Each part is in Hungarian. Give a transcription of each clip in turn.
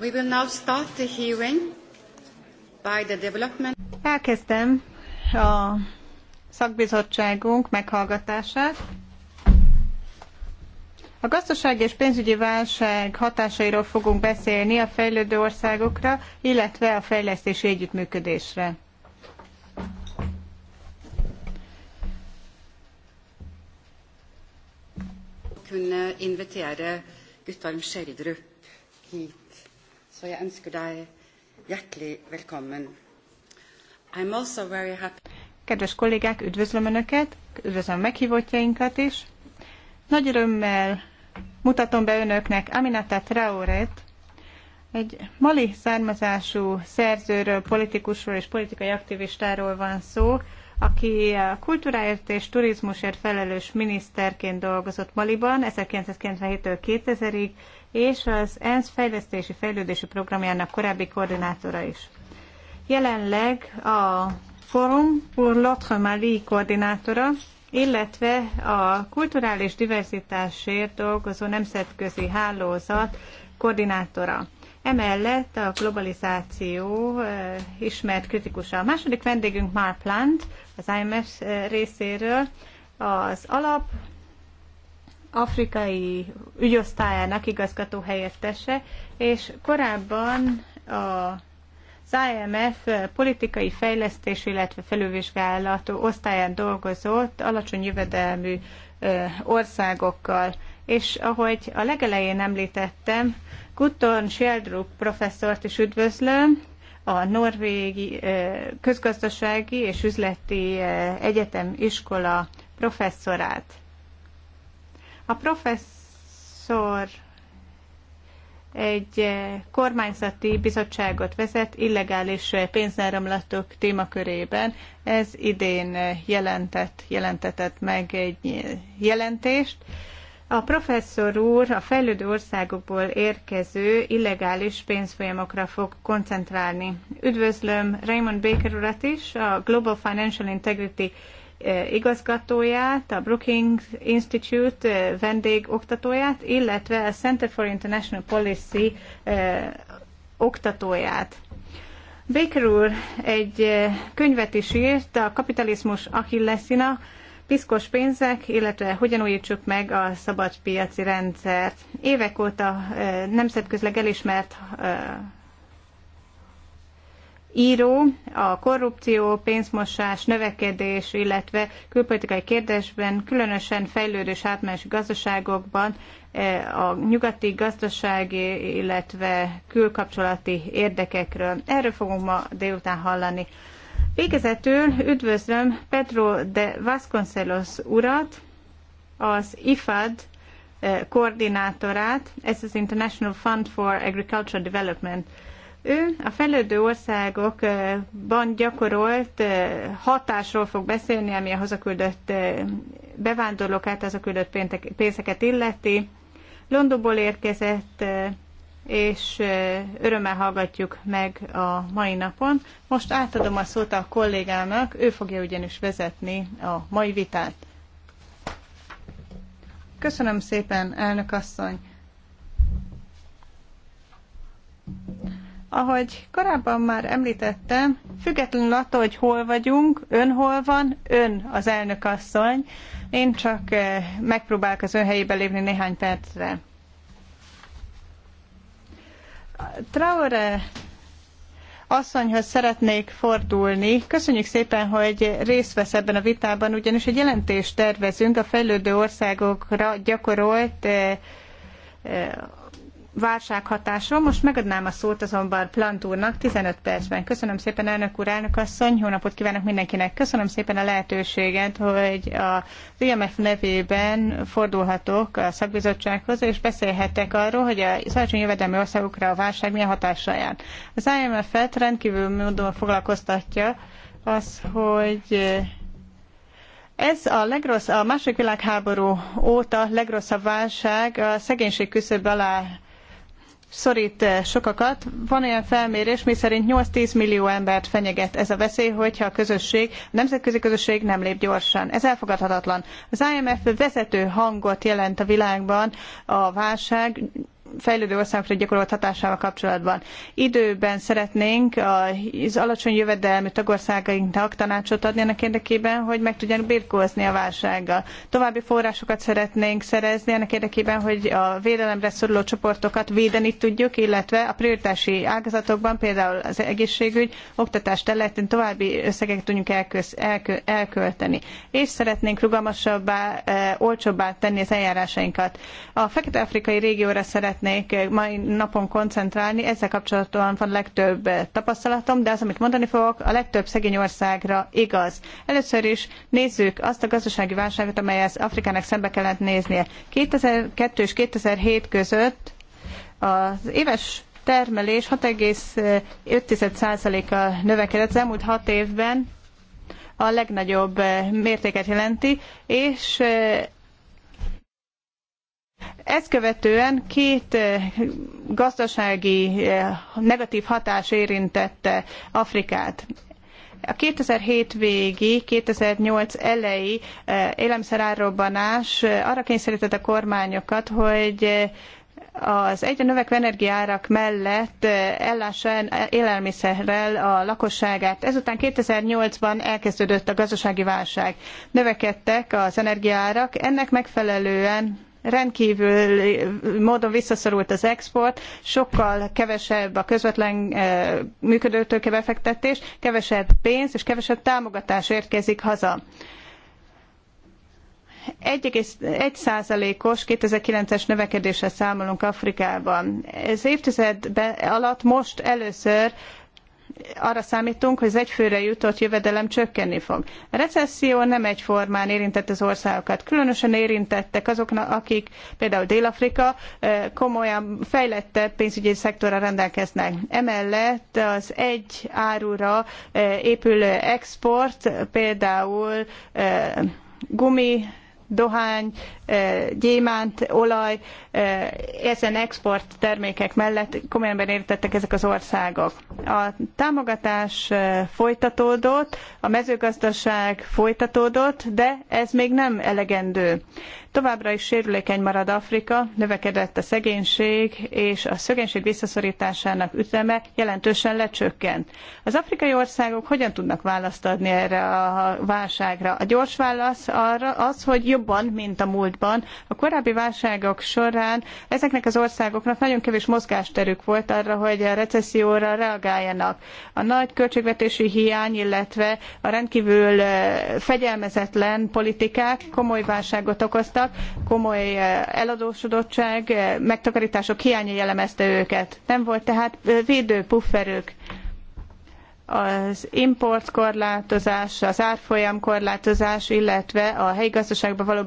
We will now start the hearing by the development. Elkezdtem a szakbizottságunk meghallgatását. A gazdaság és pénzügyi válság hatásairól fogunk beszélni a fejlődő országokra, illetve a fejlesztési együttműködésre. kunne invitere Guttorm Schjelderup hit så jeg ønsker deg hjertelig velkommen. I'm also very happy. Kedves kollégák, üdvözlöm Önöket, üdvözlöm a meghívottjainkat is. Nagy örömmel mutatom be Önöknek Aminata Traoret, egy mali származású szerzőről, politikusról és politikai aktivistáról van szó, aki a kultúráért és turizmusért felelős miniszterként dolgozott Maliban 1997-től 2000-ig, és az ENSZ fejlesztési fejlődési programjának korábbi koordinátora is. Jelenleg a Forum pour l'Autre Mali koordinátora, illetve a kulturális diverzitásért dolgozó nemzetközi hálózat koordinátora. Emellett a globalizáció ismert kritikusa. A második vendégünk Mark Plant, az IMS részéről, az alap afrikai ügyosztályának igazgató helyettese, és korábban a az IMF politikai fejlesztés, illetve felülvizsgálatú osztályán dolgozott alacsony jövedelmű országokkal. És ahogy a legelején említettem, Guton Sjeldrup professzort is üdvözlöm, a Norvégi Közgazdasági és Üzleti Egyetem iskola professzorát. A professzor egy kormányzati bizottságot vezet illegális pénzáramlatok témakörében. Ez idén jelentett, jelentetett meg egy jelentést. A professzor úr a fejlődő országokból érkező illegális pénzfolyamokra fog koncentrálni. Üdvözlöm Raymond Baker urat is, a Global Financial Integrity eh, igazgatóját, a Brookings Institute eh, vendég oktatóját, illetve a Center for International Policy eh, oktatóját. Baker úr egy könyvet is írt, a kapitalizmus Achillesina, piszkos pénzek, illetve hogyan újítsuk meg a szabadpiaci rendszert. Évek óta nemzetközleg elismert író a korrupció, pénzmosás, növekedés, illetve külpolitikai kérdésben, különösen fejlődő és gazdaságokban a nyugati gazdasági, illetve külkapcsolati érdekekről. Erről fogunk ma délután hallani. Végezetül üdvözlöm Pedro de Vasconcelos urat, az IFAD eh, koordinátorát, ez az International Fund for Agricultural Development. Ő a fejlődő országokban gyakorolt eh, hatásról fog beszélni, ami a hazaküldött eh, bevándorlók által hazaküldött pénzeket illeti. Londonból érkezett és örömmel hallgatjuk meg a mai napon. Most átadom a szót a kollégának, ő fogja ugyanis vezetni a mai vitát. Köszönöm szépen, elnök asszony! Ahogy korábban már említettem, függetlenül attól, hogy hol vagyunk, ön hol van, ön az elnök asszony, én csak megpróbálok az ön helyébe lépni néhány percre. Traore asszonyhoz szeretnék fordulni. Köszönjük szépen, hogy részt vesz ebben a vitában, ugyanis egy jelentést tervezünk a fejlődő országokra gyakorolt eh, eh, válság Most megadnám a szót azonban Plant úrnak 15 percben. Köszönöm szépen, elnök úr, elnök asszony, jó napot kívánok mindenkinek. Köszönöm szépen a lehetőséget, hogy az IMF nevében fordulhatok a szakbizottsághoz, és beszélhetek arról, hogy a alacsony jövedelmi országokra a válság milyen hatással jár. Az IMF-et rendkívül módon foglalkoztatja az, hogy ez a, legrossz, a második világháború óta legrosszabb válság a szegénység küszöb alá szorít sokakat. Van olyan felmérés, miszerint 8-10 millió embert fenyeget ez a veszély, hogyha a közösség, a nemzetközi közösség nem lép gyorsan. Ez elfogadhatatlan. Az IMF vezető hangot jelent a világban a válság fejlődő országokra gyakorolt hatásával kapcsolatban. Időben szeretnénk az alacsony jövedelmű tagországainknak tanácsot adni ennek érdekében, hogy meg tudjanak birkózni a válsággal. További forrásokat szeretnénk szerezni ennek érdekében, hogy a védelemre szoruló csoportokat védeni tudjuk, illetve a prioritási ágazatokban, például az egészségügy, oktatás területén további összegeket tudjunk elkö, elkölteni. És szeretnénk rugalmasabbá, eh, olcsóbbá tenni az eljárásainkat. A Fekete-Afrikai régióra szeretnénk szeretnék mai napon koncentrálni, ezzel kapcsolatban van legtöbb tapasztalatom, de az, amit mondani fogok, a legtöbb szegény országra igaz. Először is nézzük azt a gazdasági válságot, amelyet Afrikának szembe kellett néznie. 2002 és 2007 között az éves termelés 6,5%-kal növekedett az elmúlt 6 évben, a legnagyobb mértéket jelenti, és ezt követően két eh, gazdasági eh, negatív hatás érintette Afrikát. A 2007 végi, 2008 elejé eh, élelmiszerárrobbanás arra kényszerítette a kormányokat, hogy az egyre növekvő energiárak mellett ellássa élelmiszerrel a lakosságát. Ezután 2008-ban elkezdődött a gazdasági válság. Növekedtek az energiárak, ennek megfelelően rendkívül módon visszaszorult az export, sokkal kevesebb a közvetlen eh, működőtőke befektetés, kevesebb pénz és kevesebb támogatás érkezik haza. 1,1%-os 2009-es növekedésre számolunk Afrikában. Ez évtized alatt most először arra számítunk, hogy az egyfőre jutott jövedelem csökkenni fog. A recesszió nem egyformán érintett az országokat. Különösen érintettek azoknak, akik például Dél-Afrika eh, komolyan fejlettebb pénzügyi szektorra rendelkeznek. Emellett az egy árura eh, épülő export például eh, gumi dohány, e, gyémánt, olaj, e, ezen export termékek mellett komolyan érintettek ezek az országok. A támogatás e, folytatódott, a mezőgazdaság folytatódott, de ez még nem elegendő. Továbbra is sérülékeny marad Afrika, növekedett a szegénység, és a szegénység visszaszorításának üteme jelentősen lecsökkent. Az afrikai országok hogyan tudnak választ adni erre a válságra? A gyors válasz arra az, hogy jobban, mint a múltban. A korábbi válságok során ezeknek az országoknak nagyon kevés mozgásterük volt arra, hogy a recesszióra reagáljanak. A nagy költségvetési hiány, illetve a rendkívül eh, fegyelmezetlen politikák komoly válságot okoztak, voltak, komoly eh, eladósodottság, eh, megtakarítások hiánya jellemezte őket. Nem volt tehát eh, védő pufferük az importkorlátozás, az árfolyam korlátozás, illetve a helyi gazdaságba való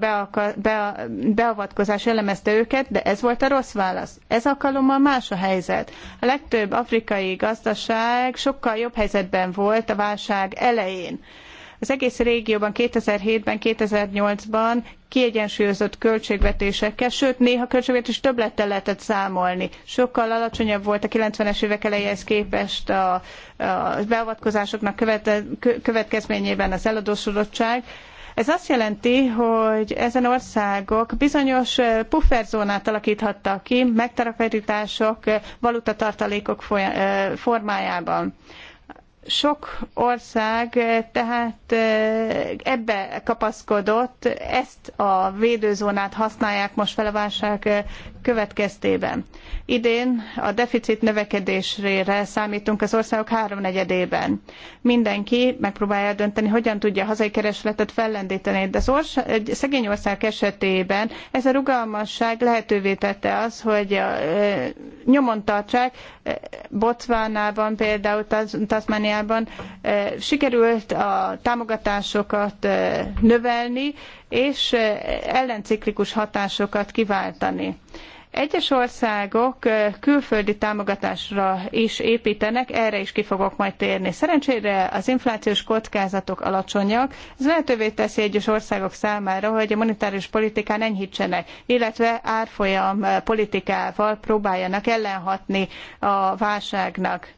beavatkozás elemezte őket, de ez volt a rossz válasz. Ez alkalommal más a helyzet. A legtöbb afrikai gazdaság sokkal jobb helyzetben volt a válság elején. Az egész régióban 2007-ben, 2008-ban kiegyensúlyozott költségvetésekkel, sőt néha költségvetés többlettel lehetett számolni. Sokkal alacsonyabb volt a 90-es évek elejéhez képest a, a beavatkozásoknak követe, következményében az eladósodottság. Ez azt jelenti, hogy ezen országok bizonyos eh, pufferzónát alakíthattak ki megtakarítások, valutatartalékok eh, formájában sok ország eh, tehát eh, ebbe kapaszkodott, ezt a védőzónát használják most fel a válság eh, következtében. Idén a deficit növekedésére számítunk az országok háromnegyedében. Mindenki megpróbálja eldönteni, hogyan tudja a hazai keresletet fellendíteni, de az orsa, egy szegény ország esetében ez a rugalmasság lehetővé tette az, hogy e, nyomon tartsák, e, Botswanában például, Tasmaniában e, sikerült a támogatásokat e, növelni, és ellenciklikus hatásokat kiváltani. Egyes országok külföldi támogatásra is építenek, erre is ki fogok majd térni. Szerencsére az inflációs kockázatok alacsonyak, ez lehetővé teszi egyes országok számára, hogy a monetáris politikán enyhítsenek, illetve árfolyam politikával próbáljanak ellenhatni a válságnak.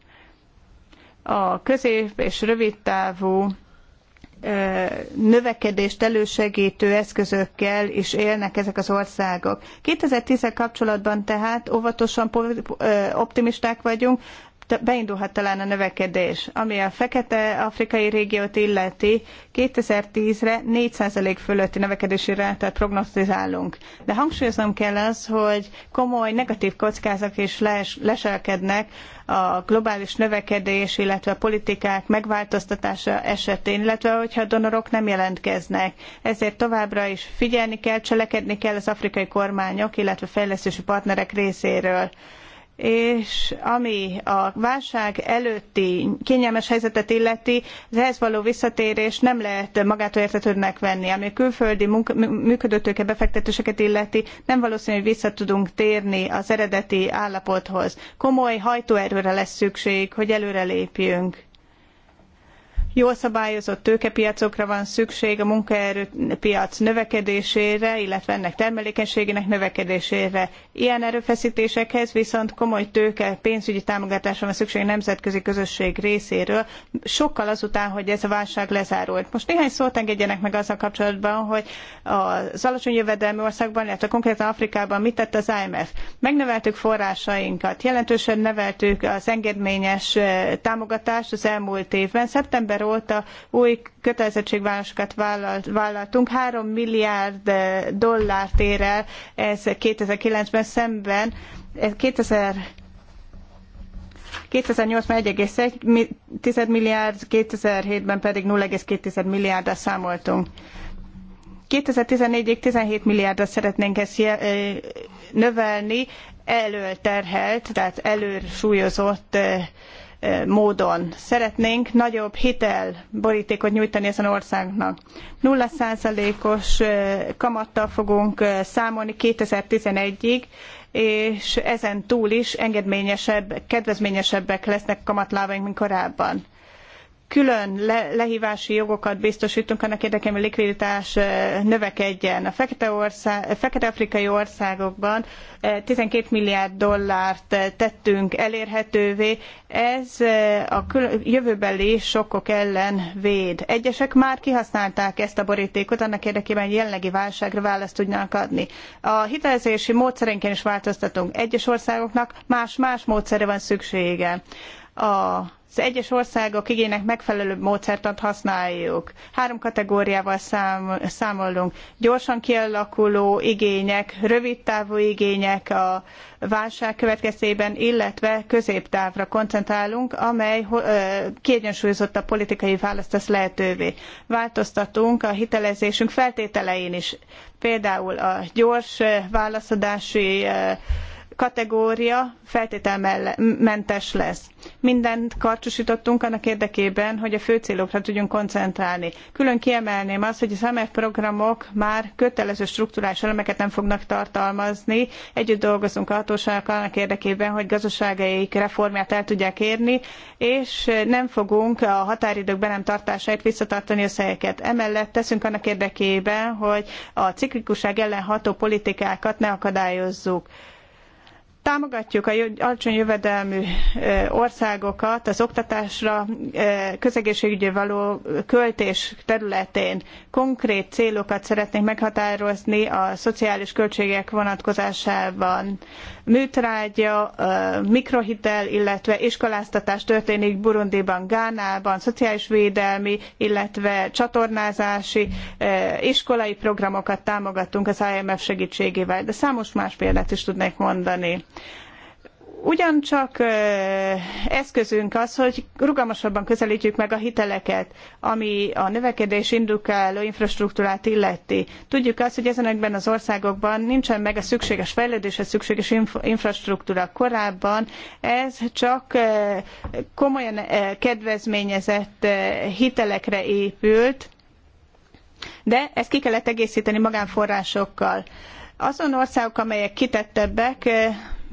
A közép és rövid távú növekedést elősegítő eszközökkel is élnek ezek az országok. 2010 kapcsolatban tehát óvatosan optimisták vagyunk, beindulhat talán a növekedés. Ami a fekete afrikai régiót illeti, 2010-re 4% fölötti növekedési rátát prognosztizálunk. De hangsúlyoznom kell az, hogy komoly negatív kockázak is les, leselkednek a globális növekedés, illetve a politikák megváltoztatása esetén, illetve hogyha a donorok nem jelentkeznek. Ezért továbbra is figyelni kell, cselekedni kell az afrikai kormányok, illetve fejlesztési partnerek részéről és ami a válság előtti kényelmes helyzetet illeti, az ehhez való visszatérés nem lehet magától értetődnek venni. Ami a külföldi működőtőke befektetéseket illeti, nem valószínű, hogy vissza tudunk térni az eredeti állapothoz. Komoly hajtóerőre lesz szükség, hogy előrelépjünk Jól szabályozott tőkepiacokra van szükség a munkaerőpiac növekedésére, illetve ennek termelékenységének növekedésére. Ilyen erőfeszítésekhez viszont komoly tőke pénzügyi támogatásra van szükség a nemzetközi közösség részéről, sokkal azután, hogy ez a válság lezárult. Most néhány szót engedjenek meg azzal kapcsolatban, hogy az alacsony jövedelmi országban, illetve konkrétan Afrikában mit tett az IMF. Megnöveltük forrásainkat, jelentősen növeltük az engedményes eh, támogatást az elmúlt évben. Szeptember óta új kötelezettségvállásokat vállalt, vállaltunk. 3 milliárd eh, dollárt ér el ez 2009-ben szemben, 2000 2008-ban 1,1 milliárd, 2007-ben pedig 0,2 milliárdra számoltunk. 2014-ig 17 milliárdra szeretnénk ezt eh, növelni, elölterhelt, tehát előr elősúlyozott eh, módon. Szeretnénk nagyobb hitel borítékot nyújtani ezen országnak. 0%-os kamattal fogunk számolni 2011-ig, és ezen túl is engedményesebb, kedvezményesebbek lesznek kamatlábaink, mint korábban külön le, lehívási jogokat biztosítunk annak érdekében, hogy a likviditás eh, növekedjen. A fekete, ország, fekete afrikai országokban 12 eh, milliárd dollárt eh, tettünk elérhetővé. Ez a jövőbeli sokkok ellen véd. Egyesek már kihasználták ezt a borítékot annak érdekében, hogy jelenlegi válságra választ tudnak adni. A hitelezési módszerenként is változtatunk. Egyes országoknak más-más módszere van szüksége. A egyes országok igények megfelelő módszertant használjuk. Három kategóriával szám, számolunk. Gyorsan kialakuló igények, rövidtávú igények a válság következtében, illetve középtávra koncentrálunk, amely kiegyensúlyozott a politikai választ tesz lehetővé. Változtatunk a hitelezésünk feltételein is. Például a gyors válaszadási kategória feltételmentes lesz. Mindent karcsúsítottunk annak érdekében, hogy a fő célokra tudjunk koncentrálni. Külön kiemelném azt, hogy az MF programok már kötelező struktúrás elemeket nem fognak tartalmazni. Együtt dolgozunk a hatóságokkal annak érdekében, hogy gazdaságaik reformját el tudják érni, és nem fogunk a határidők be nem tartásáért visszatartani a szelyeket. Emellett teszünk annak érdekében, hogy a ciklikusság ellen ható politikákat ne akadályozzuk. Támogatjuk a alacsony jövedelmű országokat az oktatásra, közegészségügyre való költés területén. Konkrét célokat szeretnénk meghatározni a szociális költségek vonatkozásában műtrágya, mikrohitel, illetve iskoláztatás történik Burundiban, Gánában, szociális védelmi, illetve csatornázási iskolai programokat támogattunk az IMF segítségével, de számos más példát is tudnék mondani. Ugyancsak eszközünk az, hogy rugalmasabban közelítjük meg a hiteleket, ami a növekedés indukáló infrastruktúrát illeti. Tudjuk azt, hogy ezenekben az országokban nincsen meg a szükséges fejlődéshez szükséges infrastruktúra korábban, ez csak komolyan kedvezményezett hitelekre épült, de ezt ki kellett egészíteni magánforrásokkal. Azon országok, amelyek kitettebbek,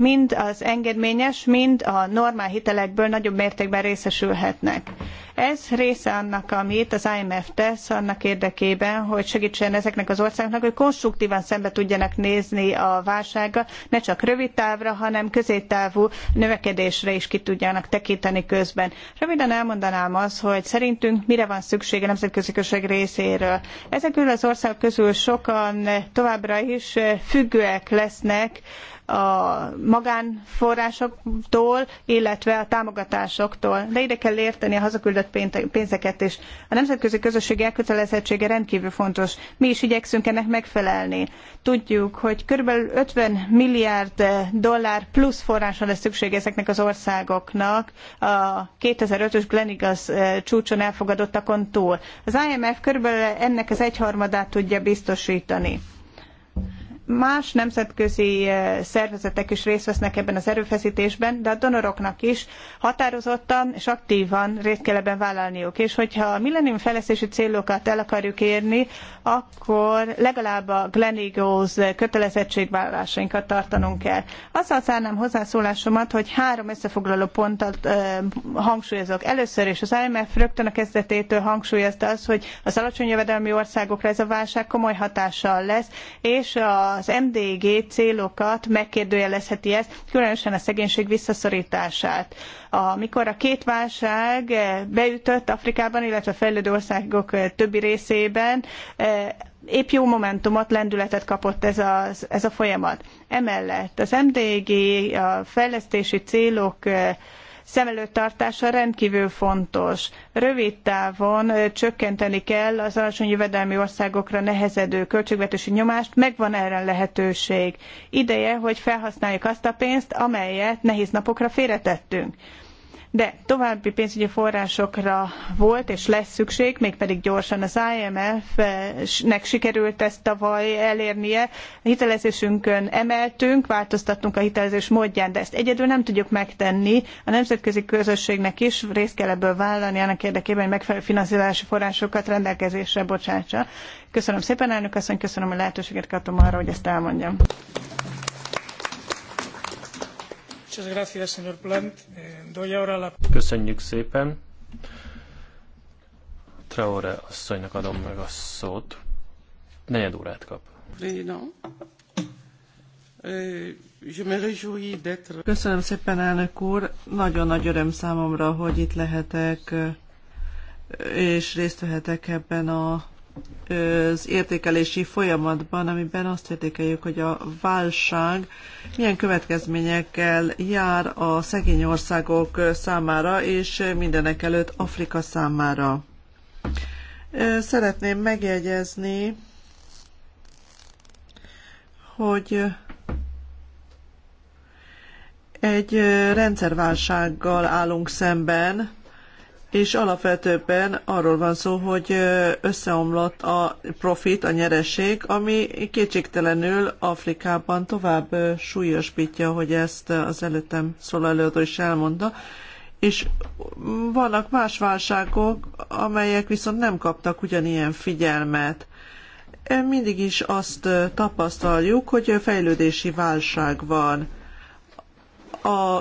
mind az engedményes, mind a normál hitelekből nagyobb mértékben részesülhetnek. Ez része annak, amit az IMF tesz annak érdekében, hogy segítsen ezeknek az országoknak, hogy konstruktívan szembe tudjanak nézni a válsággal, ne csak rövid távra, hanem középtávú növekedésre is ki tudjanak tekinteni közben. Röviden elmondanám az, hogy szerintünk mire van szüksége a nemzetközi közösség részéről. Ezekből az országok közül sokan továbbra is függőek lesznek a magánforrásoktól, illetve a támogatásoktól. De ide kell érteni a hazaküldött pénzeket is. A nemzetközi közösség elkötelezettsége rendkívül fontos. Mi is igyekszünk ennek megfelelni. Tudjuk, hogy körülbelül 50 milliárd dollár plusz forrásra lesz szükség ezeknek az országoknak a 2005-ös Glenigas eh, csúcson elfogadottakon túl. Az IMF körülbelül ennek az egyharmadát tudja biztosítani. Más nemzetközi eh, szervezetek is részt vesznek ebben az erőfeszítésben, de a donoroknak is határozottan és aktívan részt kell ebben vállalniuk. És hogyha a millennium fejlesztési célokat el akarjuk érni, akkor legalább a Glen Eagles eh, kötelezettségvállalásainkat tartanunk kell. Azzal zárnám hozzászólásomat, hogy három összefoglaló pontot ö, eh, hangsúlyozok. Először is az IMF rögtön a kezdetétől hangsúlyozta azt, hogy az alacsony jövedelmi országokra ez a válság komoly hatással lesz, és a az MDG célokat megkérdőjelezheti ezt, különösen a szegénység visszaszorítását. Amikor a két válság eh, beütött Afrikában, illetve a fejlődő országok eh, többi részében, eh, épp jó momentumot, lendületet kapott ez a, ez a folyamat. Emellett az MDG, a fejlesztési célok szem előtt tartása rendkívül fontos. Rövid távon csökkenteni kell az alacsony jövedelmi országokra nehezedő költségvetési nyomást, megvan erre lehetőség. Ideje, hogy felhasználjuk azt a pénzt, amelyet nehéz napokra félretettünk. De további pénzügyi forrásokra volt és lesz szükség, mégpedig gyorsan az IMF-nek sikerült ezt tavaly elérnie. A hitelezésünkön emeltünk, változtattunk a hitelezés módján, de ezt egyedül nem tudjuk megtenni. A nemzetközi közösségnek is részt kell ebből vállalni annak érdekében, hogy megfelelő finanszírozási forrásokat rendelkezésre bocsátsa. Köszönöm szépen, elnök asszony, köszönöm a lehetőséget kaptam arra, hogy ezt elmondjam. Eh, Köszönjük szépen. Traore asszonynak adom meg a szót. Negyed órát kap. Euh, Köszönöm szépen, elnök úr. Nagyon nagy öröm számomra, hogy itt lehetek és részt vehetek ebben a az értékelési folyamatban, amiben azt értékeljük, hogy a válság milyen következményekkel jár a szegény országok számára, és mindenek előtt Afrika számára. Szeretném megjegyezni, hogy egy rendszerválsággal állunk szemben, és alapvetően arról van szó, hogy összeomlott a profit, a nyereség, ami kétségtelenül Afrikában tovább súlyosbítja, hogy ezt az előttem szóló előadó is elmondta, és vannak más válságok, amelyek viszont nem kaptak ugyanilyen figyelmet. Mindig is azt tapasztaljuk, hogy fejlődési válság van a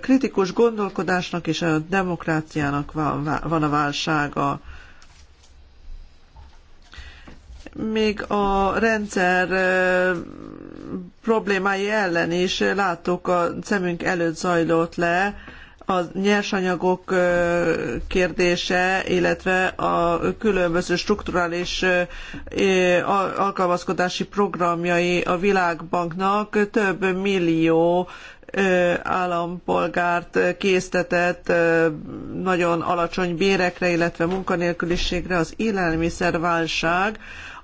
kritikus gondolkodásnak és a demokráciának van van a válsága még a rendszer problémái ellen is láttuk a szemünk előtt zajlott le a nyersanyagok kérdése, illetve a különböző strukturális alkalmazkodási programjai a világbanknak több millió állampolgárt késztetett nagyon alacsony bérekre, illetve munkanélküliségre az élelmiszerválság,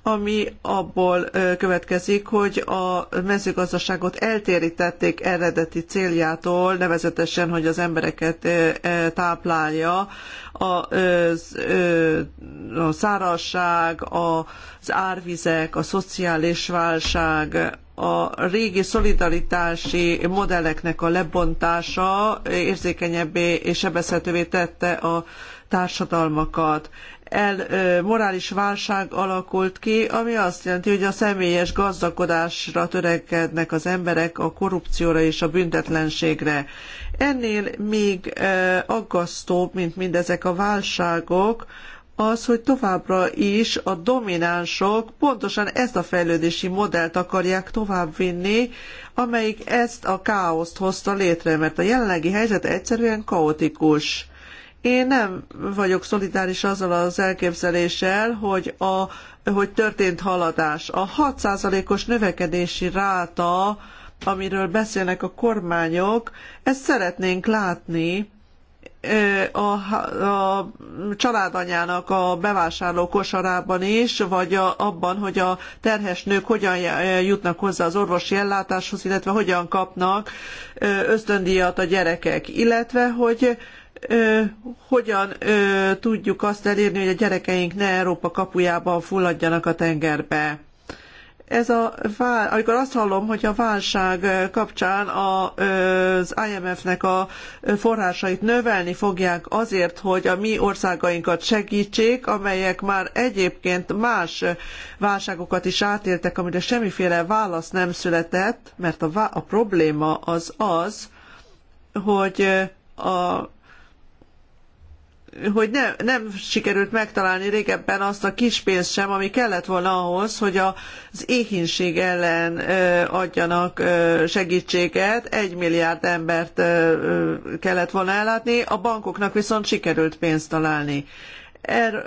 ami abból következik, hogy a mezőgazdaságot eltérítették eredeti céljától, nevezetesen, hogy az embereket táplálja a szárazság, az árvizek, a szociális válság, a régi szolidaritási modelleknek a lebontása érzékenyebbé és sebezhetővé tette a társadalmakat. El, ö, morális válság alakult ki, ami azt jelenti, hogy a személyes gazdagodásra törekednek az emberek a korrupcióra és a büntetlenségre. Ennél még ö, aggasztóbb, mint mindezek a válságok, ö, az, hogy továbbra is a dominánsok pontosan ezt a fejlődési modellt akarják továbbvinni, amelyik ezt a káoszt hozta létre, mert a jelenlegi helyzet egyszerűen kaotikus. Én nem vagyok szolidáris azzal az elképzeléssel, hogy, a, hogy történt haladás. A 6%-os növekedési ráta, amiről beszélnek a kormányok, ezt szeretnénk látni, a, a családanyának a bevásárló kosarában is, vagy a, abban, hogy a terhes nők hogyan jutnak hozzá az orvosi ellátáshoz, illetve hogyan kapnak ösztöndíjat a gyerekek, illetve hogy ö, hogyan ö, tudjuk azt elérni, hogy a gyerekeink ne Európa kapujában fulladjanak a tengerbe ez a, amikor azt hallom, hogy a válság kapcsán az IMF-nek a forrásait növelni fogják azért, hogy a mi országainkat segítsék, amelyek már egyébként más válságokat is átéltek, amire semmiféle válasz nem született, mert a, a probléma az az, hogy a hogy ne, nem sikerült megtalálni régebben azt a kis pénzt sem, ami kellett volna ahhoz, hogy az éhínség ellen adjanak ö, segítséget, egy milliárd embert kellett volna ellátni, a bankoknak viszont sikerült pénzt találni. Er,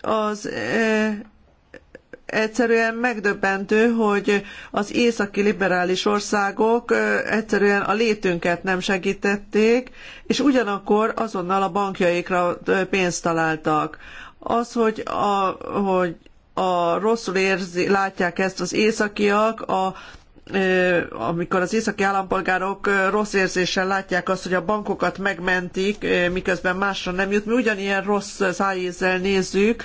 az egyszerűen megdöbbentő, hogy az északi liberális országok egyszerűen a létünket nem segítették, és ugyanakkor azonnal a bankjaikra pénzt találtak. Az, hogy, a, hogy a rosszul érzi, látják ezt az északiak, a amikor az északi állampolgárok rossz érzéssel látják azt, hogy a bankokat megmentik, miközben másra nem jut. Mi ugyanilyen rossz szájézzel nézzük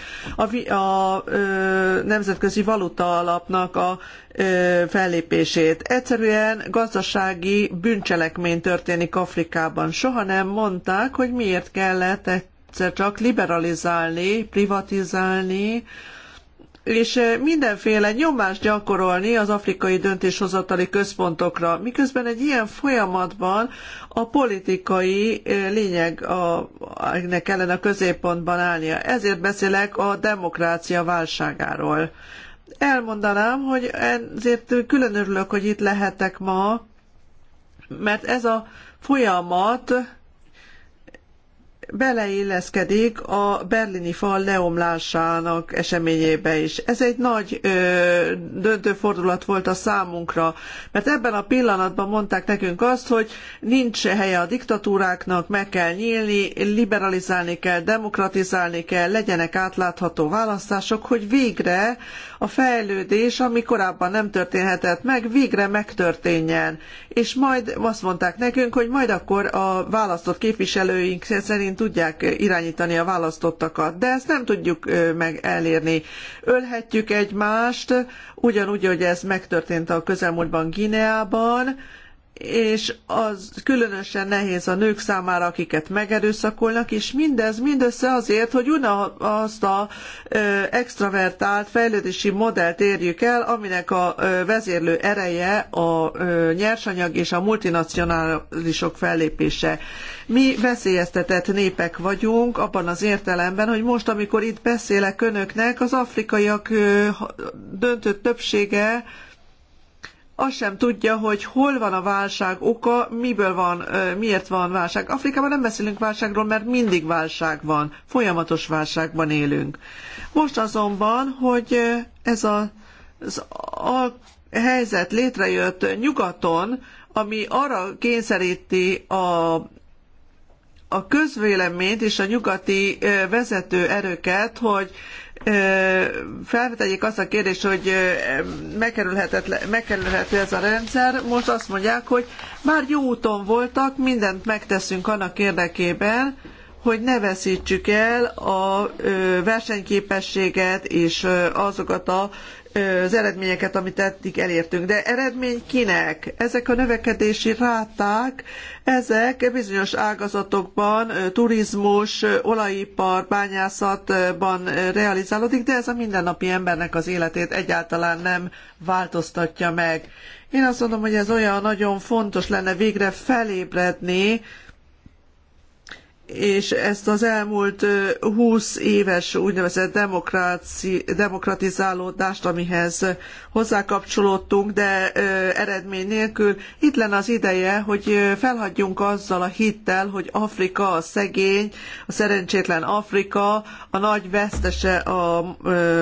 a, a Nemzetközi Valuta Alapnak a fellépését. Egyszerűen gazdasági bűncselekmény történik Afrikában. Soha nem mondták, hogy miért kellett egyszer csak liberalizálni, privatizálni, és mindenféle nyomást gyakorolni az afrikai döntéshozatali központokra, miközben egy ilyen folyamatban a politikai lényeg a, ennek kellene a középpontban állnia. Ezért beszélek a demokrácia válságáról. Elmondanám, hogy ezért külön örülök, hogy itt lehetek ma, mert ez a folyamat beleilleszkedik a berlini fal leomlásának eseményébe is. Ez egy nagy ö, döntő fordulat volt a számunkra, mert ebben a pillanatban mondták nekünk azt, hogy nincs helye a diktatúráknak, meg kell nyílni, liberalizálni kell, demokratizálni kell, legyenek átlátható választások, hogy végre a fejlődés, ami korábban nem történhetett meg, végre megtörténjen. És majd azt mondták nekünk, hogy majd akkor a választott képviselőink szerint tudják irányítani a választottakat, de ezt nem tudjuk meg elérni. Ölhetjük egymást, ugyanúgy, hogy ez megtörtént a közelmúltban Gineában, és az különösen nehéz a nők számára, akiket megerőszakolnak, és mindez mindössze azért, hogy azt a ö, extravertált fejlődési modellt érjük el, aminek a ö, vezérlő ereje a ö, nyersanyag és a multinacionálisok fellépése. Mi veszélyeztetett népek vagyunk abban az értelemben, hogy most, amikor itt beszélek önöknek, az afrikaiak döntő többsége azt sem tudja, hogy hol van a válság oka, miből van, miért van válság. Afrikában nem beszélünk válságról, mert mindig válság van, folyamatos válságban élünk. Most azonban, hogy ez a, ez a helyzet létrejött nyugaton, ami arra kényszeríti a a közvéleményt és a nyugati vezető erőket, hogy feltegyék azt a kérdést, hogy megkerülhető ez a rendszer, most azt mondják, hogy már jó úton voltak, mindent megteszünk annak érdekében, hogy ne veszítsük el a versenyképességet és azokat a az eredményeket, amit eddig elértünk. De eredmény kinek? Ezek a növekedési ráták, ezek bizonyos ágazatokban, turizmus, olajipar, bányászatban realizálódik, de ez a mindennapi embernek az életét egyáltalán nem változtatja meg. Én azt mondom, hogy ez olyan nagyon fontos lenne végre felébredni, és ezt az elmúlt 20 éves úgynevezett demokráci, demokratizálódást, amihez hozzákapcsolódtunk, de eredmény nélkül, itt lenne az ideje, hogy felhagyjunk azzal a hittel, hogy Afrika a szegény, a szerencsétlen Afrika, a nagy vesztese a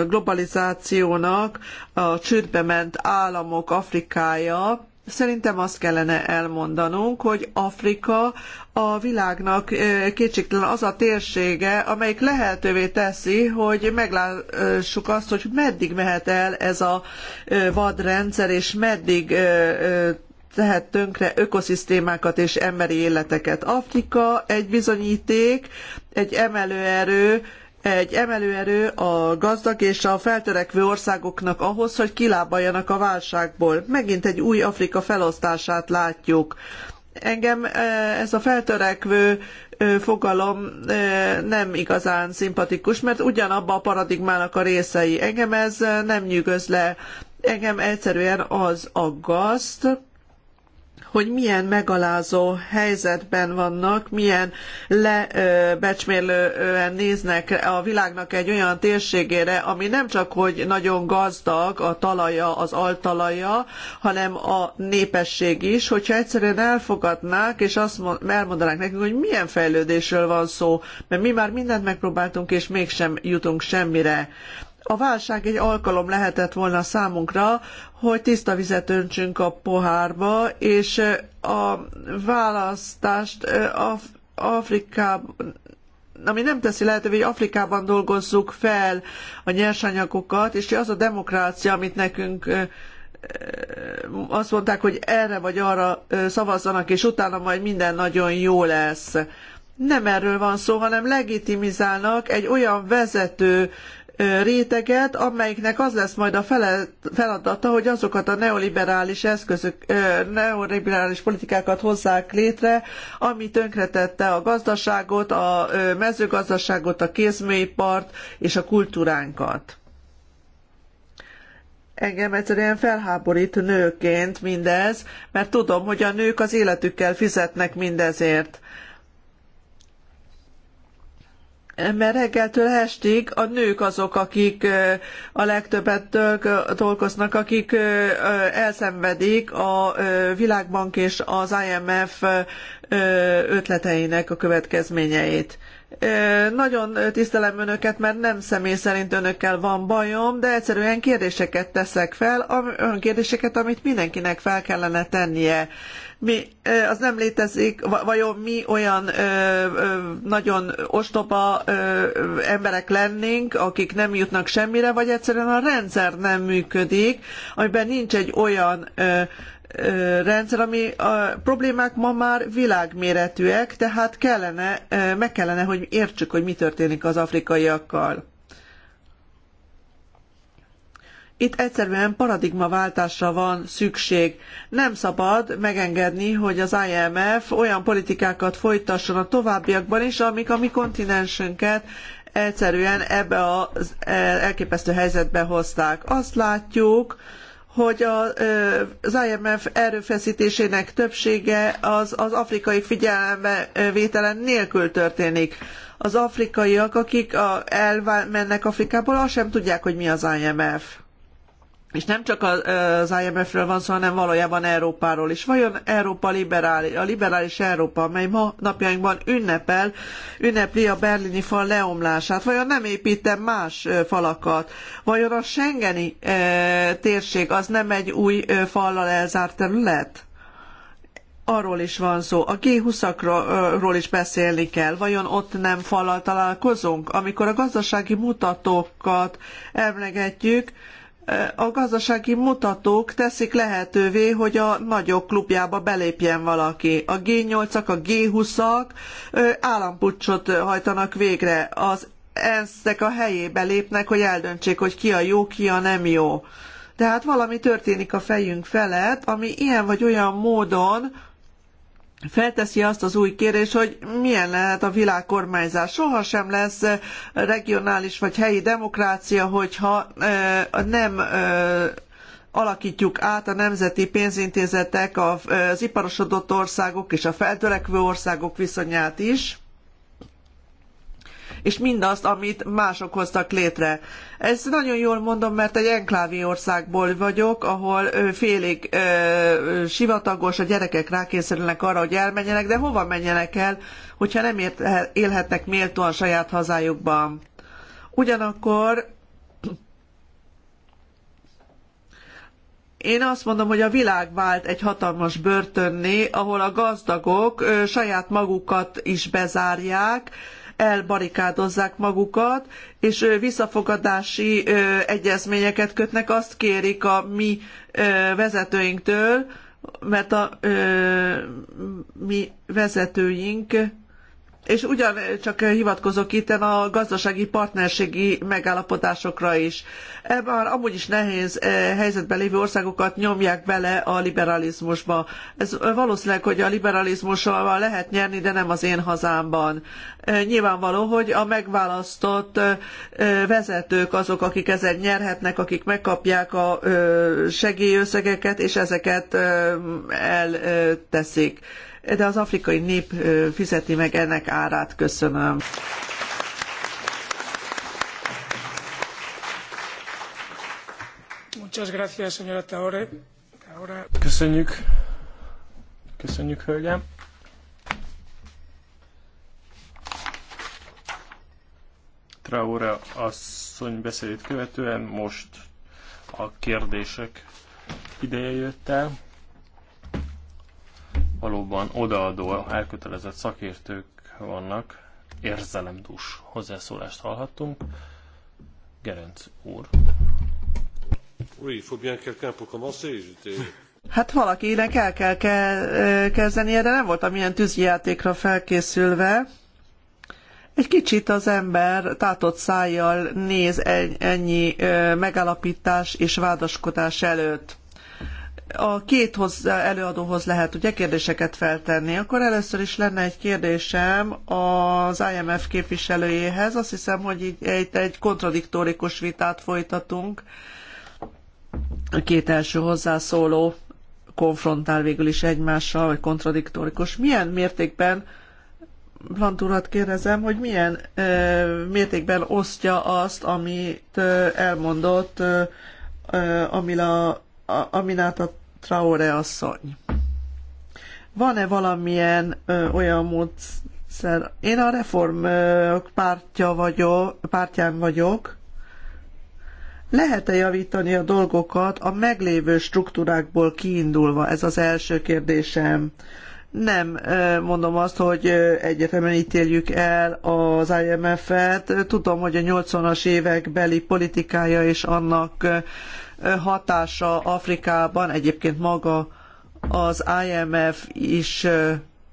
globalizációnak, a csődbe ment államok Afrikája, Szerintem azt kellene elmondanunk, hogy Afrika a világnak kétségtelen az a térsége, amelyik lehetővé teszi, hogy meglássuk azt, hogy meddig mehet el ez a vadrendszer, és meddig tehet tönkre ökoszisztémákat és emberi életeket. Afrika egy bizonyíték, egy emelőerő, egy emelőerő a gazdag és a feltörekvő országoknak ahhoz, hogy kilábaljanak a válságból. Megint egy új Afrika felosztását látjuk. Engem eh, ez a feltörekvő eh, fogalom eh, nem igazán szimpatikus, mert ugyanabba a paradigmának a részei. Engem ez nem nyűgöz le. Engem egyszerűen az aggaszt, hogy milyen megalázó helyzetben vannak, milyen lebecsmérlően néznek a világnak egy olyan térségére, ami nem csak hogy nagyon gazdag a talaja, az altalaja, hanem a népesség is, hogyha egyszerűen elfogadnák, és azt elmondanák nekünk, hogy milyen fejlődésről van szó, mert mi már mindent megpróbáltunk, és mégsem jutunk semmire a válság egy alkalom lehetett volna számunkra, hogy tiszta vizet öntsünk a pohárba, és a választást Afrikában ami nem teszi lehetővé, hogy Afrikában dolgozzuk fel a nyersanyagokat, és az a demokrácia, amit nekünk azt mondták, hogy erre vagy arra szavazzanak, és utána majd minden nagyon jó lesz. Nem erről van szó, hanem legitimizálnak egy olyan vezető réteget, amelyiknek az lesz majd a feladata, hogy azokat a neoliberális eszközök, neoliberális politikákat hozzák létre, ami tönkretette a gazdaságot, a mezőgazdaságot, a kézműipart és a kultúránkat. Engem egyszerűen felháborít nőként mindez, mert tudom, hogy a nők az életükkel fizetnek mindezért mert reggeltől estig a nők azok, akik a legtöbbet dolgoznak, akik elszenvedik a Világbank és az IMF ötleteinek a következményeit. Nagyon tisztelem önöket, mert nem személy szerint önökkel van bajom, de egyszerűen kérdéseket teszek fel, olyan kérdéseket, amit mindenkinek fel kellene tennie. Mi, az nem létezik, vajon mi olyan ö, ö, nagyon ostoba ö, emberek lennénk, akik nem jutnak semmire, vagy egyszerűen a rendszer nem működik, amiben nincs egy olyan rendszer, ami a problémák ma már világméretűek, tehát kellene, meg kellene, hogy értsük, hogy mi történik az afrikaiakkal. Itt egyszerűen paradigmaváltásra van szükség. Nem szabad megengedni, hogy az IMF olyan politikákat folytasson a továbbiakban is, amik a mi kontinensünket egyszerűen ebbe az elképesztő helyzetbe hozták. Azt látjuk, hogy az IMF erőfeszítésének többsége az, az afrikai figyelembevételen nélkül történik. Az afrikaiak, akik a, elmennek Afrikából, azt sem tudják, hogy mi az IMF és nem csak az IMF-ről van szó, hanem valójában Európáról is. Vajon Európa liberális, a liberális Európa, amely ma napjainkban ünnepel, ünnepli a berlini fal leomlását, vajon nem építem más falakat? Vajon a Schengeni e, térség az nem egy új e, fallal elzárt terület? Arról is van szó. A G20-akról is beszélni kell. Vajon ott nem fallal találkozunk? Amikor a gazdasági mutatókat emlegetjük, a gazdasági mutatók teszik lehetővé, hogy a nagyok klubjába belépjen valaki. A G8-ak, a G20-ak állampucsot hajtanak végre. Az ENSZ-nek a helyébe lépnek, hogy eldöntsék, hogy ki a jó, ki a nem jó. Tehát valami történik a fejünk felett, ami ilyen vagy olyan módon felteszi azt az új kérdést, hogy milyen lehet a világ Soha sem lesz eh, regionális vagy helyi demokrácia, hogyha eh, nem eh, alakítjuk át a nemzeti pénzintézetek, az iparosodott országok és a feltörekvő országok viszonyát is és mindazt, amit mások hoztak létre. Ezt nagyon jól mondom, mert egy enklávi országból vagyok, ahol félig ö, sivatagos, a gyerekek rákényszerülnek arra, hogy elmenjenek, de hova menjenek el, hogyha nem eh, élhetnek méltóan saját hazájukban. Ugyanakkor Én azt mondom, hogy a világ vált egy hatalmas börtönné, ahol a gazdagok saját magukat is bezárják, elbarikádozzák magukat, és visszafogadási egyezményeket kötnek, azt kérik a mi vezetőinktől, mert a mi vezetőink és ugyancsak hivatkozok itt a gazdasági partnerségi megállapodásokra is. E már amúgy is nehéz e, helyzetben lévő országokat nyomják bele a liberalizmusba. Ez valószínűleg, hogy a liberalizmussal lehet nyerni, de nem az én hazámban. E, nyilvánvaló, hogy a megválasztott vezetők azok, akik ezen nyerhetnek, akik megkapják a segélyösszegeket, és ezeket elteszik de az afrikai nép fizeti meg ennek árát. Köszönöm. Köszönjük. Köszönjük, hölgyem. Traore asszony beszédét követően most a kérdések ideje jött el valóban odaadó, elkötelezett szakértők vannak, érzelemdús hozzászólást hallhattunk. Gerenc úr. Oui, faut bien quelqu'un pour commencer. Hát valakinek el kell ke- kezdenie, de nem voltam ilyen tűzjátékra felkészülve. Egy kicsit az ember tátott szájjal néz ennyi megállapítás és vádaskodás előtt a két hozzá, előadóhoz lehet ugye kérdéseket feltenni. Akkor először is lenne egy kérdésem az IMF képviselőjéhez. Azt hiszem, hogy így egy, egy kontradiktórikus vitát folytatunk. A két első hozzászóló konfrontál végül is egymással, vagy kontradiktórikus. Milyen mértékben Planturat kérdezem, hogy milyen ö, mértékben osztja azt, amit ö, elmondott, ö, amil a, a, amin át a Traore asszony. Van-e valamilyen ö, olyan módszer? Én a reform ö, pártja vagyok, pártján vagyok. Lehet-e javítani a dolgokat a meglévő struktúrákból kiindulva? Ez az első kérdésem. Nem mondom azt, hogy egyetemen ítéljük el az IMF-et. Tudom, hogy a 80-as évek beli politikája és annak hatása Afrikában, egyébként maga az IMF is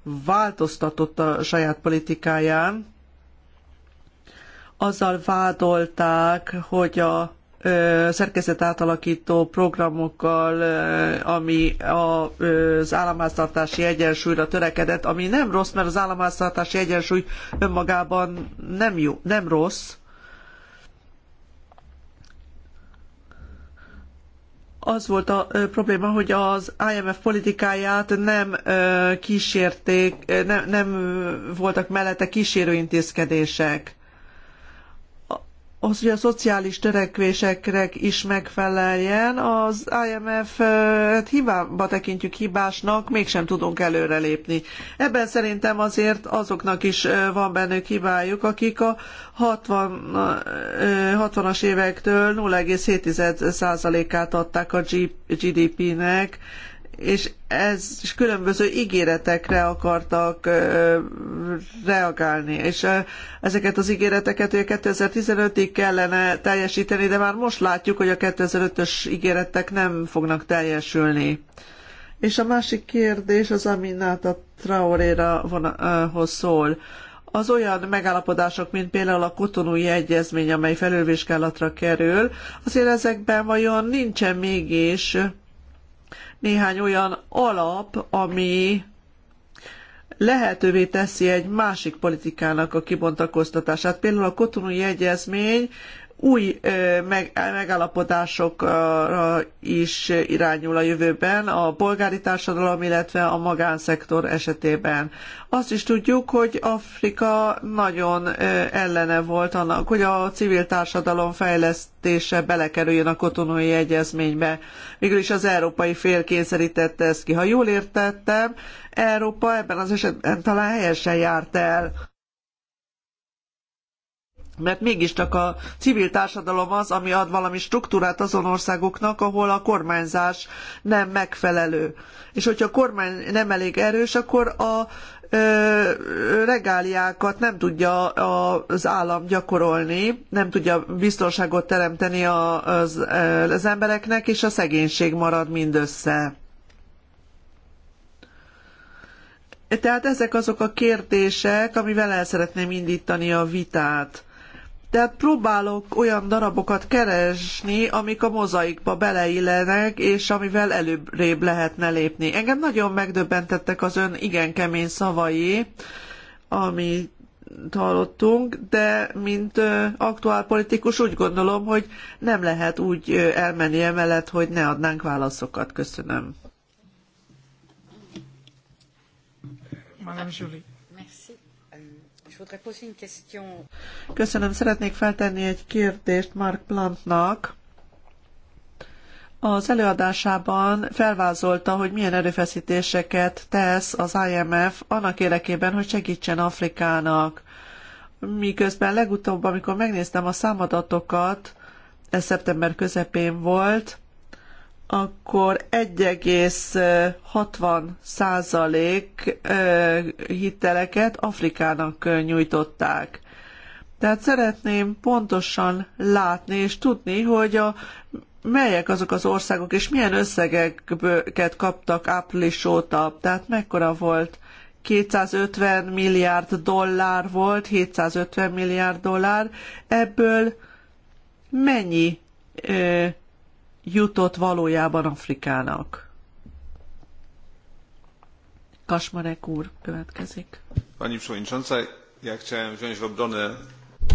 változtatott a saját politikáján. Azzal vádolták, hogy a átalakító programokkal, ami az államháztartási egyensúlyra törekedett, ami nem rossz, mert az államháztartási egyensúly önmagában nem jó, nem rossz, az volt a probléma, hogy az IMF politikáját nem kísérték, nem, nem voltak mellette kísérő intézkedések az, hogy a szociális törekvésekre is megfeleljen, az IMF-et hát hibába tekintjük hibásnak, mégsem tudunk előrelépni. Ebben szerintem azért azoknak is van bennük hibájuk, akik a 60, 60-as évektől 0,7%-át adták a GDP-nek, és ez és különböző ígéretekre akartak ö, reagálni, és ö, ezeket az ígéreteket ugye 2015-ig kellene teljesíteni, de már most látjuk, hogy a 2005-ös ígéretek nem fognak teljesülni. És a másik kérdés az, ami Náta Traoréra vonahoz szól. Az olyan megállapodások, mint például a kotonúi egyezmény, amely felülvizsgálatra kerül, azért ezekben vajon nincsen mégis néhány olyan alap, ami lehetővé teszi egy másik politikának a kibontakoztatását. Például a kotonui egyezmény új megállapodásokra is irányul a jövőben a polgári társadalom, illetve a magánszektor esetében. Azt is tudjuk, hogy Afrika nagyon ellene volt annak, hogy a civil társadalom fejlesztése belekerüljön a kotonói egyezménybe. mégis az európai fél kényszerítette ezt ki. Ha jól értettem, Európa ebben az esetben talán helyesen járt el mert mégiscsak a civil társadalom az, ami ad valami struktúrát azon országoknak, ahol a kormányzás nem megfelelő. És hogyha a kormány nem elég erős, akkor a ö, regáliákat nem tudja az állam gyakorolni, nem tudja biztonságot teremteni az, az embereknek, és a szegénység marad mindössze. Tehát ezek azok a kérdések, amivel el szeretném indítani a vitát de próbálok olyan darabokat keresni, amik a mozaikba beleillenek, és amivel előrébb lehetne lépni. Engem nagyon megdöbbentettek az ön igen kemény szavai, amit hallottunk, de mint ö, aktuál politikus úgy gondolom, hogy nem lehet úgy ö, elmenni emellett, hogy ne adnánk válaszokat. Köszönöm. Madame Julie. Köszönöm, szeretnék feltenni egy kérdést Mark Plantnak. Az előadásában felvázolta, hogy milyen erőfeszítéseket tesz az IMF annak érdekében, hogy segítsen Afrikának. Miközben legutóbb, amikor megnéztem a számadatokat, ez szeptember közepén volt, akkor 1,60 százalék hiteleket Afrikának nyújtották. Tehát szeretném pontosan látni és tudni, hogy a, melyek azok az országok, és milyen összegeket kaptak április óta, tehát mekkora volt 250 milliárd dollár volt, 750 milliárd dollár, ebből mennyi jutott valójában Afrikának? Kasmarek úr következik. Pani Przewodnicząca, ja chciałem wziąć w obronę...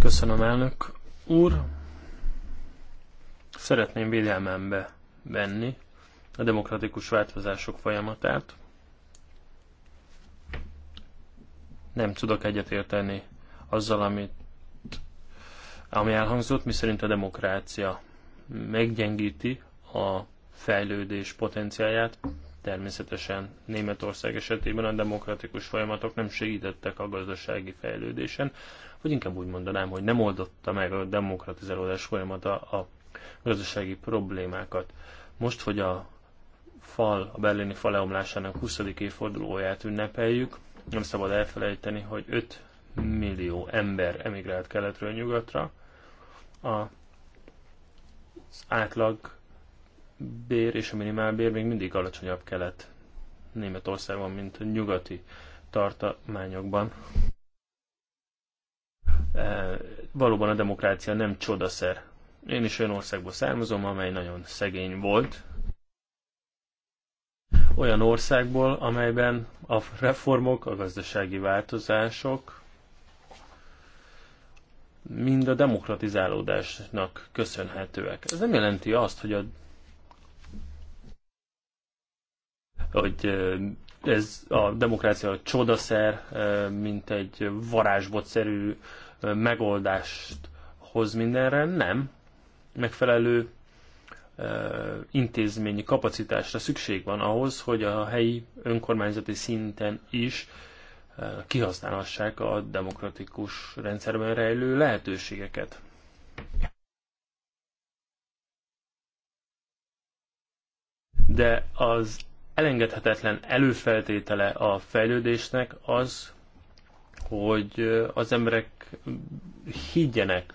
Köszönöm, elnök úr. Szeretném védelmembe venni a demokratikus változások folyamatát. Nem tudok egyetérteni azzal, amit, ami elhangzott, miszerint a demokrácia meggyengíti a fejlődés potenciáját. Természetesen Németország esetében a demokratikus folyamatok nem segítettek a gazdasági fejlődésen, vagy inkább úgy mondanám, hogy nem oldotta meg a demokratizálódás folyamata a gazdasági problémákat. Most, hogy a fal, a berlini fal leomlásának 20. évfordulóját ünnepeljük, nem szabad elfelejteni, hogy 5 millió ember emigrált keletről nyugatra. A átlag bér és a minimálbér még mindig alacsonyabb kelet Németországban, mint a nyugati tartományokban. E, valóban a demokrácia nem csodaszer. Én is olyan országból származom, amely nagyon szegény volt. Olyan országból, amelyben a reformok, a gazdasági változások mind a demokratizálódásnak köszönhetőek. Ez nem jelenti azt, hogy a hogy ez a demokrácia a csodaszer, mint egy varázsbotszerű megoldást hoz mindenre, nem. Megfelelő intézményi kapacitásra szükség van ahhoz, hogy a helyi önkormányzati szinten is kihasználhassák a demokratikus rendszerben rejlő lehetőségeket. De az elengedhetetlen előfeltétele a fejlődésnek az, hogy az emberek higgyenek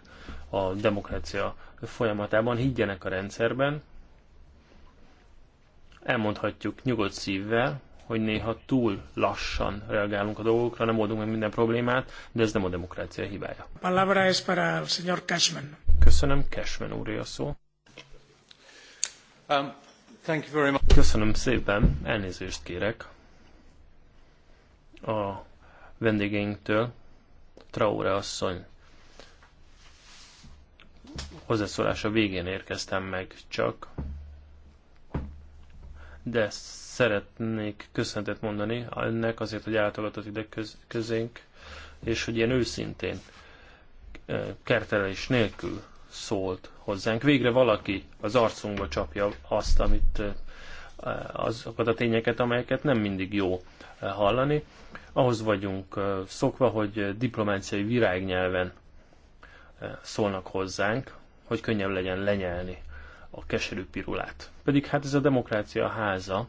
a demokrácia folyamatában, higgyenek a rendszerben. Elmondhatjuk nyugodt szívvel, hogy néha túl lassan reagálunk a dolgokra, nem oldunk meg minden problémát, de ez nem a demokrácia hibája. Palabra es para el señor Cashman. Köszönöm, Cashman úr, a szó. Um, thank you very much. Köszönöm szépen, elnézést kérek a vendégeinktől. Traore asszony hozzászólása végén érkeztem meg csak, de szeretnék köszöntet mondani önnek azért, hogy eltogatott ide köz, közénk, és hogy ilyen őszintén, e, kertelés nélkül szólt hozzánk. Végre valaki az arcunkba csapja azt, amit e, azokat a tényeket, amelyeket nem mindig jó e, hallani. Ahhoz vagyunk szokva, hogy diplomáciai virágnyelven szólnak hozzánk, hogy könnyebb legyen lenyelni a keserű pirulát. Pedig hát ez a demokrácia háza,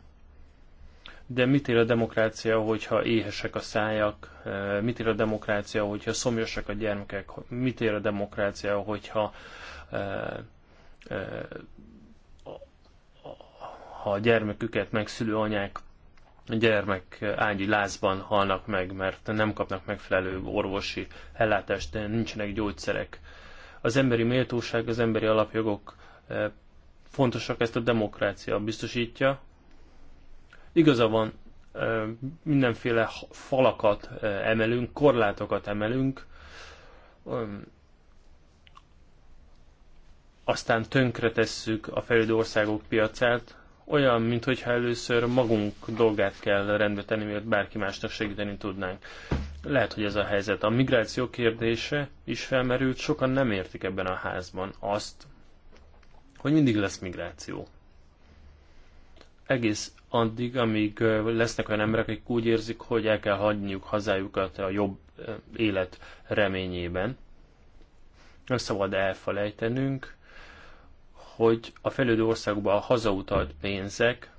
de mit ér a demokrácia, hogyha éhesek a szájak? E, mit ér a demokrácia, hogyha szomjasak a gyermekek? Mit ér a demokrácia, hogyha e, e, ha a gyermeküket megszülő anyák gyermek ágyi lázban halnak meg, mert nem kapnak megfelelő orvosi ellátást, nincsenek gyógyszerek. Az emberi méltóság, az emberi alapjogok fontosak, ezt a demokrácia biztosítja, Igaza van, mindenféle falakat emelünk, korlátokat emelünk, aztán tönkretesszük a fejlődő országok piacát, olyan, mintha először magunk dolgát kell rendbe tenni, mert bárki másnak segíteni tudnánk. Lehet, hogy ez a helyzet. A migráció kérdése is felmerült, sokan nem értik ebben a házban azt, hogy mindig lesz migráció. Egész addig, amíg lesznek olyan emberek, akik úgy érzik, hogy el kell hagyniuk hazájukat a jobb élet reményében. Nem szabad elfelejtenünk, hogy a fejlődő országokba a hazautalt pénzek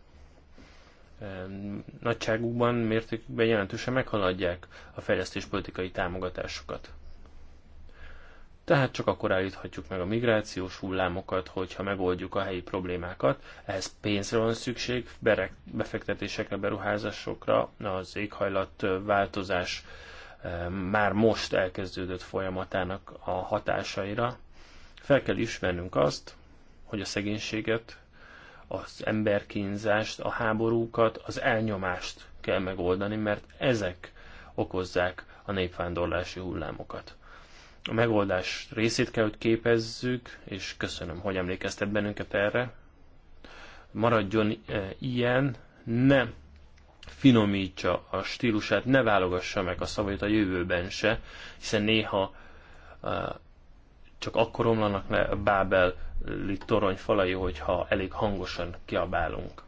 nagyságukban, mértékben jelentősen meghaladják a fejlesztéspolitikai támogatásokat. Tehát csak akkor állíthatjuk meg a migrációs hullámokat, hogyha megoldjuk a helyi problémákat. Ehhez pénzre van szükség, befektetésekre, beruházásokra, az éghajlat változás már most elkezdődött folyamatának a hatásaira. Fel kell ismernünk azt, hogy a szegénységet, az emberkínzást, a háborúkat, az elnyomást kell megoldani, mert ezek okozzák a népvándorlási hullámokat a megoldás részét kell, hogy képezzük, és köszönöm, hogy emlékeztet bennünket erre. Maradjon e, ilyen, ne finomítsa a stílusát, ne válogassa meg a szavait a jövőben se, hiszen néha e, csak akkor omlanak le a bábeli torony falai, hogyha elég hangosan kiabálunk.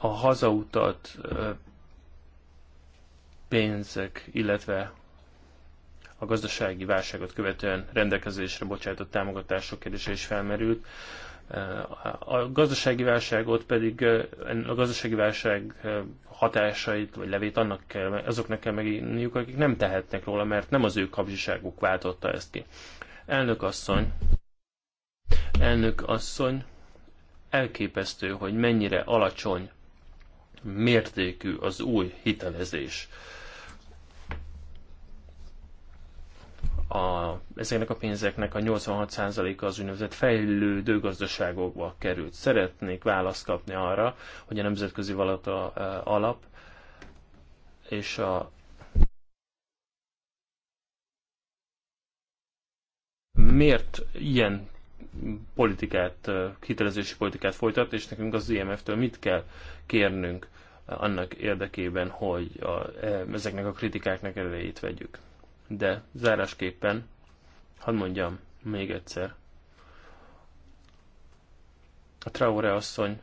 a hazautat, pénzek, illetve a gazdasági válságot követően rendelkezésre bocsátott támogatások kérdése is felmerült. A gazdasági válságot pedig, a gazdasági válság hatásait vagy levét annak kell, azoknak kell megírniuk, akik nem tehetnek róla, mert nem az ő kapzsiságuk váltotta ezt ki. Elnök asszony, elnök asszony, elképesztő, hogy mennyire alacsony mértékű az új hitelezés. A, ezeknek a pénzeknek a 86%-a az úgynevezett fejlődő gazdaságokba került. Szeretnék választ kapni arra, hogy a Nemzetközi Valata Alap és a miért ilyen politikát, hitelezési politikát folytat, és nekünk az IMF-től mit kell kérnünk annak érdekében, hogy a, e, ezeknek a kritikáknak elejét vegyük. De zárásképpen, hadd mondjam még egyszer, a Traore asszony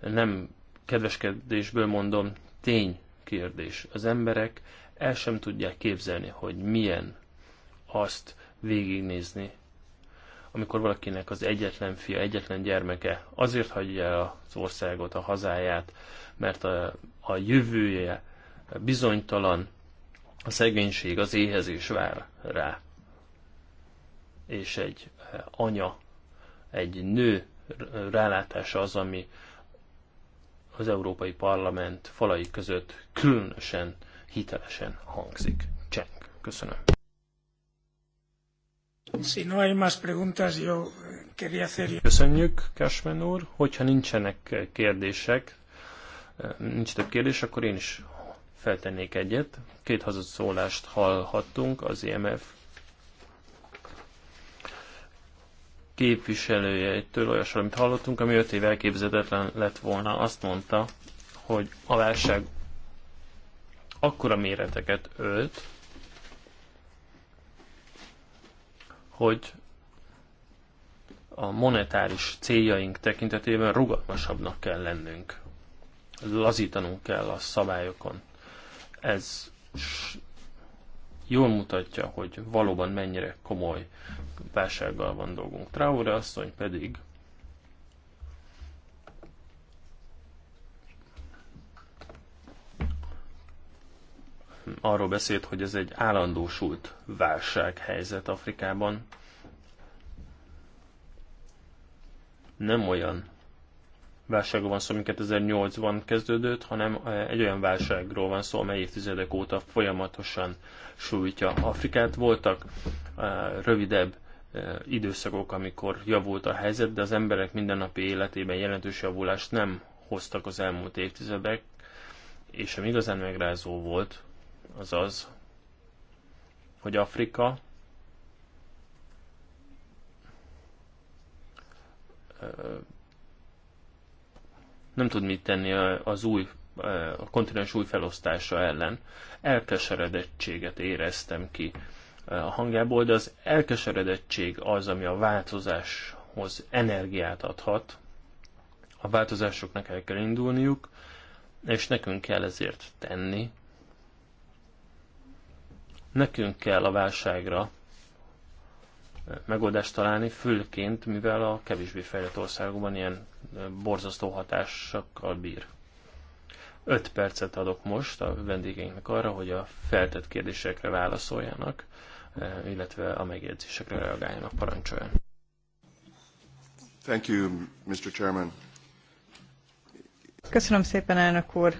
nem kedveskedésből mondom, tény kérdés. Az emberek el sem tudják képzelni, hogy milyen azt végignézni, amikor valakinek az egyetlen fia, egyetlen gyermeke azért hagyja el az országot, a hazáját, mert a, a jövője bizonytalan, a szegénység, az éhezés vár rá. És egy eh, anya, egy nő rálátása az, ami az Európai Parlament falai között különösen hitelesen hangzik. Cseng. Köszönöm. Si no hay más preguntas, yo eh, quería hacer... Köszönjük, Cashman úr. Hogyha nincsenek eh, kérdések, eh, nincs több kérdés, akkor én is feltennék egyet. Két szólást hallhattunk az IMF képviselőjeitől olyas, amit hallottunk, ami öt év elképzelhetetlen lett volna. Azt mondta, hogy a válság akkora méreteket ölt, hogy a monetáris céljaink tekintetében rugalmasabbnak kell lennünk. Lazítanunk kell a szabályokon. Ez jól mutatja, hogy valóban mennyire komoly válsággal van dolgunk. Traore asszony pedig arról beszélt, hogy ez egy állandósult válsághelyzet Afrikában. Nem olyan válságról van szó, ami 2008-ban kezdődött, hanem eh, egy olyan válságról van szó, amely évtizedek óta folyamatosan sújtja Afrikát. Voltak eh, rövidebb eh, időszakok, amikor javult a helyzet, de az emberek mindennapi életében jelentős javulást nem hoztak az elmúlt évtizedek, és ami igazán megrázó volt, az az, hogy Afrika nem tud mit tenni az új, a kontinens új felosztása ellen. Elkeseredettséget éreztem ki a hangjából, de az elkeseredettség az, ami a változáshoz energiát adhat. A változásoknak el kell indulniuk, és nekünk kell ezért tenni, Nekünk kell a válságra megoldást találni, főként, mivel a kevésbé fejlett országokban ilyen borzasztó hatásokkal bír. Öt percet adok most a vendégeinknek arra, hogy a feltett kérdésekre válaszoljanak, illetve a megjegyzésekre reagáljanak. Parancsoljon! Thank you, Mr. Chairman. Köszönöm szépen, elnök úr!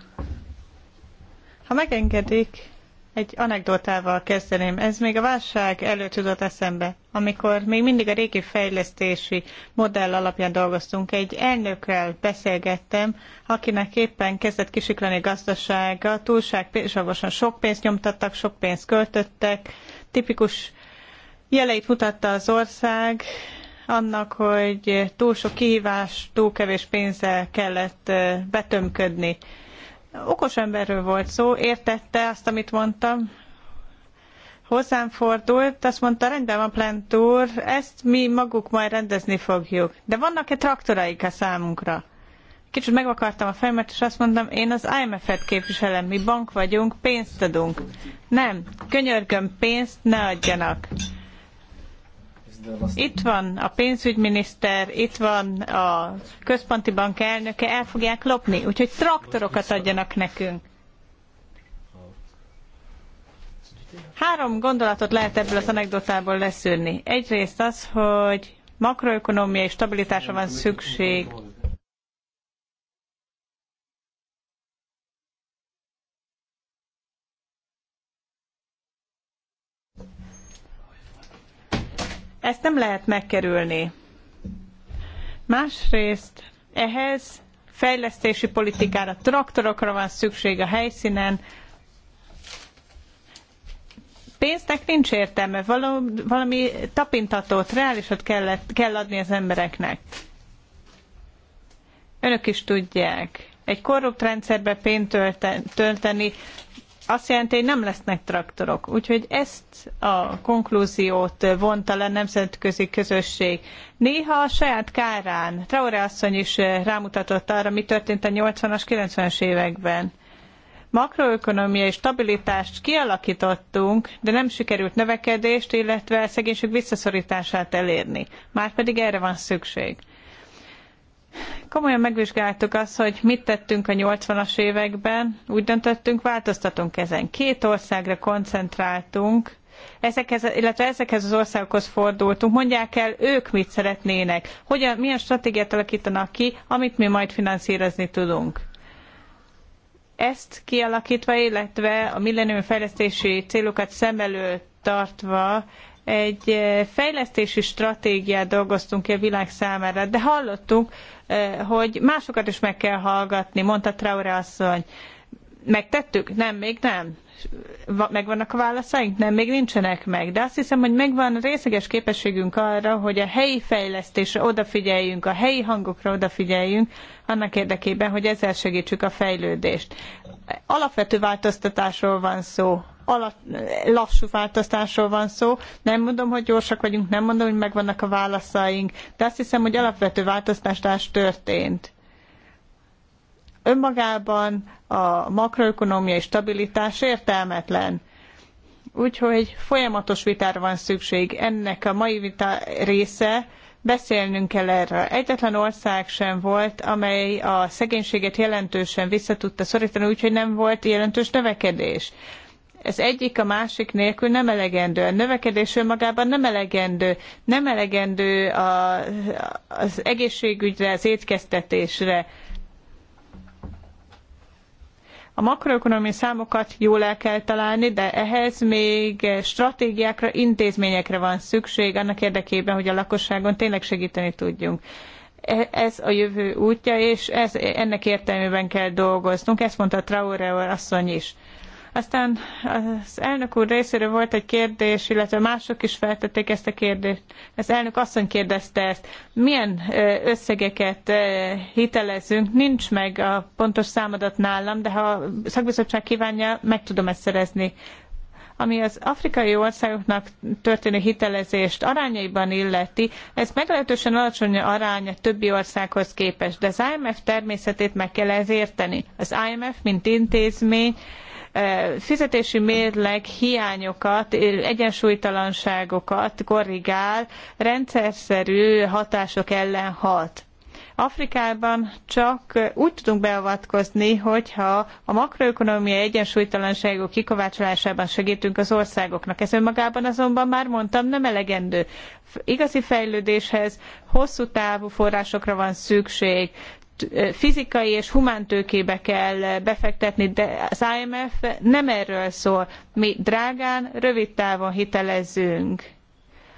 Ha megengedik, egy anekdotával kezdeném. Ez még a válság előtt jutott eszembe, amikor még mindig a régi fejlesztési modell alapján dolgoztunk. Egy elnökkel beszélgettem, akinek éppen kezdett kisiklani gazdasága, túlságosan sok pénzt nyomtattak, sok pénzt költöttek. Tipikus jeleit mutatta az ország annak, hogy túl sok kihívás, túl kevés pénzzel kellett betömködni. Okos emberről volt szó, értette azt, amit mondtam, hozzám fordult, azt mondta, rendben van, plentúr, ezt mi maguk majd rendezni fogjuk. De vannak-e traktoraik a számunkra? Kicsit megvakartam a fejemet, és azt mondtam, én az IMF-et képviselem, mi bank vagyunk, pénzt adunk. Nem, könyörgöm, pénzt ne adjanak. Itt van a pénzügyminiszter, itt van a központi bank elnöke, el fogják lopni, úgyhogy traktorokat adjanak nekünk. Három gondolatot lehet ebből az anekdotából leszűrni. Egyrészt az, hogy makroökonomiai stabilitásra van szükség Ezt nem lehet megkerülni. Másrészt ehhez fejlesztési politikára, traktorokra van szükség a helyszínen, pénznek nincs értelme, valami tapintatót, reálisat kellett, kell adni az embereknek. Önök is tudják. Egy korrupt rendszerbe pénzt tölteni azt jelenti, hogy nem lesznek traktorok. Úgyhogy ezt a konklúziót vonta le a nemzetközi közösség. Néha a saját kárán. Traore asszony is rámutatott arra, mi történt a 80-as, 90-es években. Makroökonomiai stabilitást kialakítottunk, de nem sikerült növekedést, illetve szegénység visszaszorítását elérni. Márpedig erre van szükség komolyan megvizsgáltuk azt, hogy mit tettünk a 80-as években, úgy döntöttünk, változtatunk ezen. Két országra koncentráltunk, ezekhez, illetve ezekhez az országokhoz fordultunk, mondják el ők mit szeretnének, hogyan, milyen stratégiát alakítanak ki, amit mi majd finanszírozni tudunk. Ezt kialakítva, illetve a millennium fejlesztési célokat szem előtt tartva egy fejlesztési stratégiát dolgoztunk ki a világ számára, de hallottunk, hogy másokat is meg kell hallgatni, mondta Traore asszony. Megtettük? Nem, még nem. Megvannak a válaszaink? Nem, még nincsenek meg. De azt hiszem, hogy megvan részleges képességünk arra, hogy a helyi fejlesztésre odafigyeljünk, a helyi hangokra odafigyeljünk, annak érdekében, hogy ezzel segítsük a fejlődést. Alapvető változtatásról van szó alatt, lassú változtásról van szó. Nem mondom, hogy gyorsak vagyunk, nem mondom, hogy megvannak a válaszaink, de azt hiszem, hogy alapvető változtatás történt. Önmagában a makroökonomiai stabilitás értelmetlen. Úgyhogy folyamatos vitára van szükség. Ennek a mai vita része, beszélnünk kell erről. Egyetlen ország sem volt, amely a szegénységet jelentősen visszatudta szorítani, úgyhogy nem volt jelentős növekedés. Ez egyik a másik nélkül nem elegendő. A növekedés önmagában nem elegendő. Nem elegendő a, az egészségügyre, az étkeztetésre. A makroökonomi számokat jól el kell találni, de ehhez még stratégiákra, intézményekre van szükség annak érdekében, hogy a lakosságon tényleg segíteni tudjunk. E, ez a jövő útja, és ez, ennek értelmében kell dolgoznunk, ezt mondta Traoré asszony is. Aztán az elnök úr részéről volt egy kérdés, illetve mások is feltették ezt a kérdést. Az elnök asszony kérdezte ezt. Milyen összegeket hitelezünk? Nincs meg a pontos számadat nálam, de ha a szakbizottság kívánja, meg tudom ezt szerezni ami az afrikai országoknak történő hitelezést arányaiban illeti, ez meglehetősen alacsony arány a többi országhoz képest, de az IMF természetét meg kell ez érteni. Az IMF, mint intézmény, fizetési mérleg hiányokat, egyensúlytalanságokat korrigál, rendszerszerű hatások ellen hat. Afrikában csak úgy tudunk beavatkozni, hogyha a makroökonomiai egyensúlytalanságok kikovácsolásában segítünk az országoknak. Ez önmagában azonban már mondtam, nem elegendő. Igazi fejlődéshez hosszú távú forrásokra van szükség fizikai és humántőkébe kell befektetni, de az IMF nem erről szól. Mi drágán, rövid távon hitelezzünk.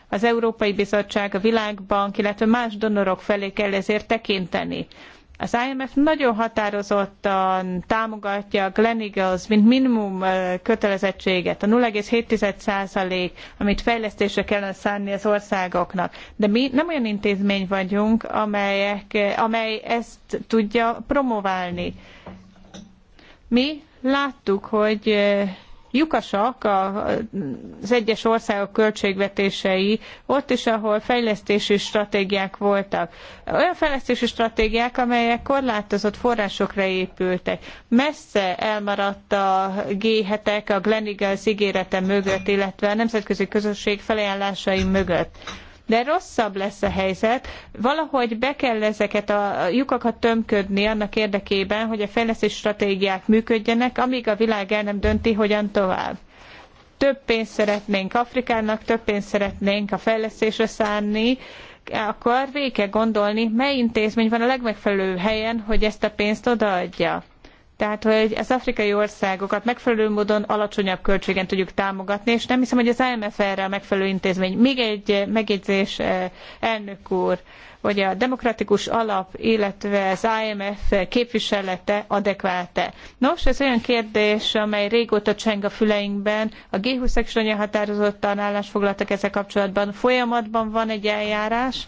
Az Európai Bizottság, a Világbank, illetve más donorok felé kell ezért tekinteni. Az IMF nagyon határozottan támogatja a Glen Eagles, mint minimum kötelezettséget, a 0,7% amit fejlesztésre kellene szánni az országoknak. De mi nem olyan intézmény vagyunk, amelyek, amely ezt tudja promoválni. Mi láttuk, hogy lyukasak az egyes országok költségvetései ott is, ahol fejlesztési stratégiák voltak. Olyan fejlesztési stratégiák, amelyek korlátozott forrásokra épültek. Messze elmaradt a G7-ek, a Glenigal ígérete mögött, illetve a nemzetközi közösség felajánlásai mögött de rosszabb lesz a helyzet. Valahogy be kell ezeket a lyukakat tömködni annak érdekében, hogy a fejlesztés stratégiák működjenek, amíg a világ el nem dönti, hogyan tovább több pénzt szeretnénk Afrikának, több pénzt szeretnénk a fejlesztésre szánni, akkor végig kell gondolni, mely intézmény van a legmegfelelőbb helyen, hogy ezt a pénzt odaadja. Tehát, hogy az afrikai országokat megfelelő módon alacsonyabb költségen tudjuk támogatni, és nem hiszem, hogy az IMF erre a megfelelő intézmény. Még egy eh, megjegyzés, eh, elnök úr, hogy a demokratikus alap, illetve az IMF képviselete adekvált-e. Nos, ez olyan kérdés, amely régóta cseng a füleinkben. A G20-ek is nagyon határozottan állásfoglaltak ezzel kapcsolatban. Folyamatban van egy eljárás,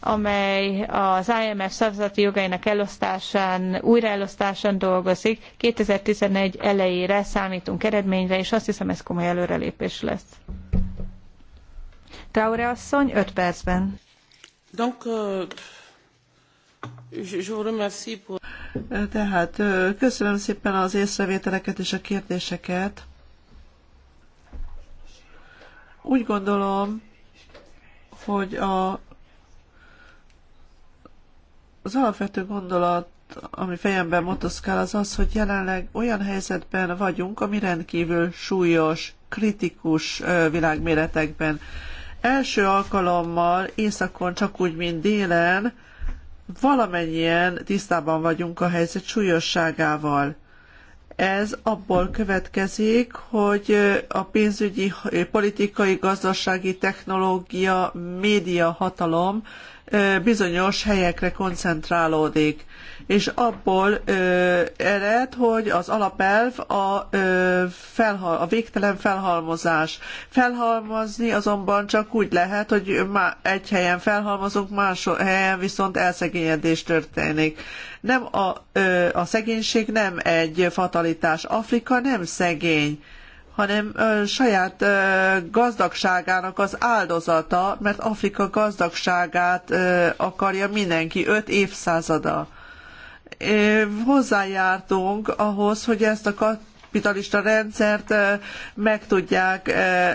amely az IMF szavazati jogainak elosztásán, újraelosztásán dolgozik. 2011 elejére számítunk eredményre, és azt hiszem ez komoly előrelépés lesz. Traure asszony, 5 percben. Donc, euh, je vous remercie pour... Tehát köszönöm szépen az észrevételeket és a kérdéseket. Úgy gondolom, hogy a az alapvető gondolat, ami fejemben motoszkál, az az, hogy jelenleg olyan helyzetben vagyunk, ami rendkívül súlyos, kritikus világméretekben. Első alkalommal északon, csak úgy, mint délen, valamennyien tisztában vagyunk a helyzet súlyosságával. Ez abból következik, hogy a pénzügyi, politikai, gazdasági, technológia, média hatalom bizonyos helyekre koncentrálódik és abból ered, hogy az alapelv a, ö, felhal, a végtelen felhalmozás. Felhalmozni azonban csak úgy lehet, hogy egy helyen felhalmozunk, más helyen viszont elszegényedés történik. Nem a, ö, a szegénység nem egy fatalitás. Afrika nem szegény hanem saját gazdagságának az áldozata, mert Afrika gazdagságát akarja mindenki öt évszázada hozzájártunk ahhoz, hogy ezt a kapitalista rendszert meg tudják,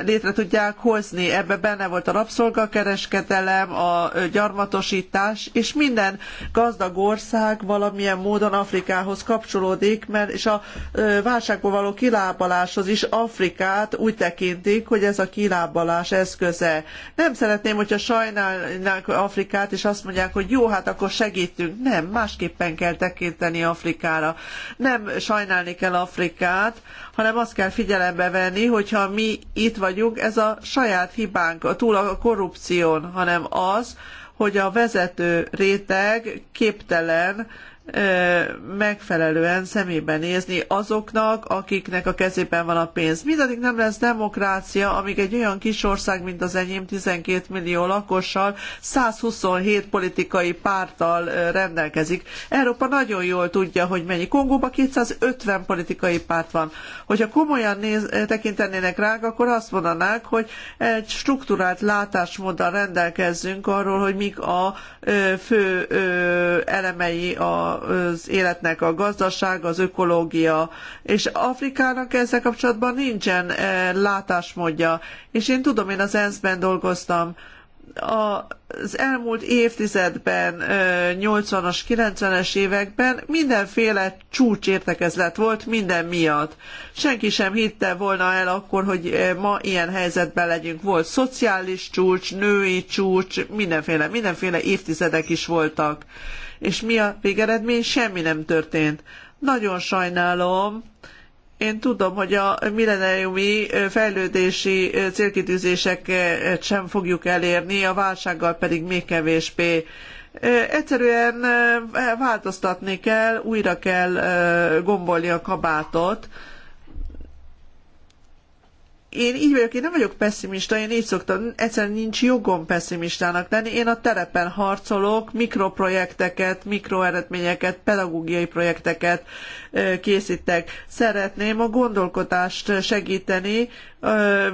létre tudják hozni. ebben benne volt a rabszolgakereskedelem, a gyarmatosítás, és minden gazdag ország valamilyen módon Afrikához kapcsolódik, mert és a válságból való kilábaláshoz is Afrikát úgy tekintik, hogy ez a kilábalás eszköze. Nem szeretném, hogyha sajnálnák Afrikát, és azt mondják, hogy jó, hát akkor segítünk. Nem, másképpen kell tekinteni Afrikára. Nem sajnálni kell Afrikát, hibát, hanem azt kell figyelembe venni, hogyha mi itt vagyunk, ez a saját hibánk, a túl a korrupción, hanem az, hogy a vezető réteg képtelen megfelelően szemébe nézni azoknak, akiknek a kezében van a pénz. Mindaddig nem lesz demokrácia, amíg egy olyan kis ország, mint az enyém, 12 millió lakossal, 127 politikai párttal rendelkezik. Európa nagyon jól tudja, hogy mennyi. Kongóban 250 politikai párt van. Hogyha komolyan néz, tekintenének rá, akkor azt mondanák, hogy egy struktúrált látásmóddal rendelkezzünk arról, hogy mik a fő elemei a az életnek a gazdaság, az ökológia, és Afrikának ezzel kapcsolatban nincsen eh, látásmódja. És én tudom, én az ENSZ-ben dolgoztam, az elmúlt évtizedben, 80-as, eh, 90-es években mindenféle csúcsértekezlet volt minden miatt. Senki sem hitte volna el akkor, hogy eh, ma ilyen helyzetben legyünk. Volt szociális csúcs, női csúcs, mindenféle, mindenféle évtizedek is voltak. És mi a végeredmény? Semmi nem történt. Nagyon sajnálom, én tudom, hogy a milleniumi fejlődési célkitűzéseket sem fogjuk elérni, a válsággal pedig még kevésbé. Egyszerűen változtatni kell, újra kell gombolni a kabátot, én így vagyok, én nem vagyok pessimista, én így szoktam, egyszerűen nincs jogom pessimistának lenni. Én a terepen harcolok, mikroprojekteket, mikroeredményeket, pedagógiai projekteket készítek. Szeretném a gondolkodást segíteni,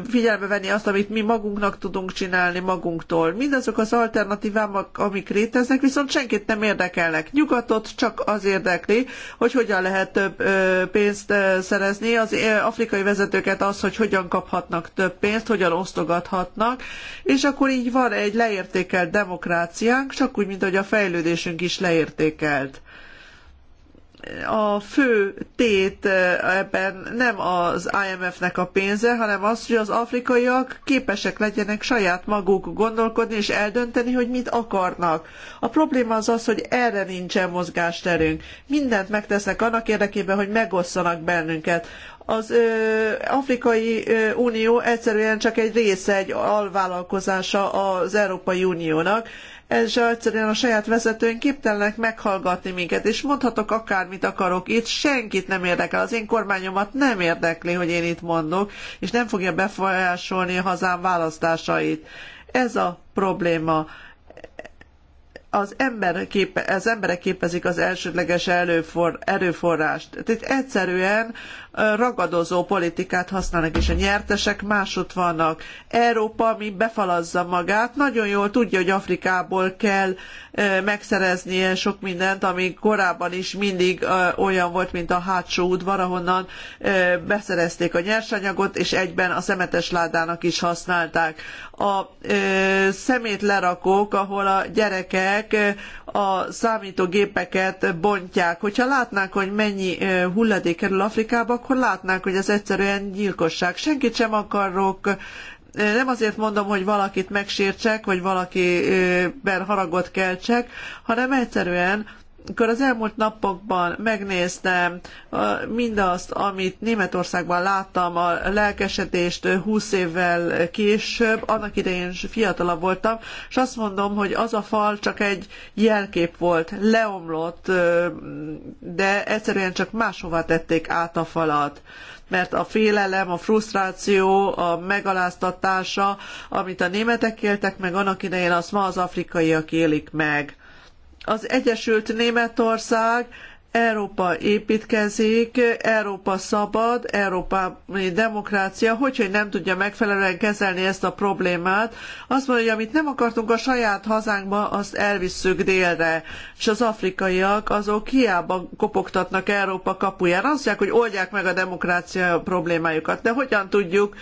figyelme venni azt, amit mi magunknak tudunk csinálni magunktól. Mindazok az alternatívák, amik léteznek, viszont senkit nem érdekelnek. Nyugatot csak az érdekli, hogy hogyan lehet több pénzt szerezni, az afrikai vezetőket az, hogy hogyan kap kaphatnak több pénzt, hogyan osztogathatnak, és akkor így van egy leértékelt demokráciánk, csak úgy, mint hogy a fejlődésünk is leértékelt a fő tét eh, ebben nem az IMF-nek a pénze, hanem az, hogy az afrikaiak képesek legyenek saját maguk gondolkodni és eldönteni, hogy mit akarnak. A probléma az az, hogy erre nincsen mozgásterünk. Mindent megtesznek annak érdekében, hogy megosszanak bennünket az Afrikai Unió egyszerűen csak egy része, egy alvállalkozása az Európai Uniónak, és egyszerűen a saját vezetőink képtelenek meghallgatni minket, és mondhatok akármit akarok itt, senkit nem érdekel, az én kormányomat nem érdekli, hogy én itt mondok, és nem fogja befolyásolni a hazám választásait. Ez a probléma az, ember képe, az emberek képezik az elsődleges előfor, erőforrást. Tehát egyszerűen ragadozó politikát használnak, és a nyertesek másút vannak. Európa, ami befalazza magát, nagyon jól tudja, hogy Afrikából kell megszereznie sok mindent, ami korábban is mindig olyan volt, mint a hátsó udvar, ahonnan beszerezték a nyersanyagot, és egyben a szemetes ládának is használták. A szemét lerakók, ahol a gyerekek a számítógépeket bontják. Hogyha látnák, hogy mennyi hulladék kerül Afrikába, akkor látnák, hogy ez egyszerűen gyilkosság. Senkit sem akarok nem azért mondom, hogy valakit megsértsek, vagy valakiben haragot keltsek, hanem egyszerűen amikor az elmúlt napokban megnéztem mindazt, amit Németországban láttam, a lelkesedést 20 évvel később, annak idején fiatalabb voltam, és azt mondom, hogy az a fal csak egy jelkép volt, leomlott, de egyszerűen csak máshova tették át a falat mert a félelem, a frusztráció, a megaláztatása, amit a németek éltek meg annak idején, azt ma az afrikaiak élik meg az Egyesült Németország Európa építkezik, Európa szabad, európai demokrácia, hogy, hogy nem tudja megfelelően kezelni ezt a problémát. Azt mondja, hogy amit nem akartunk a saját hazánkba, azt elvisszük délre. És az afrikaiak azok hiába kopogtatnak Európa kapuján. Azt mondják, hogy oldják meg a demokrácia problémájukat. De hogyan tudjuk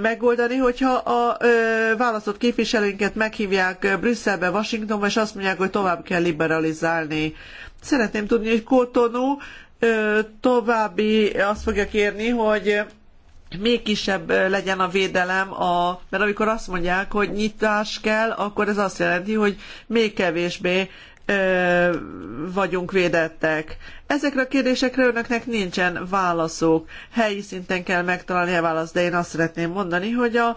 megoldani, hogyha a választott képviselőinket meghívják Brüsszelbe, Washingtonba, és azt mondják, hogy tovább kell liberalizálni Szeretném tudni, hogy Kotonú további azt fogja kérni, hogy még kisebb legyen a védelem, a, mert amikor azt mondják, hogy nyitás kell, akkor ez azt jelenti, hogy még kevésbé vagyunk védettek. Ezekre a kérdésekre önöknek nincsen válaszok. Helyi szinten kell megtalálni a választ, de én azt szeretném mondani, hogy a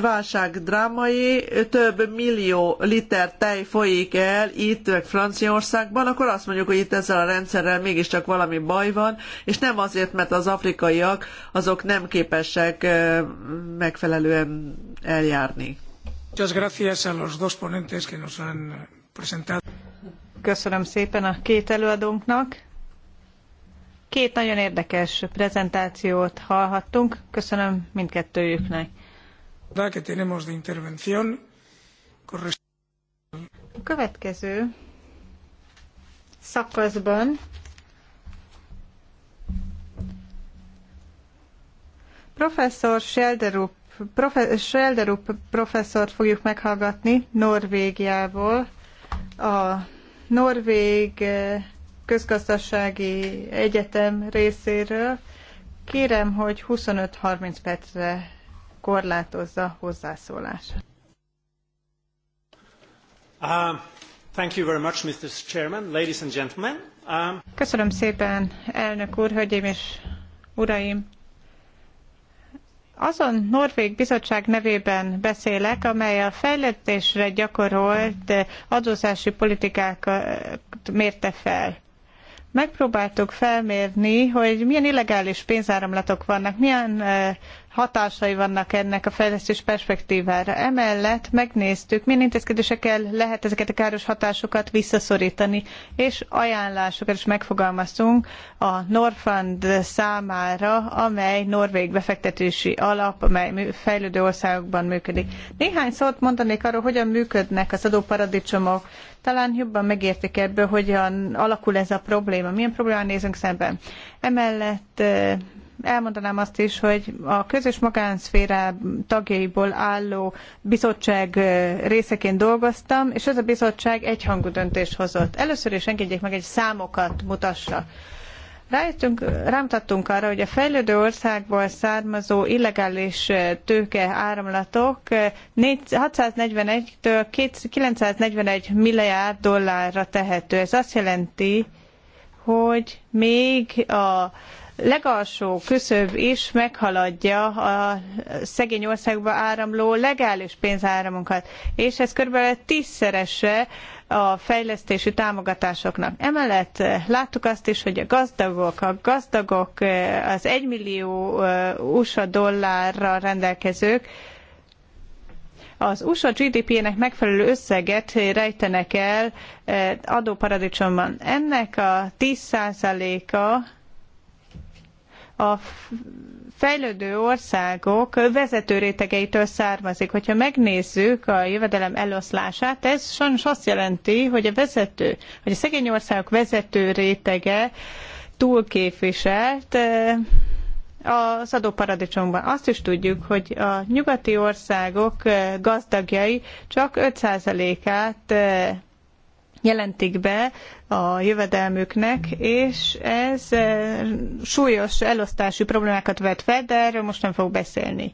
válság drámai, több millió liter tej folyik el itt, meg Franciaországban, akkor azt mondjuk, hogy itt ezzel a rendszerrel mégiscsak valami baj van, és nem azért, mert az afrikaiak azok nem képesek megfelelően eljárni. Muchas gracias a los dos ponentes que nos han presentado. Köszönöm szépen a két előadónknak. Két nagyon érdekes prezentációt hallhattunk. Köszönöm mindkettőjüknek. A következő szakaszban professzor Schelderup, profe, professzort fogjuk meghallgatni Norvégiából a Norvég eh, közgazdasági egyetem részéről. Kérem, hogy 25-30 percre korlátozza hozzászólását. Uh, thank you very much, Mr. Chairman, ladies and gentlemen. Um... Köszönöm szépen, elnök úr, hölgyeim és uraim! azon Norvég bizottság nevében beszélek, amely a fejlesztésre gyakorolt eh, adózási politikákat mérte fel. Megpróbáltuk felmérni, hogy milyen illegális pénzáramlatok vannak, milyen eh, hatásai vannak ennek a fejlesztés perspektívára. Emellett megnéztük, milyen intézkedésekkel lehet ezeket a káros hatásokat visszaszorítani, és ajánlásokat is megfogalmaztunk a Norfund számára, amely Norvég befektetési alap, amely fejlődő országokban működik. Néhány szót mondanék arról, hogyan működnek az adóparadicsomok. Talán jobban megértik ebből, hogyan alakul ez a probléma, milyen problémán nézünk szemben. Emellett eh, elmondanám azt is, hogy a közös magánszféra tagjaiból álló bizottság részeként dolgoztam, és ez a bizottság egyhangú döntést hozott. Először is engedjék meg egy számokat mutassa. Rájöttünk, rámutattunk arra, hogy a fejlődő országból származó illegális tőke áramlatok 641-től 941 milliárd dollárra tehető. Ez azt jelenti, hogy még a legalsó küszöb is meghaladja a szegény országba áramló legális pénzáramokat, és ez körülbelül tízszerese a fejlesztési támogatásoknak. Emellett láttuk azt is, hogy a gazdagok, a gazdagok, az egymillió uh, USA dollárra rendelkezők, az USA GDP-nek megfelelő összeget rejtenek el uh, adóparadicsomban. Ennek a 10%-a a fejlődő országok vezető rétegeitől származik. Hogyha megnézzük a jövedelem eloszlását, ez sajnos azt jelenti, hogy a vezető, hogy a szegény országok vezető rétege túlképviselt eh, az adóparadicsomban. Azt is tudjuk, hogy a nyugati országok eh, gazdagjai csak 5%-át jelentik be a jövedelmüknek, és ez eh, súlyos elosztási problémákat vet fel, de erről most nem fog beszélni.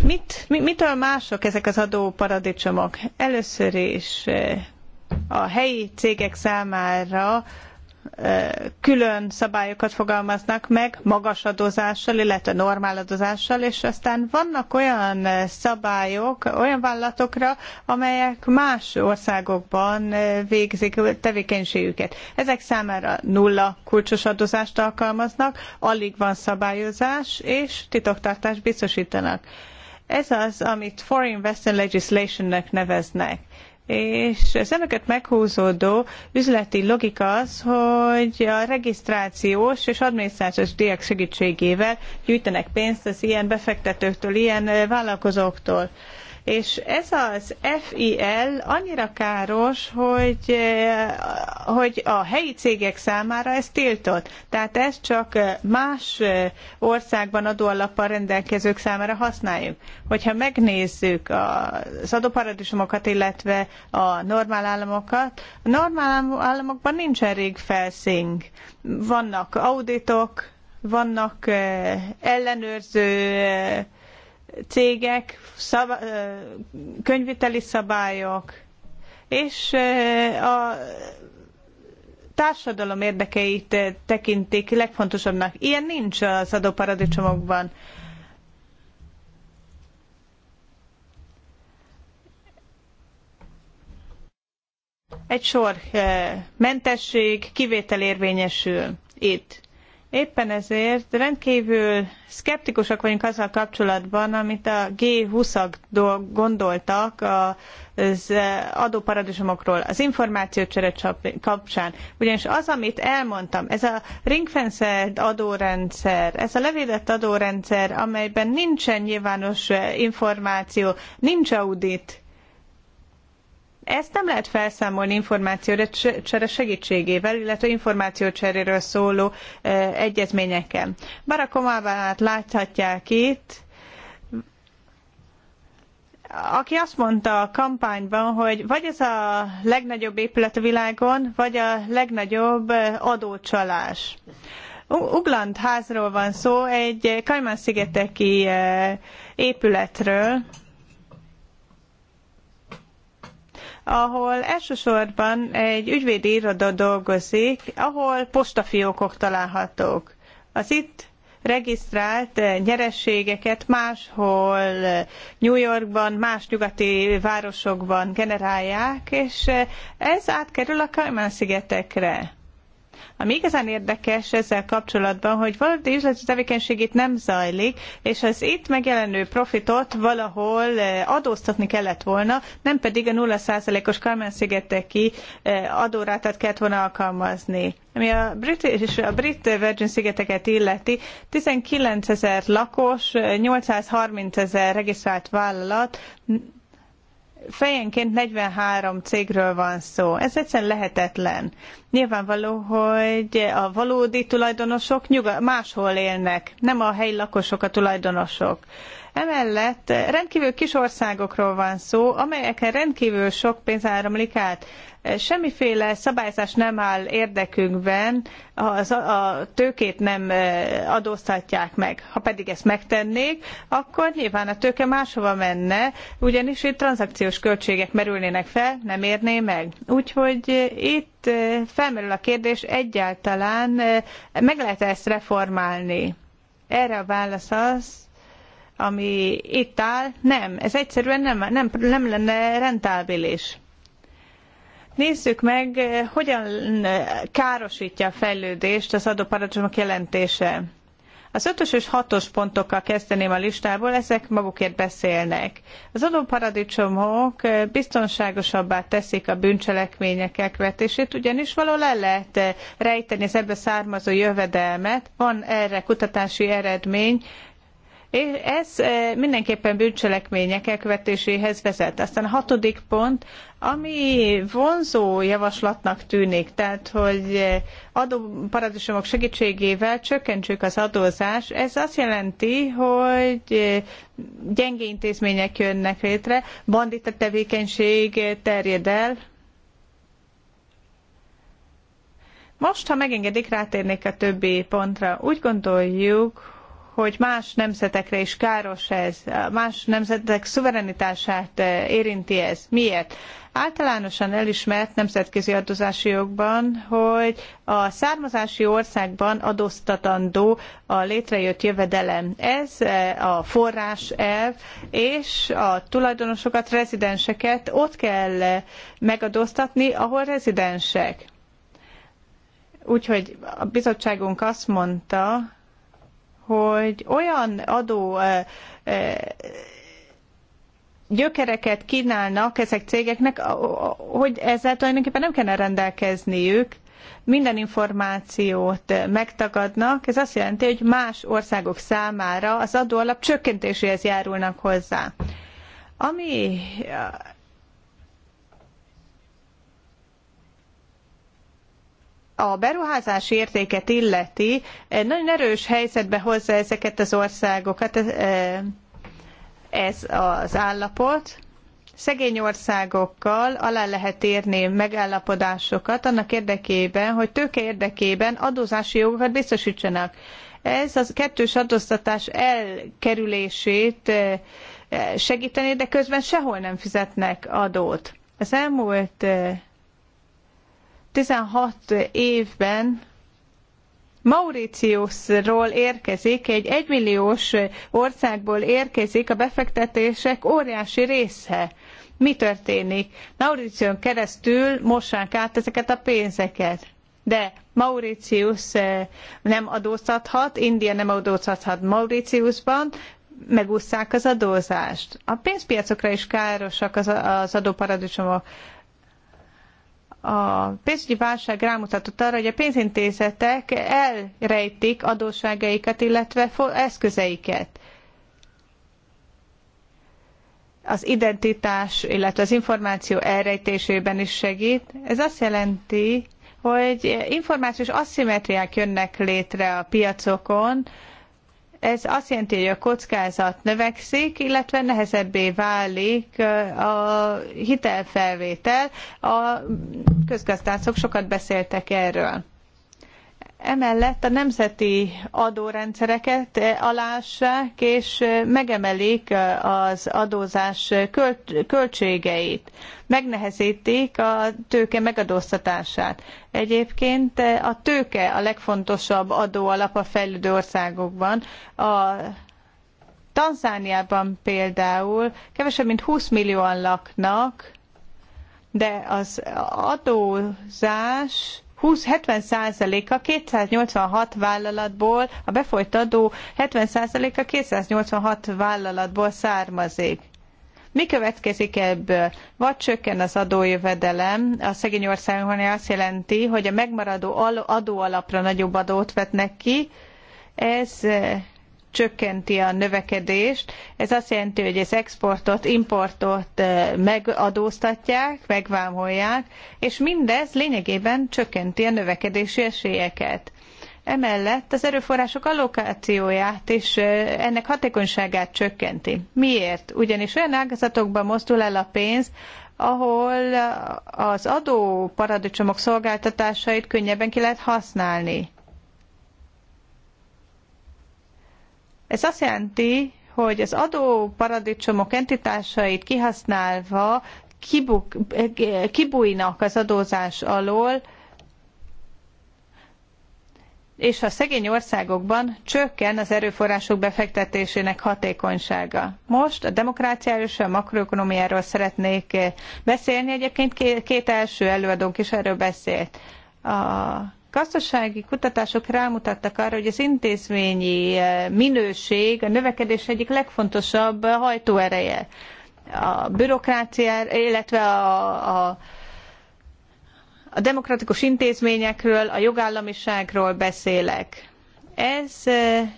Mit, mit, mitől mások ezek az adóparadicsomok? Először is eh, a helyi cégek számára külön szabályokat fogalmaznak meg magas adózással, illetve normál adózással, és aztán vannak olyan szabályok olyan vállalatokra, amelyek más országokban végzik tevékenységüket. Ezek számára nulla kulcsos adózást alkalmaznak, alig van szabályozás, és titoktartást biztosítanak. Ez az, amit Foreign Investment Legislation-nek neveznek és szemeket meghúzódó üzleti logika az, hogy a regisztrációs és adminisztrációs diák segítségével gyűjtenek pénzt az ilyen befektetőktől, ilyen vállalkozóktól. És ez az FIL annyira káros, hogy, eh, hogy a helyi cégek számára ez tiltott. Tehát ezt csak eh, más eh, országban adóalappal rendelkezők számára használjuk. Hogyha megnézzük az adóparadicsomokat, illetve a normál államokat, a normál államokban nincs elég felszínk. Vannak auditok, vannak ellenőrző cégek, szab- könyviteli szabályok, és a társadalom érdekeit tekintik legfontosabbnak. Ilyen nincs az adóparadicsomokban. Egy sor mentesség, kivétel érvényesül itt. Éppen ezért rendkívül szkeptikusak vagyunk azzal kapcsolatban, amit a G20-ak gondoltak az adóparadicsomokról, az információcsere kapcsán. Ugyanis az, amit elmondtam, ez a ringfenced adórendszer, ez a levédett adórendszer, amelyben nincsen nyilvános információ, nincs audit, ezt nem lehet felszámolni információcsere segítségével, illetve információcseréről szóló egyezményekkel. Barack Obamát láthatják itt, aki azt mondta a kampányban, hogy vagy ez a legnagyobb épület a világon, vagy a legnagyobb adócsalás. Ugland házról van szó, egy Kajmán-szigeteki épületről, ahol elsősorban egy ügyvédi iroda dolgozik, ahol postafiókok találhatók. Az itt regisztrált nyerességeket máshol, New Yorkban, más nyugati városokban generálják, és ez átkerül a Cayman-szigetekre. Ami igazán érdekes ezzel kapcsolatban, hogy valódi üzleti tevékenység itt nem zajlik, és az itt megjelenő profitot valahol eh, adóztatni kellett volna, nem pedig a 0%-os Carmen-szigeteki eh, adórátát kellett volna alkalmazni. Ami a brit, és a brit Virgin szigeteket illeti, 19 ezer lakos, 830 eh, ezer regisztrált vállalat, fejenként 43 cégről van szó. Ez egyszerűen lehetetlen. Nyilvánvaló, hogy a valódi tulajdonosok nyuga- máshol élnek, nem a helyi lakosok a tulajdonosok. Emellett rendkívül kis országokról van szó, amelyeken rendkívül sok pénz áramlik át. Semmiféle szabályzás nem áll érdekünkben, ha a tőkét nem e, adóztatják meg. Ha pedig ezt megtennék, akkor nyilván a tőke máshova menne, ugyanis itt tranzakciós költségek merülnének fel, nem érné meg. Úgyhogy itt e, felmerül a kérdés egyáltalán, e, meg lehet -e ezt reformálni? Erre a válasz az, ami itt áll, nem, ez egyszerűen nem, nem, nem lenne rentábilis. Nézzük meg, hogyan eh, károsítja a fejlődést az adóparadicsomok jelentése. Az ötös és hatos pontokkal kezdeném a listából, ezek magukért beszélnek. Az adóparadicsomok eh, biztonságosabbá teszik a bűncselekmények elkövetését, ugyanis való le lehet eh, rejteni az ebből származó jövedelmet. Van erre kutatási eredmény, és ez eh, mindenképpen bűncselekmények elkövetéséhez vezet. Aztán a hatodik pont, ami vonzó javaslatnak tűnik, tehát hogy eh, adóparadicsomok segítségével csökkentsük az adózás, ez azt jelenti, hogy eh, gyenge intézmények jönnek létre, bandita tevékenység terjed el, most, ha megengedik, rátérnék a többi pontra. Úgy gondoljuk, hogy más nemzetekre is káros ez, más nemzetek szuverenitását eh, érinti ez. Miért? Általánosan elismert nemzetközi adózási jogban, hogy a származási országban adóztatandó a létrejött jövedelem. Ez eh, a forrás elv, és a tulajdonosokat, rezidenseket ott kell eh, megadóztatni, ahol rezidensek. Úgyhogy a bizottságunk azt mondta, hogy olyan adó gyökereket kínálnak ezek cégeknek, hogy ezzel tulajdonképpen nem kellene rendelkezniük, minden információt megtagadnak, ez azt jelenti, hogy más országok számára az adóalap csökkentéséhez járulnak hozzá. Ami a beruházás értéket illeti, eh, nagyon erős helyzetbe hozza ezeket az országokat eh, ez az állapot. Szegény országokkal alá lehet érni megállapodásokat annak érdekében, hogy tőke érdekében adózási jogokat biztosítsanak. Ez a kettős adóztatás elkerülését eh, segíteni, de közben sehol nem fizetnek adót. Az elmúlt 16 évben Mauritiusról érkezik, egy egymilliós országból érkezik a befektetések óriási része. Mi történik? Mauritiuson keresztül mossák át ezeket a pénzeket. De Mauritius eh, nem adóztathat, India nem adóztathat Mauritiusban, megúszszák az adózást. A pénzpiacokra is károsak az, az adóparadicsomok. A pénzügyi válság rámutatott arra, hogy a pénzintézetek elrejtik adósságaikat, illetve eszközeiket az identitás, illetve az információ elrejtésében is segít. Ez azt jelenti, hogy információs asszimetriák jönnek létre a piacokon, ez azt jelenti, hogy a kockázat növekszik, illetve nehezebbé válik a hitelfelvétel. A közgazdászok sokat beszéltek erről. Emellett a nemzeti adórendszereket e, alássák, és e, megemelik e, az adózás költségeit, megnehezítik a tőke megadóztatását. Egyébként a tőke a legfontosabb adóalap a fejlődő országokban. A Tanzániában például kevesebb mint 20 millióan laknak, de az adózás 20 70 százaléka 286 vállalatból, a befolyt adó 70 százaléka 286 vállalatból származik. Mi következik ebből? Vagy csökken az adójövedelem, a szegény országokban azt jelenti, hogy a megmaradó adóalapra nagyobb adót vetnek ki, ez csökkenti a növekedést. Ez azt jelenti, hogy az exportot, importot megadóztatják, megvámolják, és mindez lényegében csökkenti a növekedési esélyeket. Emellett az erőforrások allokációját és ennek hatékonyságát csökkenti. Miért? Ugyanis olyan ágazatokba mozdul el a pénz, ahol az adó paradicsomok szolgáltatásait könnyebben ki lehet használni. Ez azt jelenti, hogy az adóparadicsomok entitásait kihasználva kibújnak az adózás alól, és a szegény országokban csökken az erőforrások befektetésének hatékonysága. Most a demokráciáról és a makroökonomiáról szeretnék beszélni. Egyébként két első előadónk is erről beszélt. A gazdasági kutatások rámutattak arra, hogy az intézményi eh, minőség a növekedés egyik legfontosabb hajtóereje. A bürokrácia, illetve a, a a demokratikus intézményekről, a jogállamiságról beszélek. Ez eh,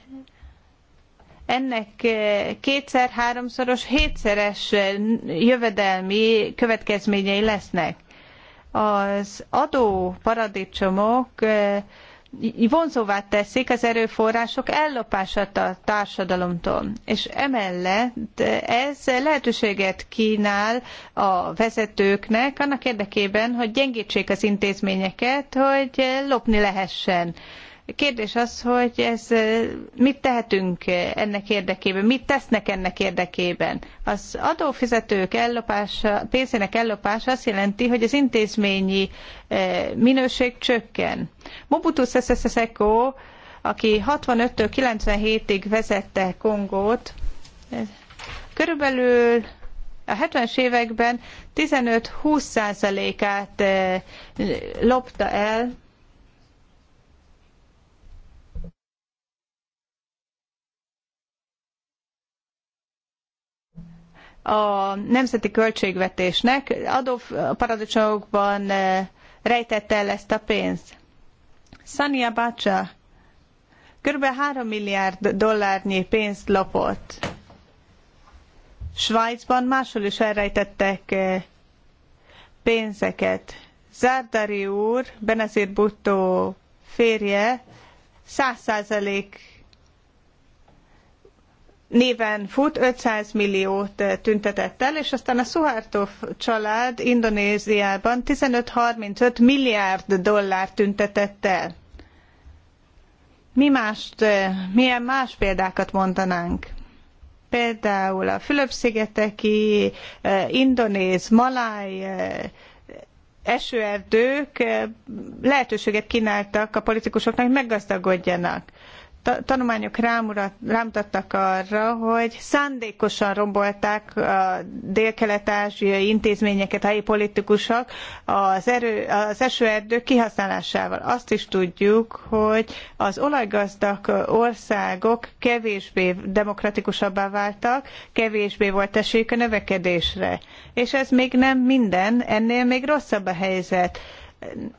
ennek eh, kétszer, háromszoros, hétszeres jövedelmi következményei lesznek az adó paradicsomok vonzóvá teszik az erőforrások ellopását a társadalomtól. És emellett ez lehetőséget kínál a vezetőknek annak érdekében, hogy gyengítsék az intézményeket, hogy lopni lehessen. Kérdés az, hogy ez, mit tehetünk ennek érdekében, mit tesznek ennek érdekében. Az adófizetők ellopása, pénzének ellopása azt jelenti, hogy az intézményi minőség csökken. Mobutu Sese Seko, aki 65-től 97-ig vezette Kongót, körülbelül a 70-es években 15-20 százalékát lopta el a nemzeti költségvetésnek adóparadicsomokban eh, rejtette el ezt a pénzt. Sania Bacsa kb. 3 milliárd dollárnyi pénzt lopott. Svájcban máshol is elrejtettek eh, pénzeket. Zárdari úr, Benazir Butto férje, 100 néven fut, 500 milliót eh, tüntetett el, és aztán a Suharto család Indonéziában 15-35 milliárd dollár tüntetett el. Mi mást, eh, milyen más példákat mondanánk? Például a Fülöp-szigeteki, eh, indonéz, maláj, esőerdők lehetőséget kínáltak a politikusoknak, hogy meggazdagodjanak tanulmányok rámurat, rámutattak arra, hogy szándékosan rombolták a dél-kelet-ázsiai intézményeket, helyi politikusok az, erő, az esőerdő kihasználásával. Azt is tudjuk, hogy az olajgazdag országok kevésbé demokratikusabbá váltak, kevésbé volt esélyük a növekedésre. És ez még nem minden, ennél még rosszabb a helyzet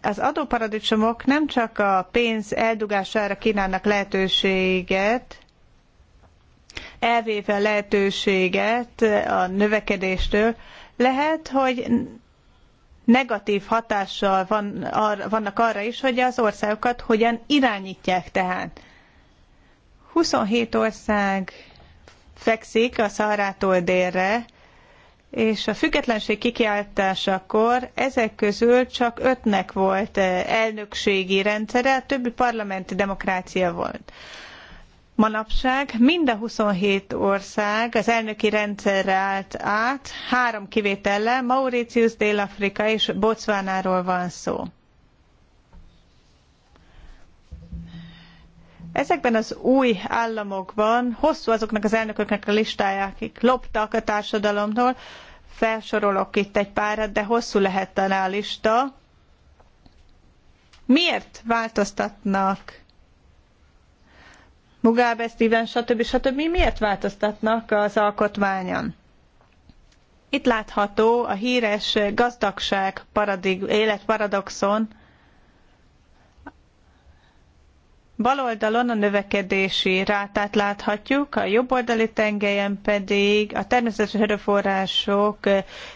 az adóparadicsomok nem csak a pénz eldugására kínálnak lehetőséget, elvéve a lehetőséget a növekedéstől, lehet, hogy negatív hatással van, ar, vannak arra is, hogy az országokat hogyan irányítják tehát. 27 ország fekszik a Szaharától délre, és a függetlenség kikiáltásakor ezek közül csak ötnek volt eh, elnökségi rendszere, a többi parlamenti demokrácia volt. Manapság mind a 27 ország az elnöki rendszerre állt át, három kivétellel, Mauritius, Dél-Afrika és Botswanáról van szó. Ezekben az új államokban hosszú azoknak az elnököknek a listája, akik loptak a társadalomtól, felsorolok itt egy párat, de hosszú lehetne a lista. Miért változtatnak Mugabe, Steven, stb. stb. miért változtatnak az alkotmányon? Itt látható a híres gazdagság paradig, életparadoxon, Bal oldalon a növekedési rátát láthatjuk, a jobb oldali tengelyen pedig a természetes erőforrások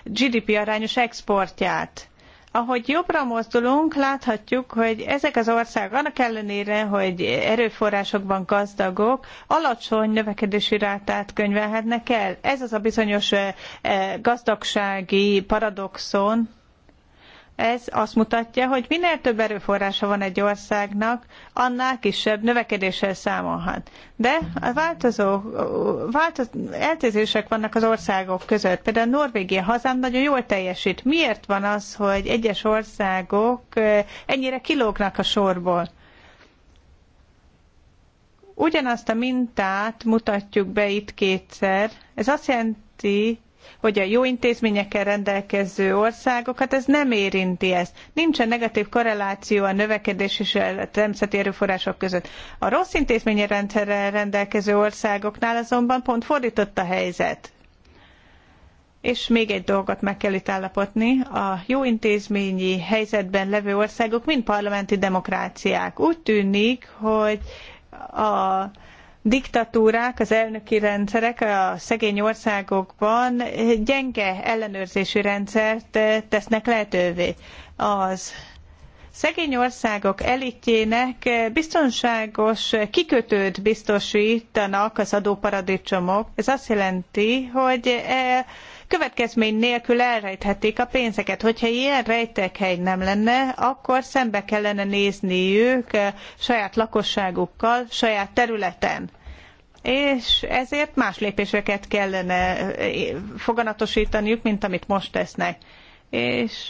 GDP arányos exportját. Ahogy jobbra mozdulunk, láthatjuk, hogy ezek az országok annak ellenére, hogy erőforrásokban gazdagok, alacsony növekedési rátát könyvelhetnek el. Ez az a bizonyos gazdagsági paradoxon, ez azt mutatja, hogy minél több erőforrása van egy országnak, annál kisebb növekedéssel számolhat. De a változó, változ, eltérések vannak az országok között. Például Norvégia hazám nagyon jól teljesít. Miért van az, hogy egyes országok ennyire kilógnak a sorból? Ugyanazt a mintát mutatjuk be itt kétszer. Ez azt jelenti, hogy a jó intézményekkel rendelkező országokat hát ez nem érinti ezt. Nincsen negatív korreláció a növekedés és a természeti erőforrások között. A rossz intézményi rendszerrel rendelkező országoknál azonban pont fordított a helyzet. És még egy dolgot meg kell itt állapotni, a jó intézményi helyzetben levő országok mind parlamenti demokráciák. Úgy tűnik, hogy a diktatúrák, az elnöki rendszerek a szegény országokban gyenge ellenőrzésű rendszert eh, tesznek lehetővé. Az szegény országok elitjének eh, biztonságos kikötőt biztosítanak az adóparadicsomok. Ez azt jelenti, hogy eh, következmény nélkül elrejthették a pénzeket. Hogyha ilyen rejtekhely nem lenne, akkor szembe kellene nézniük eh, saját lakosságukkal, saját területen és ezért más lépéseket kellene eh, foganatosítaniuk, mint amit most tesznek. És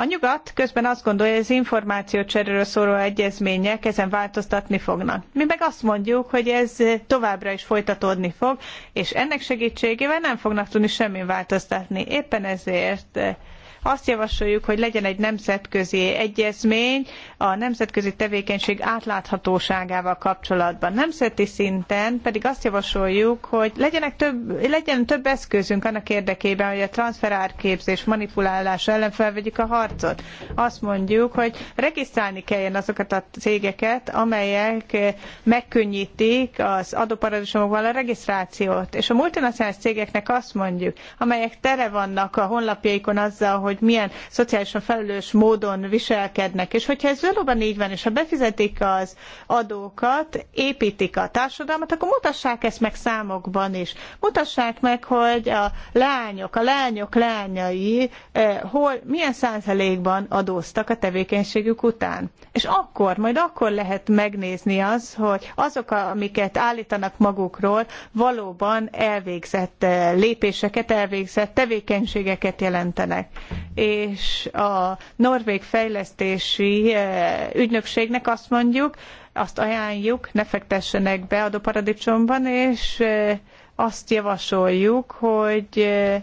a nyugat közben azt gondolja, hogy az információcseréről szóló egyezmények ezen változtatni fognak. Mi meg azt mondjuk, hogy ez továbbra is folytatódni fog, és ennek segítségével nem fognak tudni semmi változtatni. Éppen ezért azt javasoljuk, hogy legyen egy nemzetközi egyezmény a nemzetközi tevékenység átláthatóságával kapcsolatban. Nemzeti szinten pedig azt javasoljuk, hogy legyenek több, legyen több eszközünk annak érdekében, hogy a transferárképzés manipulálása ellen felvegyük a harcot. Azt mondjuk, hogy regisztrálni kelljen azokat a cégeket, amelyek megkönnyítik az adóparadicsomokban a regisztrációt. És a multinacionális cégeknek azt mondjuk, amelyek tele vannak a honlapjaikon azzal, hogy milyen szociálisan felelős módon viselkednek. És hogyha ez valóban így van, és ha befizetik az adókat, építik a társadalmat, akkor mutassák ezt meg számokban is. Mutassák meg, hogy a lányok, a lányok lányai eh, hol, milyen százalékban adóztak a tevékenységük után. És akkor, majd akkor lehet megnézni az, hogy azok, amiket állítanak magukról, valóban elvégzett eh, lépéseket, elvégzett tevékenységeket jelentenek és a Norvég fejlesztési eh, ügynökségnek azt mondjuk, azt ajánljuk, ne fektessenek be adóparadicsomban, és eh, azt javasoljuk, hogy eh,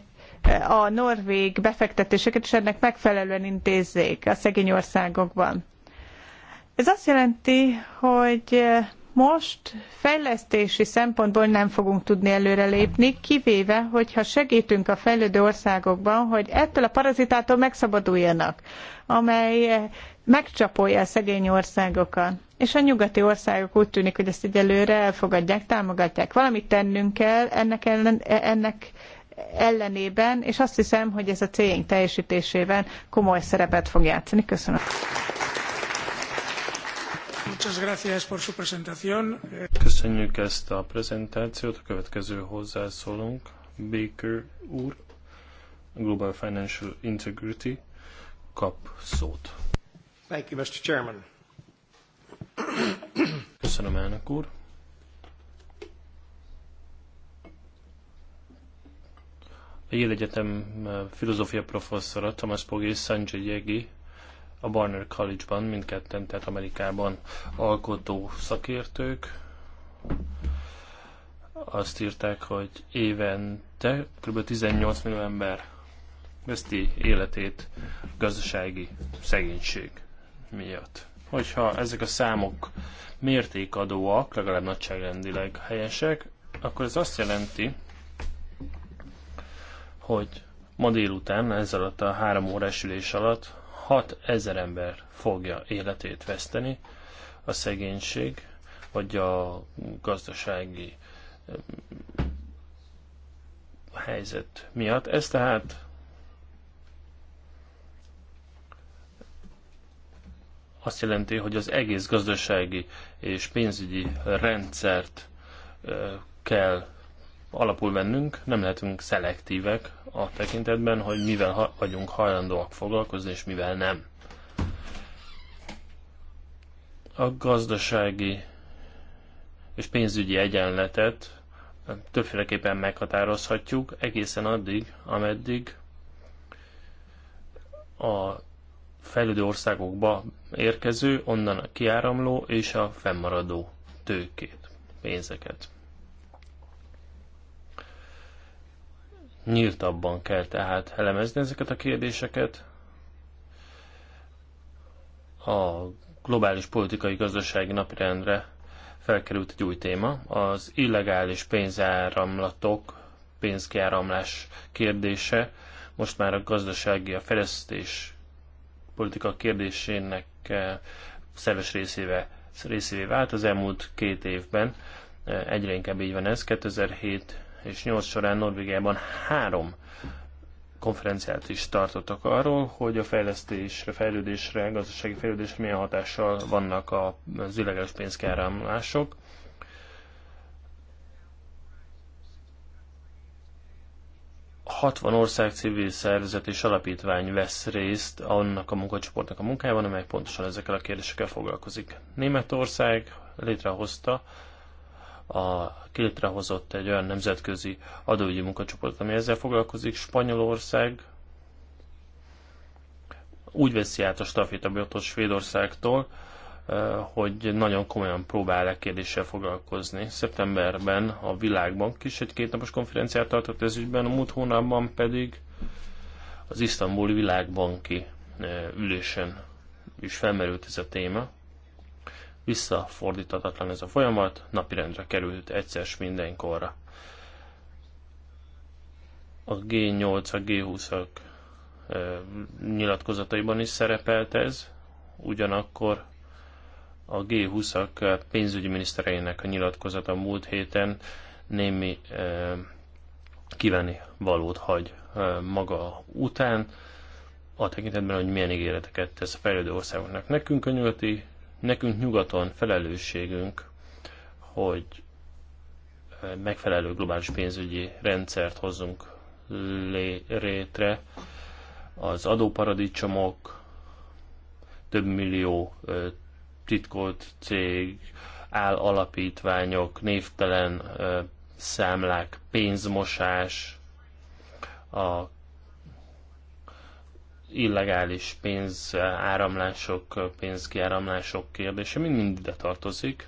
a norvég befektetéseket is ennek megfelelően intézzék a szegény országokban. Ez azt jelenti, hogy most fejlesztési szempontból nem fogunk tudni előrelépni, kivéve, hogyha segítünk a fejlődő országokban, hogy ettől a parazitától megszabaduljanak, amely megcsapolja a szegény országokat. És a nyugati országok úgy tűnik, hogy ezt egyelőre elfogadják, támogatják. Valamit tennünk kell ennek, ellen, ennek ellenében, és azt hiszem, hogy ez a céljaink teljesítésében komoly szerepet fog játszani. Köszönöm. Muchas gracias por su presentación. Köszönjük ezt a prezentációt. A következő hozzászólunk, Baker úr, Global Financial Integrity kap szót. Thank you, Mr. Chairman. Köszönöm, elnök úr. A Yale Egyetem eh, filozófia professzora Thomas Pogé Sanjay Yegi a Barner College-ban, mindketten, tehát Amerikában alkotó szakértők. Azt írták, hogy évente kb. 18 millió ember veszti életét gazdasági szegénység miatt. Hogyha ezek a számok mértékadóak, legalább nagyságrendileg helyesek, akkor ez azt jelenti, hogy ma délután, ez alatt a három órás ülés alatt 6 ezer ember fogja életét veszteni a szegénység, vagy a gazdasági helyzet miatt. Ez tehát azt jelenti, hogy az egész gazdasági és pénzügyi rendszert kell alapul vennünk, nem lehetünk szelektívek a tekintetben, hogy mivel ha- vagyunk hajlandóak foglalkozni, és mivel nem. A gazdasági és pénzügyi egyenletet többféleképpen meghatározhatjuk egészen addig, ameddig a fejlődő országokba érkező, onnan a kiáramló és a fennmaradó tőkét, pénzeket Nyíltabban kell tehát elemezni ezeket a kérdéseket. A globális politikai gazdasági napirendre felkerült egy új téma, az illegális pénzáramlatok, pénzkiáramlás kérdése, most már a gazdasági, a fejlesztés politika kérdésének eh, szerves részévé, részévé vált az elmúlt két évben. Eh, egyre inkább így van ez. 2007 és 8 során Norvégiában három konferenciát is tartottak arról, hogy a fejlesztésre, fejlődésre, gazdasági fejlődésre milyen hatással vannak az illegális pénzkáramlások. Hatvan ország civil szervezet és alapítvány vesz részt annak a munkacsoportnak a munkájában, amely pontosan ezekkel a kérdésekkel foglalkozik. Németország létrehozta a létrehozott egy olyan nemzetközi adóügyi munkacsoport, ami ezzel foglalkozik. Spanyolország úgy veszi át a stafétabotot Svédországtól, eh, hogy nagyon komolyan próbál a e kérdéssel foglalkozni. Szeptemberben a Világbank is egy kétnapos konferenciát tartott ez ügyben, a múlt hónapban pedig az isztambuli világbanki eh, ülésen is felmerült ez a téma visszafordíthatatlan ez a folyamat, napirendre került egyszer mindenkorra. A G8, a G20-ak nyilatkozataiban is szerepelt ez, ugyanakkor a G20-ak hát pénzügyi minisztereinek a nyilatkozata múlt héten némi kivenni valót hagy maga után, a tekintetben, hogy milyen ígéreteket tesz a fejlődő országoknak. Nekünk a nyugati Nekünk nyugaton felelősségünk, hogy eh, megfelelő globális pénzügyi rendszert hozzunk létre. Az adóparadicsomok, több millió eh, titkolt cég, állalapítványok, névtelen eh, számlák, pénzmosás, a illegális pénzáramlások, pénzkiáramlások kérdése mind-mind ide tartozik,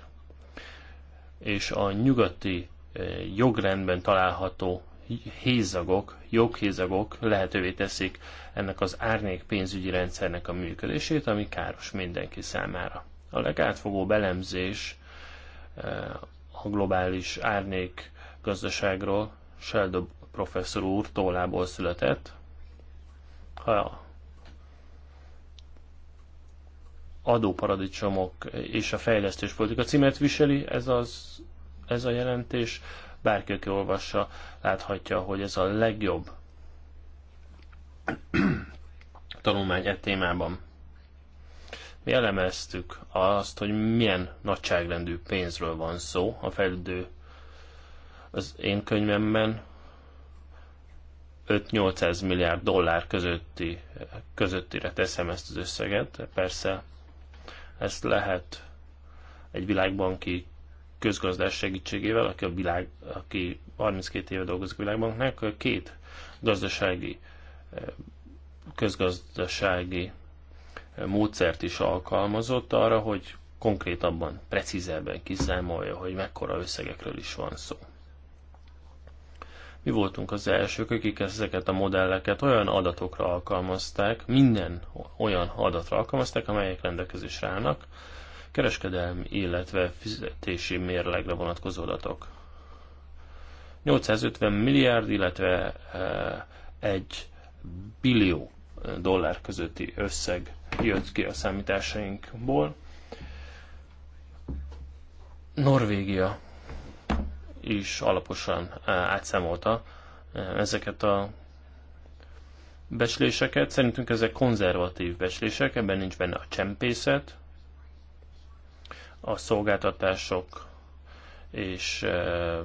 és a nyugati eh, jogrendben található hézagok, joghézagok lehetővé teszik ennek az árnyék pénzügyi rendszernek a működését, ami káros mindenki számára. A legátfogó belemzés eh, a globális árnyék gazdaságról Sheldon professzor úr tollából született. Ha adóparadicsomok és a politika címet viseli ez, az, ez a jelentés. Bárki, aki olvassa, láthatja, hogy ez a legjobb tanulmány e témában. Mi elemeztük azt, hogy milyen nagyságrendű pénzről van szó a fejlődő az én könyvemben 5-800 milliárd dollár közötti, közöttire teszem ezt az összeget. Persze ezt lehet egy világbanki közgazdás segítségével, aki, a világ, aki 32 éve dolgozik a világbanknak, két gazdasági, eh, közgazdasági eh, módszert is alkalmazott arra, hogy konkrétabban, precízebben kiszámolja, hogy mekkora összegekről is van szó. Mi voltunk az elsők, akik ezeket a modelleket olyan adatokra alkalmazták, minden olyan adatra alkalmazták, amelyek rendelkezésre állnak, kereskedelmi, illetve fizetési mérlegre vonatkozó adatok. 850 milliárd, illetve eh, egy billió dollár közötti összeg jött ki a számításainkból. Norvégia is alaposan eh, átszámolta eh, ezeket a becsléseket. Szerintünk ezek konzervatív becslések, ebben nincs benne a csempészet, a szolgáltatások és eh,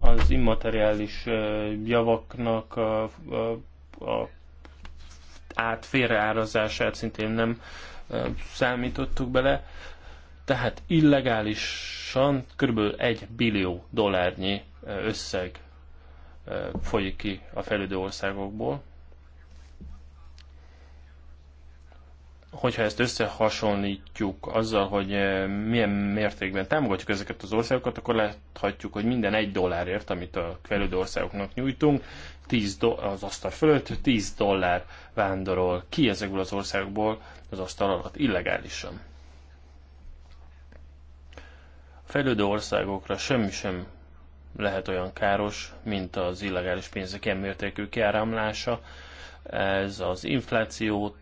az immateriális javaknak a, a, a át félreárazását szintén nem számítottuk bele. Tehát illegálisan kb. 1 billió dollárnyi összeg folyik ki a fejlődő országokból. hogyha ezt összehasonlítjuk azzal, hogy eh, milyen mértékben támogatjuk ezeket az országokat, akkor láthatjuk, hogy minden egy dollárért, amit a fejlődő országoknak nyújtunk, 10 do- az asztal fölött 10 dollár vándorol ki ezekből az országokból az asztal alatt illegálisan. A fejlődő országokra semmi sem lehet olyan káros, mint az illegális pénzek ilyen mértékű kiáramlása. Ez az inflációt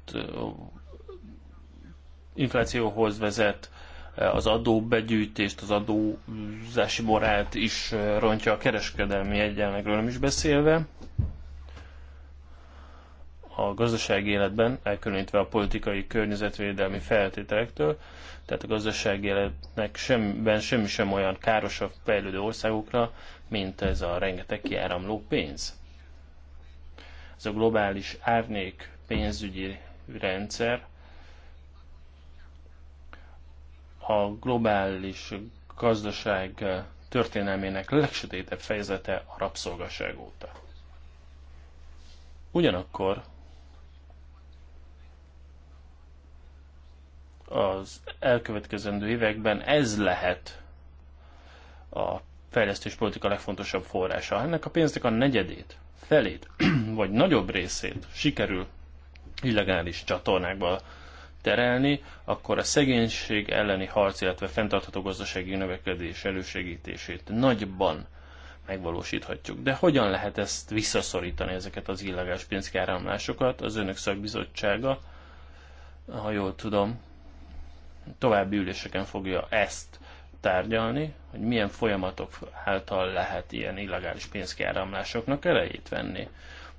inflációhoz vezet, eh, az adóbegyűjtést, az adózási morált is eh, rontja a kereskedelmi egyenlegről nem is beszélve. A gazdasági életben, elkülönítve a politikai környezetvédelmi feltételektől, tehát a gazdasági életnek semmiben semmi sem olyan káros a fejlődő országokra, mint ez a rengeteg kiáramló pénz. Ez a globális árnék pénzügyi rendszer a globális gazdaság történelmének legsötétebb fejezete a rabszolgaság óta. Ugyanakkor az elkövetkezendő években ez lehet a fejlesztéspolitika legfontosabb forrása. Ennek a pénznek a negyedét, felét, vagy nagyobb részét sikerül illegális csatornákba terelni, akkor a szegénység elleni harc, illetve fenntartható gazdasági növekedés elősegítését nagyban megvalósíthatjuk. De hogyan lehet ezt visszaszorítani, ezeket az illegális pénzkáramlásokat? Az önök szakbizottsága, ha jól tudom, további üléseken fogja ezt tárgyalni, hogy milyen folyamatok által lehet ilyen illegális pénzkáramlásoknak elejét venni.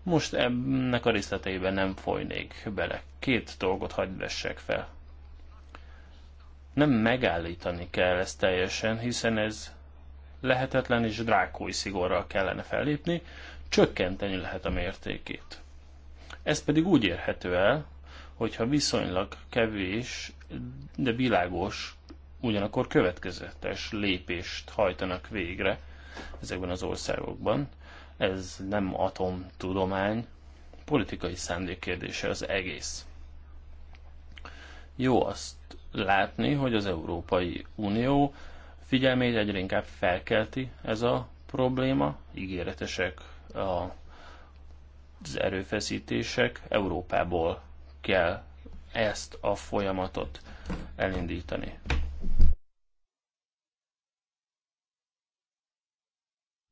Most ennek a részleteiben nem folynék bele. Két dolgot hagyd vessek fel. Nem megállítani kell ezt teljesen, hiszen ez lehetetlen és drákói szigorral kellene fellépni, csökkenteni lehet a mértékét. Ez pedig úgy érhető el, hogyha viszonylag kevés, de világos, ugyanakkor következetes lépést hajtanak végre ezekben az országokban, ez nem atomtudomány, politikai szándék kérdése az egész. Jó azt látni, hogy az Európai Unió figyelmét egyre inkább felkelti ez a probléma, ígéretesek a, az erőfeszítések, Európából kell ezt a folyamatot elindítani.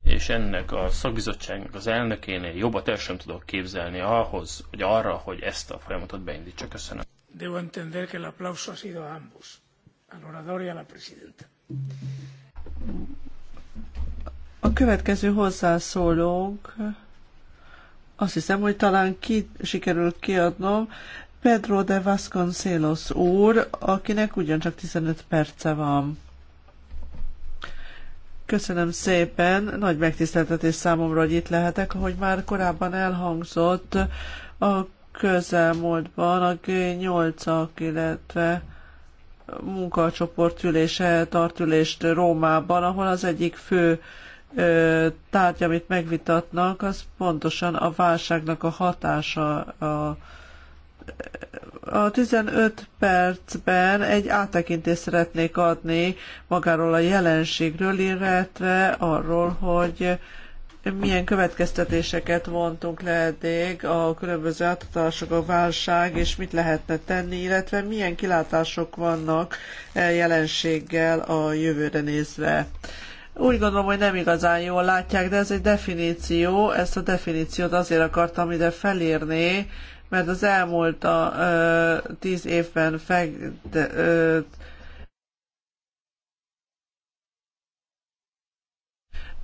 és ennek a szakbizottságnak az elnökénél jobbat el sem tudok képzelni ahhoz, hogy arra, hogy ezt a folyamatot beindítsa. Köszönöm. Debo entender que el aplauso ha sido a ambos, al orador y a la presidenta. A következő hozzászólónk, azt hiszem, hogy talán ki sikerült kiadnom, Pedro de Vasconcelos úr, akinek ugyancsak 15 perce van. Köszönöm szépen, nagy megtiszteltetés számomra, hogy itt lehetek. Ahogy már korábban elhangzott, a közelmúltban a G8-ak, illetve munkacsoport ülése tartülést Rómában, ahol az egyik fő tárgy, amit megvitatnak, az pontosan a válságnak a hatása a a 15 percben egy áttekintést szeretnék adni magáról a jelenségről, illetve arról, hogy milyen következtetéseket vontunk le eddig a különböző átadások, a válság, és mit lehetne tenni, illetve milyen kilátások vannak e jelenséggel a jövőre nézve. Úgy gondolom, hogy nem igazán jól látják, de ez egy definíció, ezt a definíciót azért akartam ide felírni, mert az elmúlt a, ö, tíz évben feg, ö,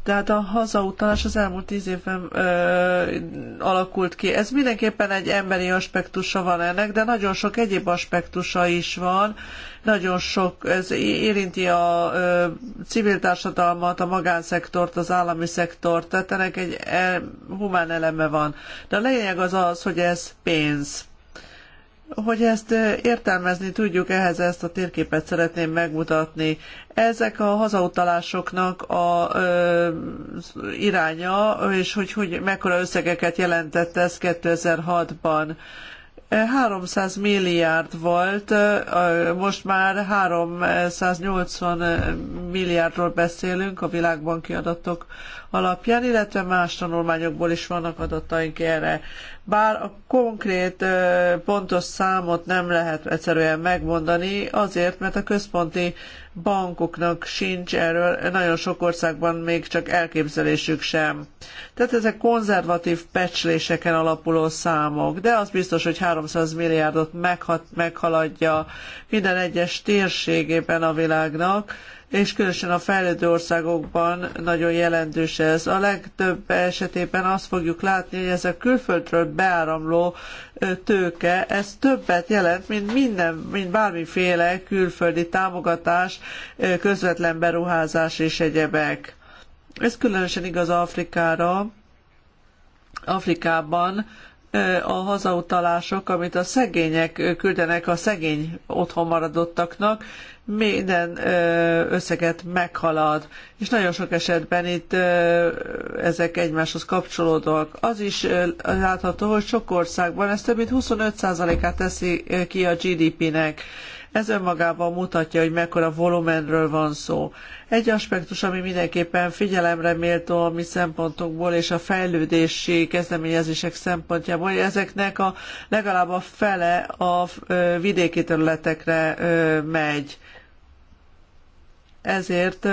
Tehát a hazautalás az elmúlt tíz évben ö, alakult ki. Ez mindenképpen egy emberi aspektusa van ennek, de nagyon sok egyéb aspektusa is van. Nagyon sok, ez érinti a ö, civil társadalmat, a magánszektort, az állami szektort, tehát ennek egy e, humán eleme van. De a lényeg az az, hogy ez pénz hogy ezt értelmezni tudjuk, ehhez ezt a térképet szeretném megmutatni. Ezek a hazautalásoknak a ö, iránya, és hogy, hogy mekkora összegeket jelentett ez 2006-ban. 300 milliárd volt, most már 380 milliárdról beszélünk a világbanki adatok alapján, illetve más tanulmányokból is vannak adataink erre. Bár a konkrét pontos számot nem lehet egyszerűen megmondani, azért, mert a központi bankoknak sincs erről, nagyon sok országban még csak elképzelésük sem. Tehát ezek konzervatív pecsléseken alapuló számok, de az biztos, hogy 300 milliárdot meghat, meghaladja minden egyes térségében a világnak, és különösen a fejlődő országokban nagyon jelentős ez. A legtöbb esetében azt fogjuk látni, hogy ez a külföldről beáramló tőke, ez többet jelent, mint minden, mint bármiféle külföldi támogatás, közvetlen beruházás és egyebek. Ez különösen igaz Afrikára, Afrikában, a hazautalások, amit a szegények küldenek a szegény otthon maradottaknak, minden összeget meghalad. És nagyon sok esetben itt ezek egymáshoz kapcsolódóak. Az is látható, hogy sok országban ez több mint 25%-át teszi ki a GDP-nek. Ez önmagában mutatja, hogy mekkora volumenről van szó. Egy aspektus, ami mindenképpen figyelemre méltó a mi szempontunkból és a fejlődési kezdeményezések szempontjából, hogy ezeknek a legalább a fele a vidéki területekre megy. Ezért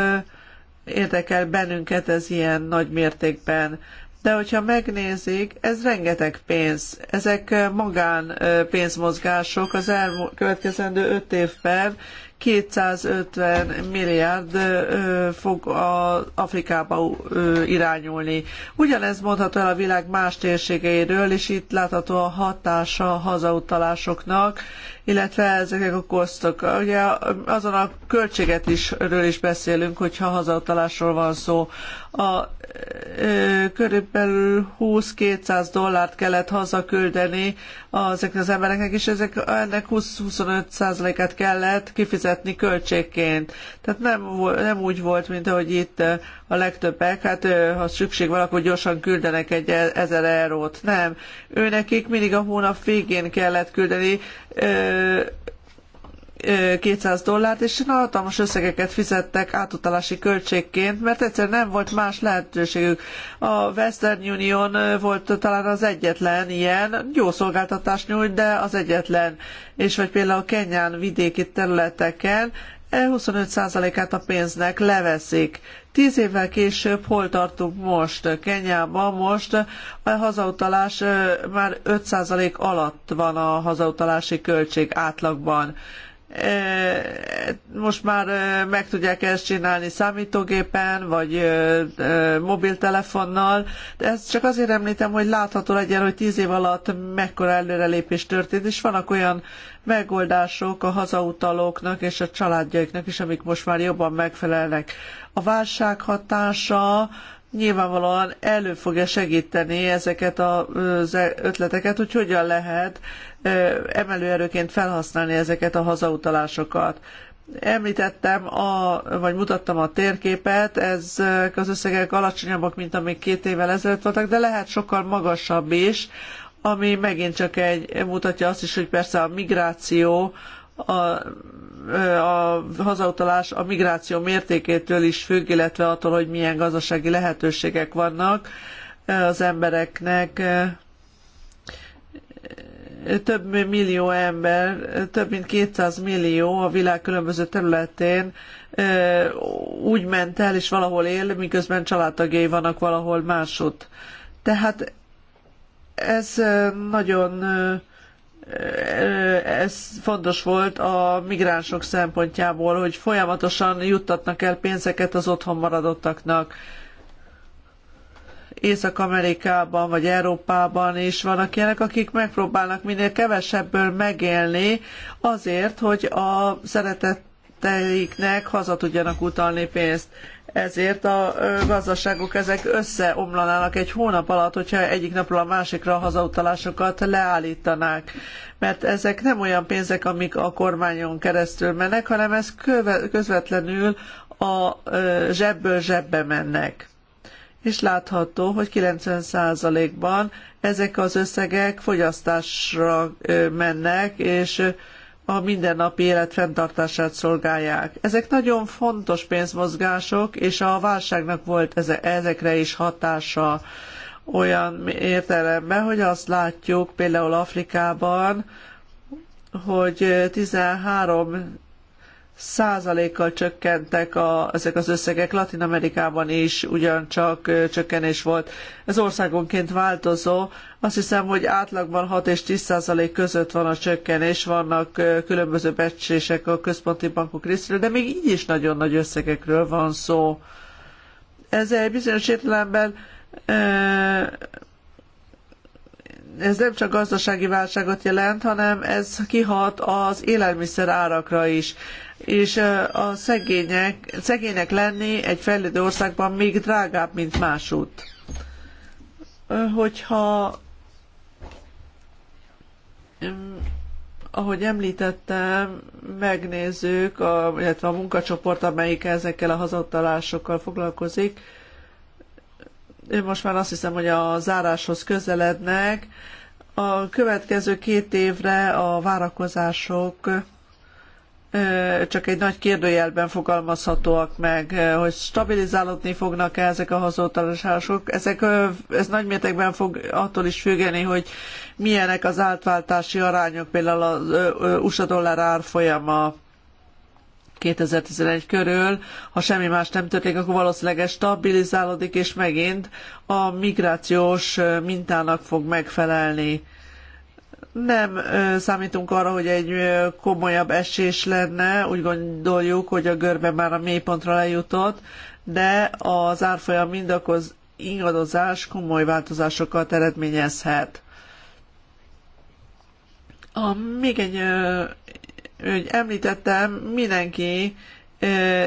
érdekel bennünket ez ilyen nagy mértékben de hogyha megnézik, ez rengeteg pénz. Ezek magán pénzmozgások az elkövetkezendő öt évben 250 milliárd fog a Afrikába irányulni. Ugyanez mondható el a világ más térségeiről, és itt látható a hatása a hazautalásoknak, illetve ezeknek a kosztok. Ugye azon a költséget is, ről is beszélünk, hogyha hazautalásról van szó. A körülbelül 20-200 dollárt kellett hazaküldeni ezeknek az embereknek, és ezek, ennek 20-25%-át kellett kifizetni költségként. Tehát nem, nem úgy volt, mint ahogy itt a legtöbbek, hát ha szükség van, akkor gyorsan küldenek egy e-, ezer eurót. Nem. Őnekik mindig a hónap végén kellett küldeni 200 dollárt, és hatalmas összegeket fizettek átutalási költségként, mert egyszerűen nem volt más lehetőségük. A Western Union volt talán az egyetlen ilyen, jó szolgáltatást nyújt, de az egyetlen. És vagy például Kenyán vidéki területeken 25%-át e, a pénznek leveszik. Tíz évvel később hol tartunk most? Kenyában most a hazautalás már 5% alatt van a hazautalási költség átlagban most már meg tudják ezt csinálni számítógépen, vagy mobiltelefonnal. De ezt csak azért említem, hogy látható legyen, hogy tíz év alatt mekkora előrelépés történt, és vannak olyan megoldások a hazautalóknak és a családjaiknak is, amik most már jobban megfelelnek. A válság hatása nyilvánvalóan elő fogja segíteni ezeket az ötleteket, hogy hogyan lehet emelőerőként felhasználni ezeket a hazautalásokat. Említettem, a, vagy mutattam a térképet, ezek az összegek alacsonyabbak, mint amik két évvel ezelőtt voltak, de lehet sokkal magasabb is, ami megint csak egy, mutatja azt is, hogy persze a migráció a, a hazautalás a migráció mértékétől is függ, illetve attól, hogy milyen gazdasági lehetőségek vannak az embereknek. Több millió ember, több mint 200 millió a világ különböző területén úgy ment el, és valahol él, miközben családtagjai vannak valahol másút. Tehát ez nagyon ez fontos volt a migránsok szempontjából, hogy folyamatosan juttatnak el pénzeket az otthon maradottaknak. Észak-Amerikában vagy Európában is vannak ilyenek, akik megpróbálnak minél kevesebből megélni azért, hogy a szeretetteiknek haza tudjanak utalni pénzt ezért a gazdaságok ezek összeomlanának egy hónap alatt, hogyha egyik napról a másikra a hazautalásokat leállítanák. Mert ezek nem olyan pénzek, amik a kormányon keresztül mennek, hanem ez közvetlenül a zsebből zsebbe mennek. És látható, hogy 90%-ban ezek az összegek fogyasztásra mennek, és a mindennapi élet fenntartását szolgálják. Ezek nagyon fontos pénzmozgások, és a válságnak volt ezekre is hatása olyan értelemben, hogy azt látjuk például Afrikában, hogy 13 százalékkal csökkentek a, ezek az összegek. Latin Amerikában is ugyancsak csökkenés volt. Ez országonként változó. Azt hiszem, hogy átlagban 6 és 10 százalék között van a csökkenés, vannak különböző becsések a központi bankok részéről, de még így is nagyon nagy összegekről van szó. Ez egy bizonyos értelemben ez nem csak gazdasági válságot jelent, hanem ez kihat az élelmiszer árakra is és a szegények, szegények lenni egy fejlődő országban még drágább, mint másút. Hogyha ahogy említettem, megnézzük, a, illetve a munkacsoport, amelyik ezekkel a hazatalásokkal foglalkozik, ő most már azt hiszem, hogy a záráshoz közelednek. A következő két évre a várakozások csak egy nagy kérdőjelben fogalmazhatóak meg, hogy stabilizálódni fognak-e ezek a hazautalások. Ezek, ez nagy mértékben fog attól is függeni, hogy milyenek az átváltási arányok, például az USA dollár árfolyama. 2011 körül, ha semmi más nem történik, akkor valószínűleg stabilizálódik, és megint a migrációs mintának fog megfelelni. Nem számítunk arra, hogy egy komolyabb esés lenne, úgy gondoljuk, hogy a görbe már a mélypontra lejutott, de az árfolyam mindakoz ingadozás komoly változásokat eredményezhet. A, még egy, hogy említettem, mindenki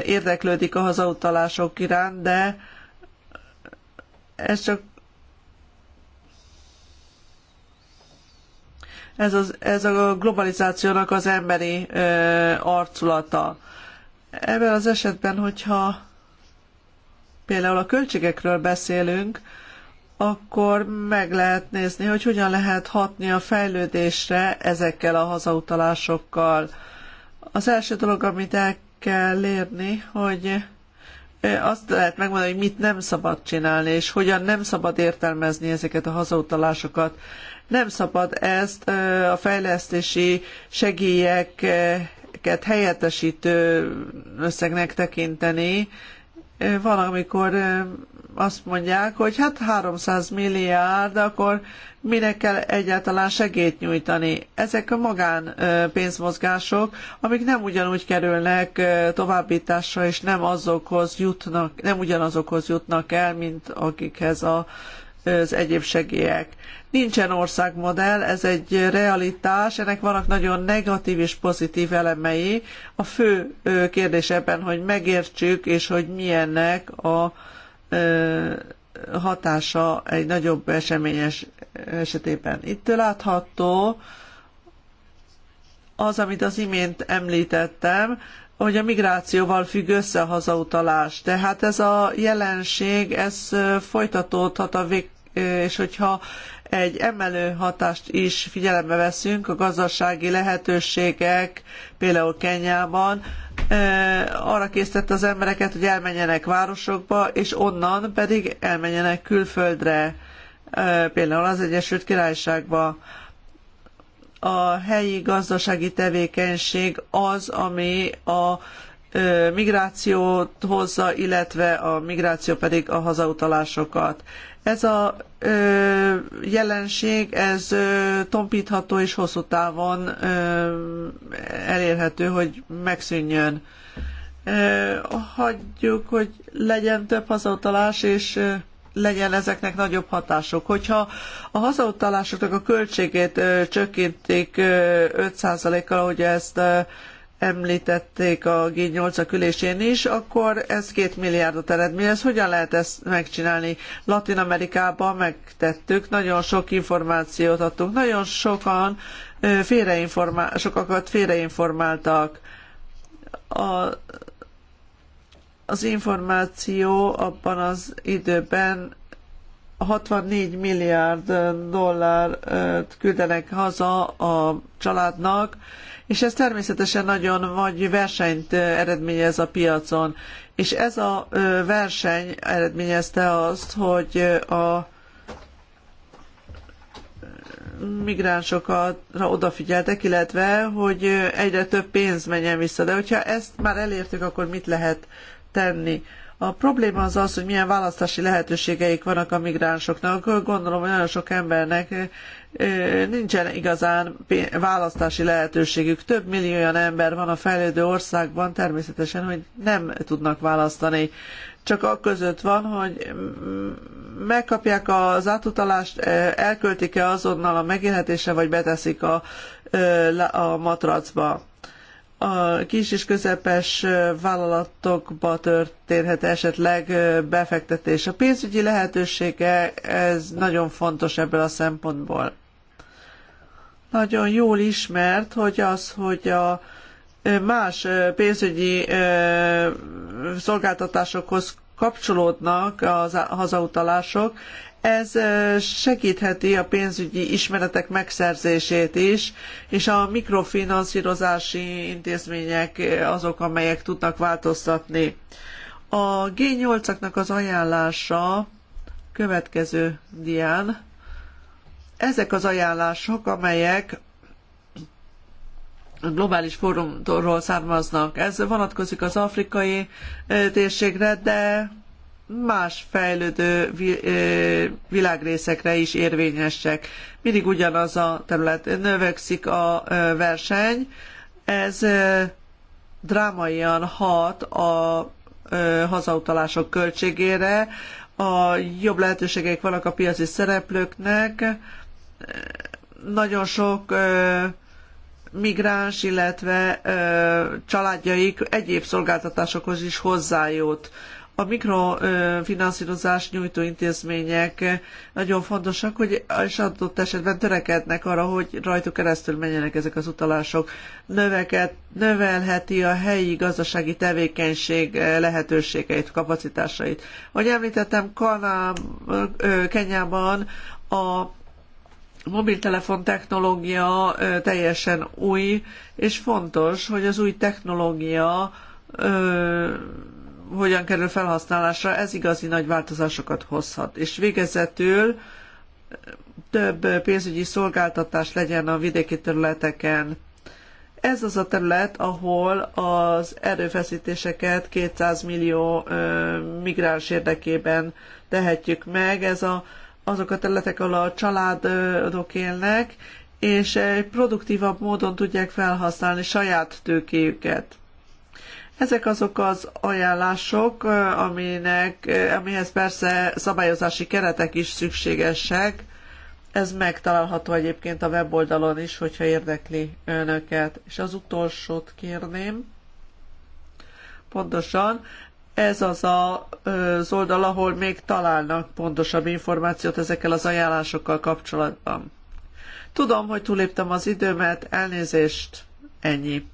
érdeklődik a hazautalások iránt, de ez csak Ez, az, ez a globalizációnak az emberi ö, arculata. Ebben az esetben, hogyha például a költségekről beszélünk, akkor meg lehet nézni, hogy hogyan lehet hatni a fejlődésre ezekkel a hazautalásokkal. Az első dolog, amit el kell érni, hogy azt lehet megmondani, hogy mit nem szabad csinálni, és hogyan nem szabad értelmezni ezeket a hazautalásokat. Nem szabad ezt a fejlesztési segélyeket helyettesítő összegnek tekinteni. Van, amikor azt mondják, hogy hát 300 milliárd, akkor minek kell egyáltalán segélyt nyújtani. Ezek a magán pénzmozgások, amik nem ugyanúgy kerülnek továbbításra, és nem azokhoz jutnak, nem ugyanazokhoz jutnak el, mint akikhez a, az egyéb segélyek. Nincsen országmodell, ez egy realitás, ennek vannak nagyon negatív és pozitív elemei. A fő kérdés ebben, hogy megértsük, és hogy milyennek a hatása egy nagyobb eseményes esetében. Itt látható az, amit az imént említettem, hogy a migrációval függ össze a hazautalás. Tehát ez a jelenség, ez folytatódhat a vég, és hogyha egy emelő hatást is figyelembe veszünk, a gazdasági lehetőségek, például Kenyában, arra késztette az embereket, hogy elmenjenek városokba, és onnan pedig elmenjenek külföldre, például az Egyesült Királyságba a helyi gazdasági tevékenység az, ami a migrációt hozza, illetve a migráció pedig a hazautalásokat. Ez a jelenség, ez tompítható és hosszú távon elérhető, hogy megszűnjön. Hagyjuk, hogy legyen több hazautalás, és legyen ezeknek nagyobb hatások. Hogyha a hazautalásoknak a költségét ö, csökkentik 5%-kal, ahogy ezt említették a G8-ak ülésén is, akkor ez két milliárdot eredményez. Hogyan lehet ezt megcsinálni? Latin Amerikában megtettük, nagyon sok információt adtunk, nagyon sokan félreinformál, sokakat félreinformáltak. A, az információ abban az időben 64 milliárd dollárt küldenek haza a családnak, és ez természetesen nagyon nagy versenyt eredményez a piacon. És ez a verseny eredményezte azt, hogy a migránsokra odafigyeltek, illetve hogy egyre több pénz menjen vissza. De hogyha ezt már elértük, akkor mit lehet tenni? A probléma az az, hogy milyen választási lehetőségeik vannak a migránsoknak. Gondolom, hogy nagyon sok embernek nincsen igazán választási lehetőségük. Több millió olyan ember van a fejlődő országban természetesen, hogy nem tudnak választani. Csak a között van, hogy megkapják az átutalást, elköltik-e azonnal a megélhetésre, vagy beteszik a, a matracba a kis és közepes vállalatokba történhet esetleg befektetés. A pénzügyi lehetősége ez nagyon fontos ebből a szempontból. Nagyon jól ismert, hogy az, hogy a más pénzügyi szolgáltatásokhoz kapcsolódnak az hazautalások, ez segítheti a pénzügyi ismeretek megszerzését is, és a mikrofinanszírozási intézmények azok, amelyek tudnak változtatni. A G8-aknak az ajánlása következő dián. Ezek az ajánlások, amelyek a globális fórumról származnak. Ez vonatkozik az afrikai térségre, de más fejlődő világrészekre is érvényesek. Mindig ugyanaz a terület. Növekszik a verseny, ez drámaian hat a hazautalások költségére, a jobb lehetőségek vannak a piaci szereplőknek, nagyon sok migráns, illetve családjaik egyéb szolgáltatásokhoz is hozzájut a mikrofinanszírozás nyújtó intézmények nagyon fontosak, hogy és adott esetben törekednek arra, hogy rajtuk keresztül menjenek ezek az utalások. Növeket, növelheti a helyi gazdasági tevékenység lehetőségeit, kapacitásait. Ahogy említettem, Kanám, Kenyában a mobiltelefon technológia teljesen új, és fontos, hogy az új technológia hogyan kerül felhasználásra, ez igazi nagy változásokat hozhat. És végezetül több pénzügyi szolgáltatás legyen a vidéki területeken. Ez az a terület, ahol az erőfeszítéseket 200 millió ö, migráns érdekében tehetjük meg. Ez a, azok a területek, ahol a családok élnek, és egy produktívabb módon tudják felhasználni saját tőkéjüket. Ezek azok az ajánlások, aminek, amihez persze szabályozási keretek is szükségesek. Ez megtalálható egyébként a weboldalon is, hogyha érdekli önöket. És az utolsót kérném. Pontosan, ez az a, az oldal, ahol még találnak pontosabb információt ezekkel az ajánlásokkal kapcsolatban. Tudom, hogy túléptem az időmet, elnézést, ennyi.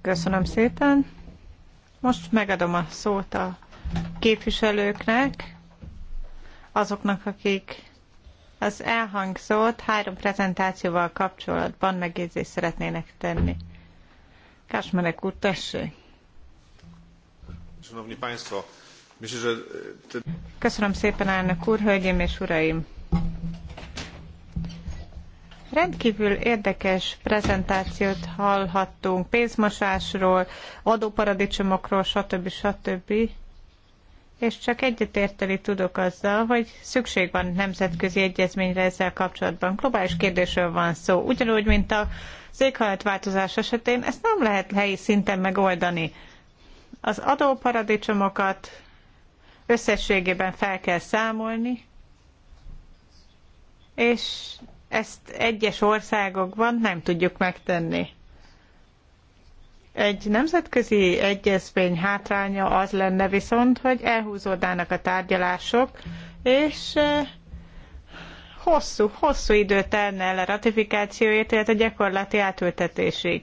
Köszönöm szépen. Most megadom a szót a képviselőknek, azoknak, akik az elhangzott három prezentációval kapcsolatban megjegyzést szeretnének tenni. Kásmerek úr, tessék! Köszönöm szépen, elnök úr, hölgyeim és uraim! Rendkívül érdekes prezentációt hallhattunk pénzmosásról, adóparadicsomokról, stb. stb. És csak egyetérteni tudok azzal, hogy szükség van nemzetközi egyezményre ezzel kapcsolatban. Globális kérdésről van szó. Ugyanúgy, mint a éghajlatváltozás esetén, ezt nem lehet helyi szinten megoldani. Az adóparadicsomokat összességében fel kell számolni, és ezt egyes országokban nem tudjuk megtenni. Egy nemzetközi egyezmény hátránya az lenne viszont, hogy elhúzódnának a tárgyalások, és eh, hosszú, hosszú idő telne el a ratifikációért, illetve gyakorlati átültetésig.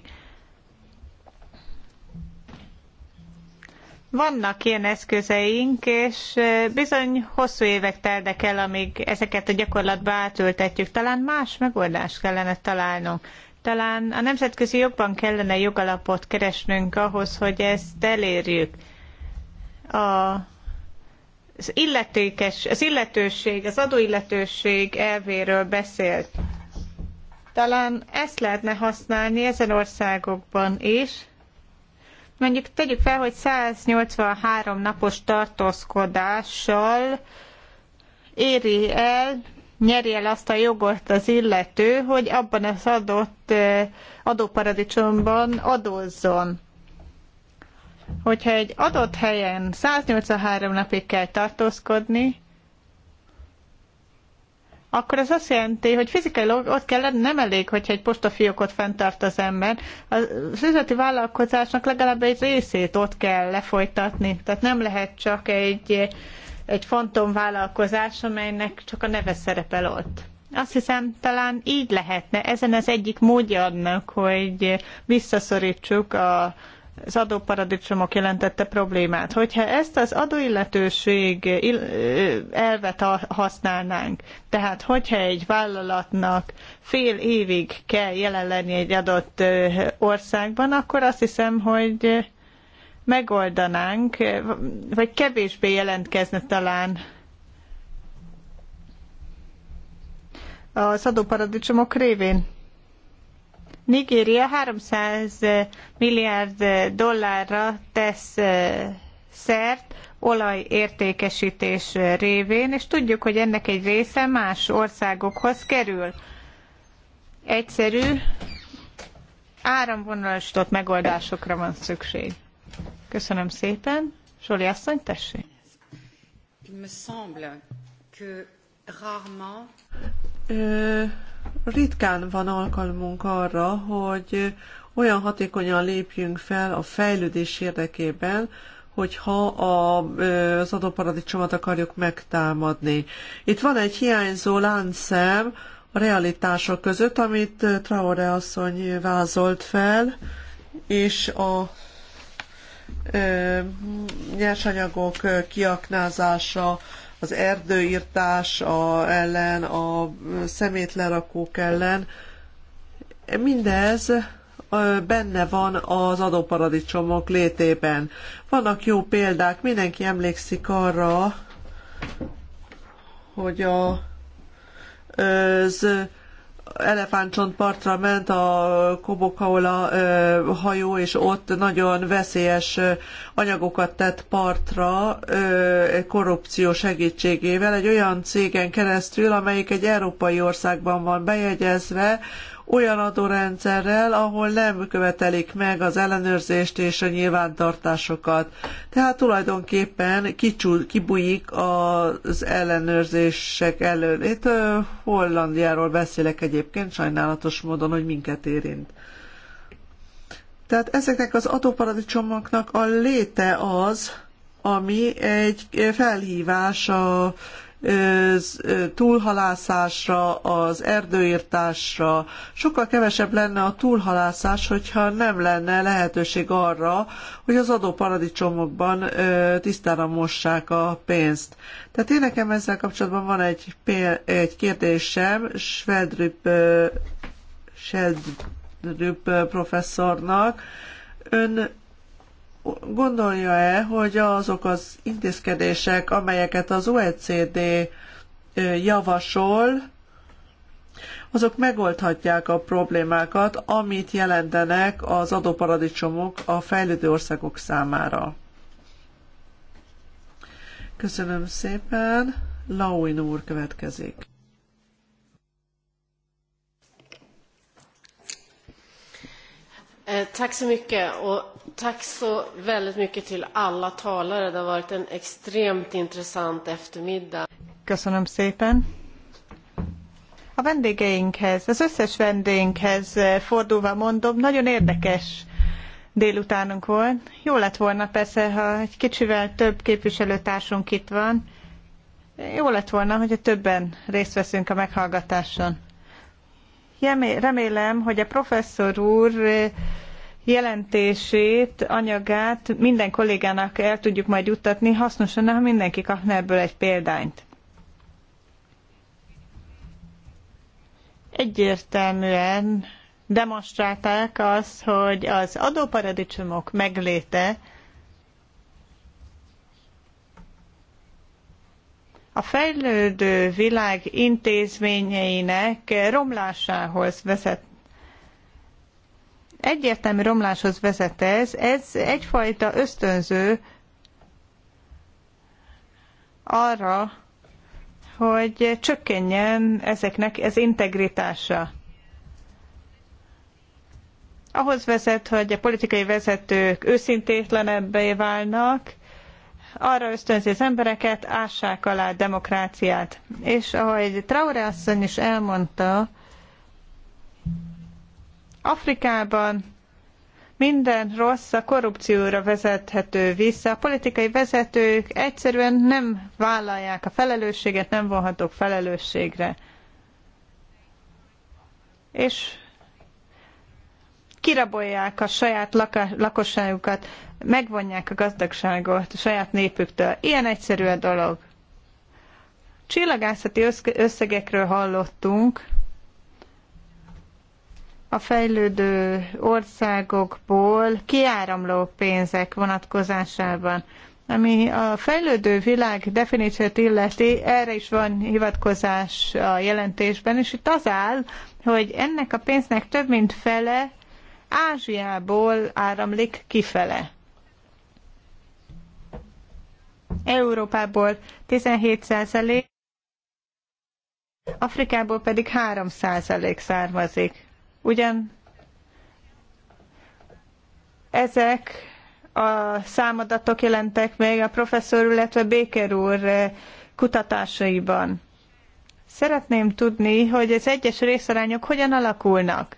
Vannak ilyen eszközeink, és bizony hosszú évek telnek el, amíg ezeket a gyakorlatba átültetjük. Talán más megoldást kellene találnunk. Talán a nemzetközi jogban kellene jogalapot keresnünk ahhoz, hogy ezt elérjük. A az illetékes, az illetőség, az adóilletőség elvéről beszélt. Talán ezt lehetne használni ezen országokban is, Mondjuk tegyük fel, hogy 183 napos tartózkodással éri el, nyeri el azt a jogot az illető, hogy abban az adott adóparadicsomban adózzon. Hogyha egy adott helyen 183 napig kell tartózkodni, akkor ez azt jelenti, hogy fizikailag ott kell lenni, nem elég, hogyha egy postafiókot fenntart az ember. A üzleti vállalkozásnak legalább egy részét ott kell lefolytatni. Tehát nem lehet csak egy, egy fantom vállalkozás, amelynek csak a neve szerepel ott. Azt hiszem, talán így lehetne. Ezen az egyik módja annak, hogy visszaszorítsuk a az adóparadicsomok jelentette problémát. Hogyha ezt az adóilletőség elvet használnánk, tehát hogyha egy vállalatnak fél évig kell jelen lenni egy adott országban, akkor azt hiszem, hogy megoldanánk, vagy kevésbé jelentkezne talán az adóparadicsomok révén. Nigéria 300 milliárd dollárra tesz szert olaj révén, és tudjuk, hogy ennek egy része más országokhoz kerül. Egyszerű, áramvonalasított megoldásokra van szükség. Köszönöm szépen. Zsoli asszony, tessék. Il me semble que rarement ritkán van alkalmunk arra, hogy olyan hatékonyan lépjünk fel a fejlődés érdekében, hogyha a, az adóparadicsomat akarjuk megtámadni. Itt van egy hiányzó láncszem a realitások között, amit Traore asszony vázolt fel, és a ö, nyersanyagok kiaknázása, az erdőírtás a, ellen, a szemétlerakók ellen. Mindez benne van az adóparadicsomok létében. Vannak jó példák, mindenki emlékszik arra, hogy a az elefántcsontpartra ment a Kobokaola hajó, és ott nagyon veszélyes anyagokat tett partra korrupció segítségével egy olyan cégen keresztül, amelyik egy európai országban van bejegyezve, olyan adórendszerrel, ahol nem követelik meg az ellenőrzést és a nyilvántartásokat. Tehát tulajdonképpen kibújik az ellenőrzések elől. Itt Hollandiáról beszélek egyébként, sajnálatos módon, hogy minket érint. Tehát ezeknek az adóparadicsomoknak a léte az, ami egy felhívás a túlhalászásra, az erdőirtásra. Sokkal kevesebb lenne a túlhalászás, hogyha nem lenne lehetőség arra, hogy az adóparadicsomokban tisztára mossák a pénzt. Tehát én nekem ezzel kapcsolatban van egy, egy kérdésem Svedrup, Svedrup professzornak. Ön gondolja-e, hogy azok az intézkedések, amelyeket az OECD javasol, azok megoldhatják a problémákat, amit jelentenek az adóparadicsomok a fejlődő országok számára. Köszönöm szépen. Lauin úr következik. Eh, tack så mycket. Och Tack så väldigt mycket till alla talare. Det har varit en extremt intressant eftermiddag. Köszönöm szépen. A vendégeinkhez, az összes vendégeinkhez eh, fordulva mondom, nagyon érdekes délutánunk volt. Jó lett volna persze, ha egy kicsivel több képviselőtársunk itt van. Jó lett volna, hogy többen részt veszünk a meghallgatáson. Remélem, hogy a professzor úr eh, jelentését, anyagát minden kollégának el tudjuk majd juttatni, hasznos lenne, ha mindenki kapna ebből egy példányt. Egyértelműen demonstrálták azt, hogy az adóparadicsomok megléte a fejlődő világ intézményeinek romlásához vezet Egyértelmű romláshoz vezet ez, ez egyfajta ösztönző arra, hogy csökkenjen ezeknek az ez integritása. Ahhoz vezet, hogy a politikai vezetők őszintétlenebbé válnak, arra ösztönzi az embereket, ássák alá a demokráciát. És ahogy Traore asszony is elmondta, Afrikában minden rossz a korrupcióra vezethető vissza. A politikai vezetők egyszerűen nem vállalják a felelősséget, nem vonhatók felelősségre. És kirabolják a saját lakosságukat, megvonják a gazdagságot a saját népüktől. Ilyen egyszerű a dolog. Csillagászati összegekről hallottunk, a fejlődő országokból kiáramló pénzek vonatkozásában. Ami a fejlődő világ definíciót illeti, erre is van hivatkozás a jelentésben, és itt az áll, hogy ennek a pénznek több mint fele Ázsiából áramlik kifele. Európából 17 százalék, Afrikából pedig 3 százalék származik. Ugyan ezek a számadatok jelentek meg a professzor, illetve Béker úr eh, kutatásaiban. Szeretném tudni, hogy az egyes részarányok hogyan alakulnak.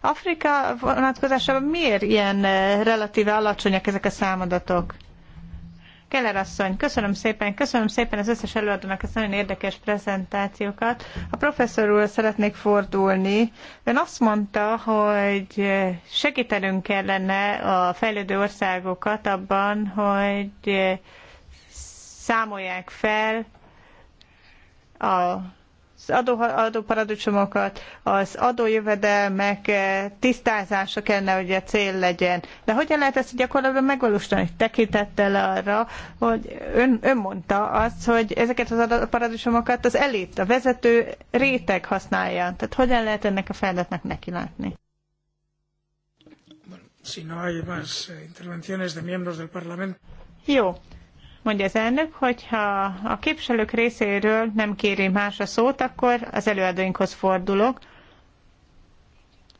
Afrika vonatkozásában miért ilyen eh, relatíve alacsonyak ezek a számadatok? Keller asszony, köszönöm szépen, köszönöm szépen az összes előadónak ezt nagyon érdekes prezentációkat. A professzor úr szeretnék fordulni. Ön azt mondta, hogy segítenünk kellene a fejlődő országokat abban, hogy számolják fel a adó, adóparadicsomokat, az adójövedelmek eh, tisztázása kellene, hogy a cél legyen. De hogyan lehet ezt gyakorlatban megvalósítani? Tekintettel arra, hogy ön, ön mondta azt, hogy ezeket az adóparadicsomokat az elit, a vezető réteg használja. Tehát hogyan lehet ennek a feladatnak nekilátni? Si no hay más eh, intervenciones de miembros del Parlamento. Jó, mondja az elnök, hogyha a képviselők részéről nem kéri más a szót, akkor az előadóinkhoz fordulok.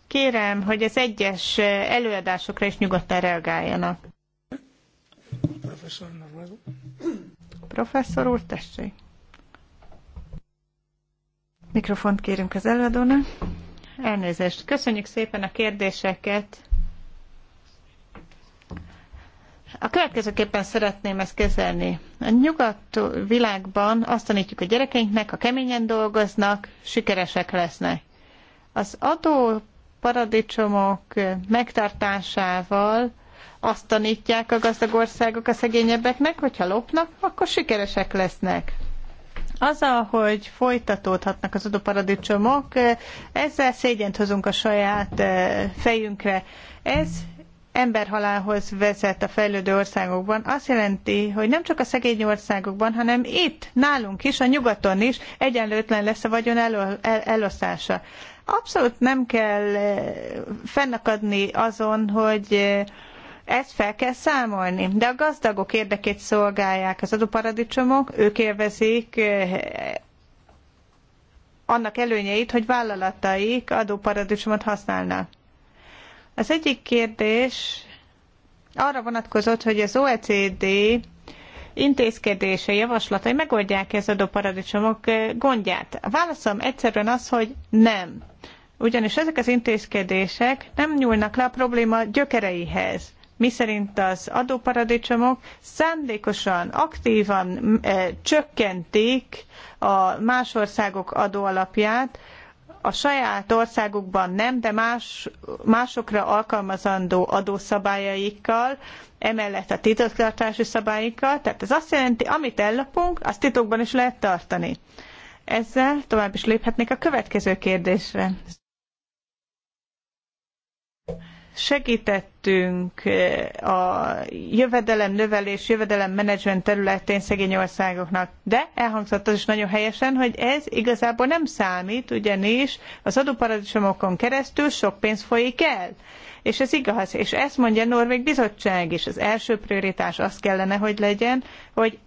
Kérem, hogy az egyes előadásokra is nyugodtan reagáljanak. Professzor, Professzor úr, tessék. Mikrofont kérünk az előadónak. Elnézést. Köszönjük szépen a kérdéseket. A következőképpen szeretném ezt kezelni. A nyugat világban azt tanítjuk a gyerekeinknek, ha keményen dolgoznak, sikeresek lesznek. Az adó paradicsomok megtartásával azt tanítják a gazdag országok a szegényebbeknek, hogyha lopnak, akkor sikeresek lesznek. Azzal, hogy folytatódhatnak az adóparadicsomok, ezzel szégyent hozunk a saját eh, fejünkre. Ez emberhalálhoz vezet a fejlődő országokban, azt jelenti, hogy nem csak a szegény országokban, hanem itt, nálunk is, a nyugaton is egyenlőtlen lesz a vagyon el, elosztása. Abszolút nem kell eh, fennakadni azon, hogy eh, ezt fel kell számolni, de a gazdagok érdekét szolgálják az adóparadicsomok, ők élvezik eh, annak előnyeit, hogy vállalataik adóparadicsomot használnak. Az egyik kérdés arra vonatkozott, hogy az OECD intézkedése, javaslatai megoldják ez adóparadicsomok eh, gondját. A válaszom egyszerűen az, hogy nem. Ugyanis ezek az intézkedések nem nyúlnak le a probléma gyökereihez miszerint az adóparadicsomok szándékosan, aktívan e, csökkentik a más országok adóalapját, a saját országukban nem, de más, másokra alkalmazandó adószabályaikkal, emellett a titoktartási szabályokkal, tehát ez azt jelenti, amit ellopunk, azt titokban is lehet tartani. Ezzel tovább is léphetnék a következő kérdésre segítettünk eh, a jövedelem növelés, jövedelem menedzsment területén szegény országoknak. De elhangzott az is nagyon helyesen, hogy ez igazából nem számít, ugyanis az adóparadicsomokon keresztül sok pénz folyik el. És ez igaz, és ezt mondja a Norvég Bizottság is. Az első prioritás az kellene, hogy legyen, hogy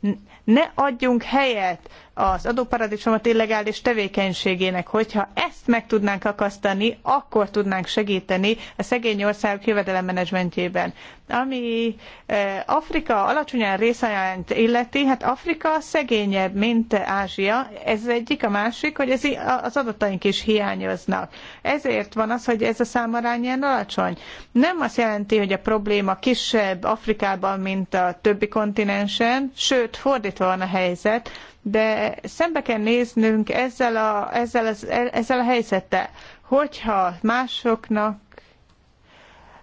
ne adjunk helyet az adóparadicsomot illegális tevékenységének. Hogyha ezt meg tudnánk akasztani, akkor tudnánk segíteni a szegény országok jövedelemmenedzsmentjében. Ami eh, Afrika alacsonyan részajánt illeti, hát Afrika szegényebb, mint Ázsia. Ez egyik, a másik, hogy ez, az adataink is hiányoznak. Ezért van az, hogy ez a számarány ilyen alacsony. Nem azt jelenti, hogy a probléma kisebb Afrikában, mint a többi kontinensen, sőt, fordítva van a helyzet, de szembe kell néznünk ezzel a, ezzel a, e, ezzel a helyzettel. Hogyha másoknak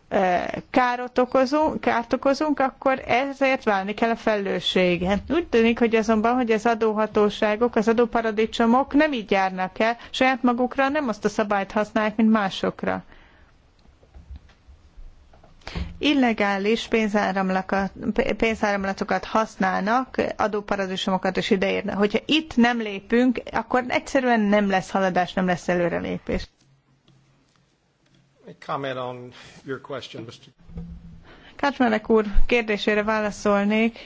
e, károt okozunk, kárt okozunk, akkor ezért válni kell a felelősséget. Úgy tűnik, hogy azonban, hogy az adóhatóságok, az adóparadicsomok nem így járnak el, saját magukra nem azt a szabályt használják, mint másokra illegális pénzáramlatokat, használnak, adóparadicsomokat is ideérnek. Hogyha itt nem lépünk, akkor egyszerűen nem lesz haladás, nem lesz előrelépés. Comment úr kérdésére válaszolnék,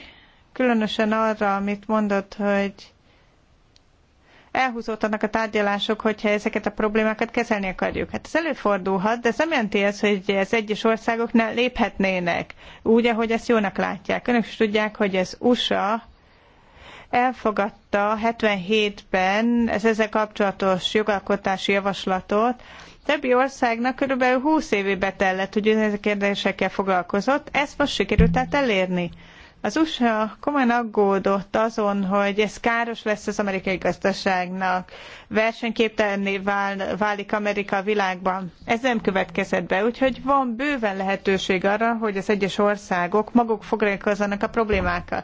különösen arra, amit mondott, hogy elhúzódhatnak a tárgyalások, hogyha ezeket a problémákat kezelni akarjuk. Hát ez előfordulhat, de ez nem jelenti ez, hogy az egyes országok ne léphetnének úgy, ahogy ezt jónak látják. Önök is tudják, hogy ez USA elfogadta 77-ben ez ezzel kapcsolatos jogalkotási javaslatot, többi országnak körülbelül 20 évébe tellett, hogy ezek kérdésekkel foglalkozott, ezt most sikerült tehát elérni. Az USA komolyan aggódott azon, hogy ez káros lesz az amerikai gazdaságnak, versenyképtelenné vál, válik Amerika a világban. Ez nem következett be, úgyhogy van bőven lehetőség arra, hogy az egyes országok maguk foglalkozzanak a problémákkal.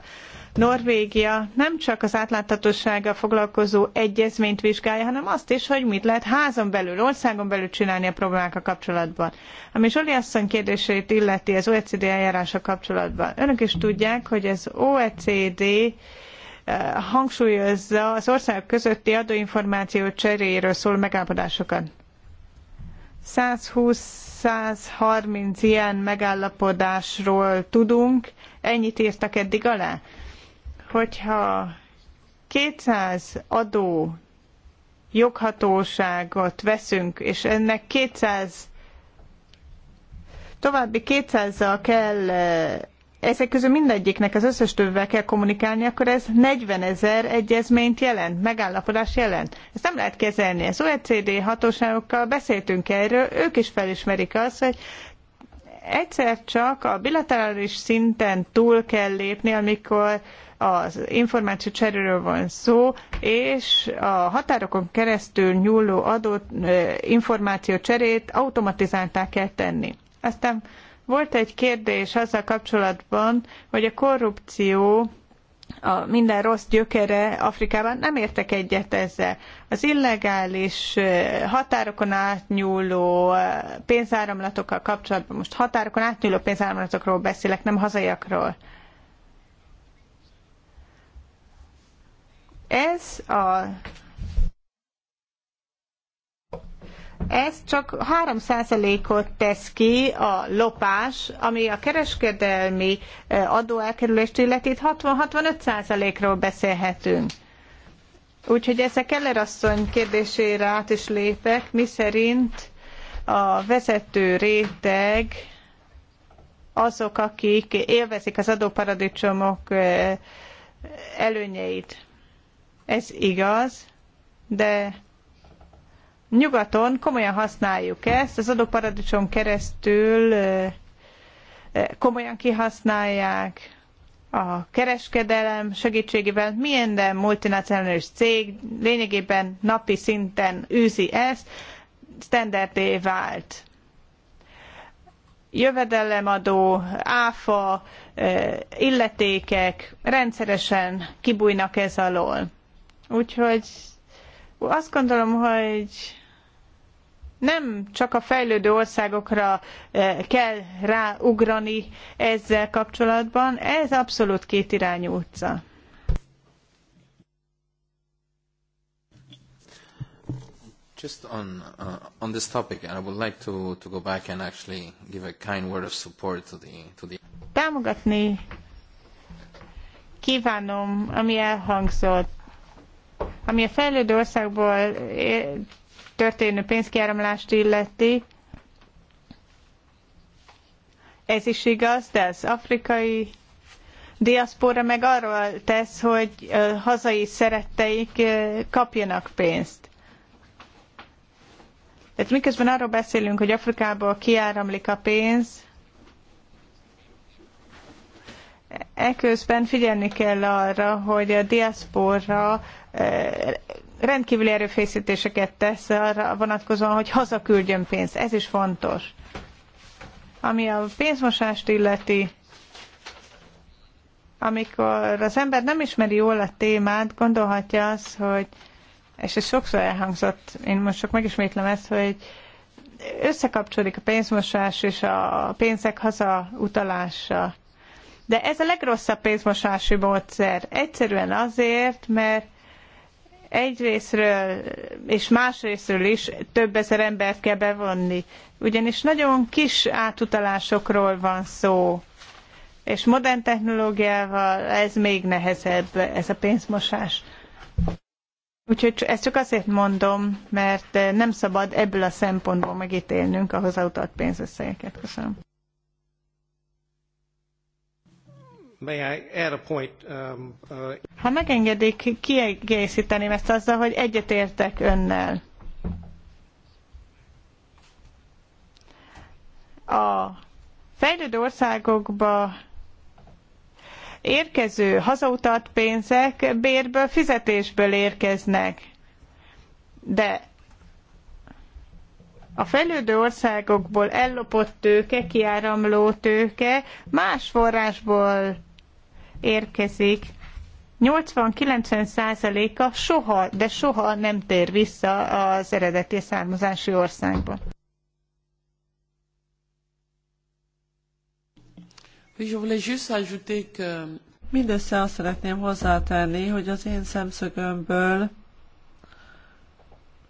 Norvégia nem csak az átláthatósággal foglalkozó egyezményt vizsgálja, hanem azt is, hogy mit lehet házon belül, országon belül csinálni a problémákkal kapcsolatban. Ami Zsoli asszony kérdését illeti az OECD eljárása kapcsolatban. Önök is tudják, hogy az OECD eh, hangsúlyozza az országok közötti adóinformáció cseréjéről szól megállapodásokat. 120-130 ilyen megállapodásról tudunk, ennyit írtak eddig alá hogyha 200 adó joghatóságot veszünk, és ennek 200 további 200-zal kell eh, ezek közül mindegyiknek az összes többvel kell kommunikálni, akkor ez 40 ezer egyezményt jelent, megállapodás jelent. Ezt nem lehet kezelni. Az OECD hatóságokkal beszéltünk erről, ők is felismerik azt, hogy egyszer csak a bilaterális szinten túl kell lépni, amikor az információ cseréről van szó, és a határokon keresztül nyúló adott információ cserét automatizálták kell tenni. Aztán volt egy kérdés azzal kapcsolatban, hogy a korrupció a minden rossz gyökere Afrikában, nem értek egyet ezzel. Az illegális határokon átnyúló pénzáramlatokkal kapcsolatban, most határokon átnyúló pénzáramlatokról beszélek, nem hazaiakról. Ez a ez csak 3%-ot tesz ki a lopás, ami a kereskedelmi e, adóelkerülést illeti, 60-65%-ról beszélhetünk. Úgyhogy ezzel Keller asszony kérdésére át is lépek, szerint a vezető réteg azok, akik élvezik az adóparadicsomok e, előnyeit. Ez igaz, de nyugaton komolyan használjuk ezt, az adóparadicsom keresztül komolyan kihasználják a kereskedelem segítségével minden multinacionális cég lényegében napi szinten űzi ezt, standardé vált. Jövedelemadó, áfa, illetékek rendszeresen kibújnak ez alól Úgyhogy azt gondolom, hogy nem csak a fejlődő országokra eh, kell ráugrani ezzel kapcsolatban, ez abszolút kétirányú utca. Just on uh, on this topic, and I would like to, to go back and actually give a kind word of support to the to the. Támogatni kívánom, ami elhangzott ami a fejlődő országból történő pénzkiáramlást illeti, ez is igaz, de az afrikai diaszpora meg arról tesz, hogy hazai szeretteik kapjanak pénzt. Tehát miközben arról beszélünk, hogy Afrikából kiáramlik a pénz, Eközben figyelni kell arra, hogy a diaszpora eh, rendkívüli erőfészítéseket tesz arra vonatkozóan, hogy hazaküldjön pénzt. Ez is fontos. Ami a pénzmosást illeti, amikor az ember nem ismeri jól a témát, gondolhatja azt, hogy, és ez sokszor elhangzott, én most csak megismétlem ezt, hogy összekapcsolik a pénzmosás és a pénzek hazautalása. De ez a legrosszabb pénzmosási módszer. Egyszerűen azért, mert egyrésztről és másrésztről is több ezer embert kell bevonni. Ugyanis nagyon kis átutalásokról van szó, és modern technológiával ez még nehezebb, ez a pénzmosás. Úgyhogy ezt csak azért mondom, mert eh, nem szabad ebből a szempontból megítélnünk a hozzáutalt pénzösszegeket. Köszönöm. Um, uh, ha megengedik, kiegészíteném ezt azzal, hogy egyetértek önnel. A fejlődő országokba érkező hazautalt pénzek bérből, fizetésből érkeznek. De a fejlődő országokból ellopott tőke, kiáramló tőke más forrásból érkezik, 80-90 százaléka soha, de soha nem tér vissza az eredeti származási országba. Mindössze azt szeretném hozzátenni, hogy az én szemszögömből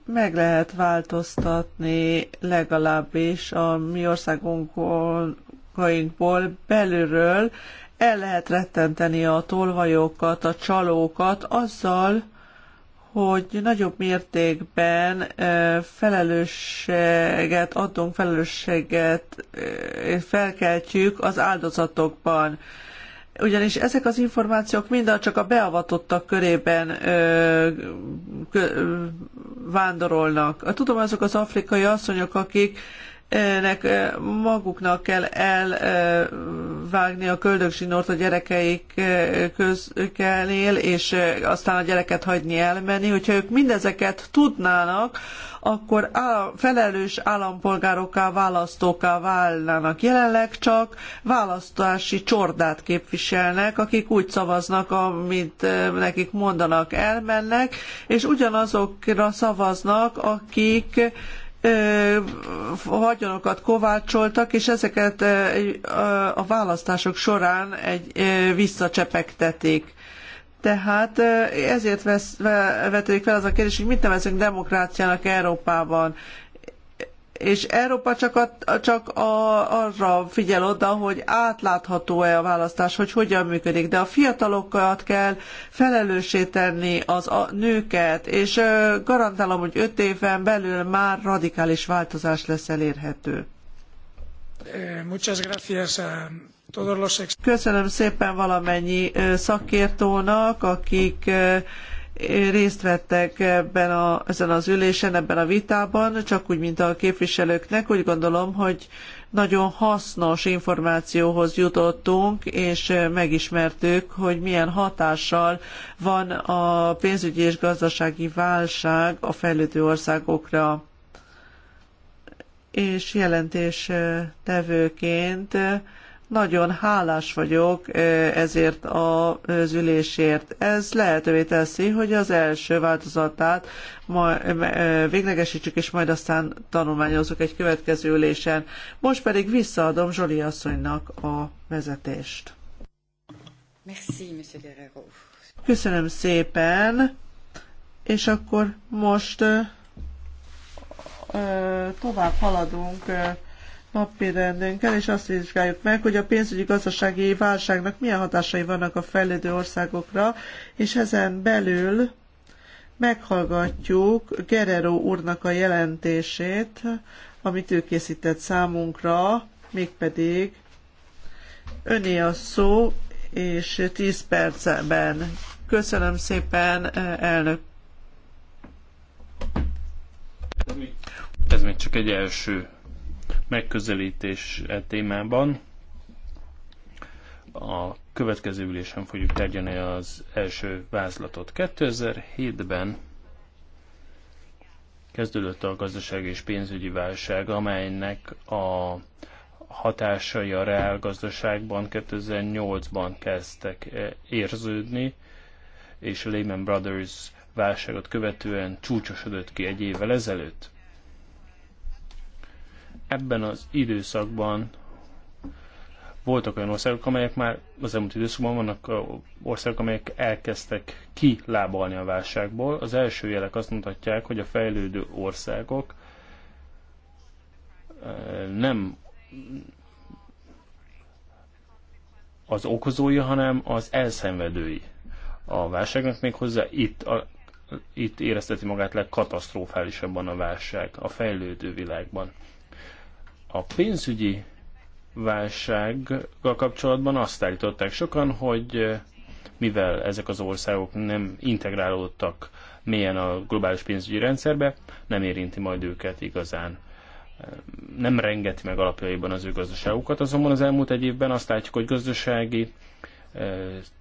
meg lehet változtatni legalábbis a mi országunkból belülről el lehet rettenteni a tolvajokat, a csalókat azzal, hogy nagyobb mértékben e, felelősséget adunk, felelősséget e, felkeltjük az áldozatokban. Ugyanis ezek az információk mind csak a beavatottak körében ö, e, kö, vándorolnak. Tudom, azok az afrikai asszonyok, akik nek maguknak kell elvágni a köldögzsinort a gyerekeik közkenél, és aztán a gyereket hagyni elmenni. Hogyha ők mindezeket tudnának, akkor felelős állampolgárokká, választóká válnának. Jelenleg csak választási csordát képviselnek, akik úgy szavaznak, amit nekik mondanak, elmennek, és ugyanazokra szavaznak, akik vagyonokat kovácsoltak, és ezeket a választások során egy visszacsepegtetik. Tehát ezért vesz, fel az a kérdés, hogy mit nevezünk demokráciának Európában és Európa csak, a, csak a, arra figyel oda, hogy átlátható-e a választás, hogy hogyan működik, de a fiatalokat kell felelőssé tenni, az a nőket, és ö, garantálom, hogy öt éven belül már radikális változás lesz elérhető. Eh, Köszönöm szépen valamennyi szakértőnek, akik részt vettek ebben a, ezen az ülésen, ebben a vitában, csak úgy, mint a képviselőknek. Úgy gondolom, hogy nagyon hasznos információhoz jutottunk, és megismertük, hogy milyen hatással van a pénzügyi és gazdasági válság a fejlődő országokra. És jelentés tevőként nagyon hálás vagyok ezért az ülésért. Ez lehetővé teszi, hogy az első változatát véglegesítsük, és majd aztán tanulmányozzuk egy következő ülésen. Most pedig visszaadom Zsoli asszonynak a vezetést. Merci, Köszönöm szépen, és akkor most tovább haladunk napi rendünkkel, és azt vizsgáljuk meg, hogy a pénzügyi gazdasági válságnak milyen hatásai vannak a fejlődő országokra, és ezen belül meghallgatjuk Gerero úrnak a jelentését, amit ő készített számunkra, mégpedig öné a szó, és 10 percben. Köszönöm szépen, elnök. Ez még csak egy első megközelítés e témában. A következő ülésen fogjuk tárgyalni az első vázlatot. 2007-ben kezdődött a gazdaság és pénzügyi válság, amelynek a hatásai a reál gazdaságban 2008-ban kezdtek e érződni, és a Lehman Brothers válságot követően csúcsosodott ki egy évvel ezelőtt. Ebben az időszakban voltak olyan országok, amelyek már az elmúlt időszakban vannak országok, amelyek elkezdtek kilábalni a válságból. Az első jelek azt mutatják, hogy a fejlődő országok nem az okozói, hanem az elszenvedői a válságnak, méghozzá itt, a, itt érezteti magát legkatasztrofálisabban a válság a fejlődő világban. A pénzügyi válsággal kapcsolatban azt állították sokan, hogy eh, mivel ezek az országok nem integrálódtak mélyen a globális pénzügyi rendszerbe, nem érinti majd őket igazán. Eh, nem rengeti meg alapjaiban az ő gazdaságukat, azonban az elmúlt egy évben azt látjuk, hogy gazdasági, eh,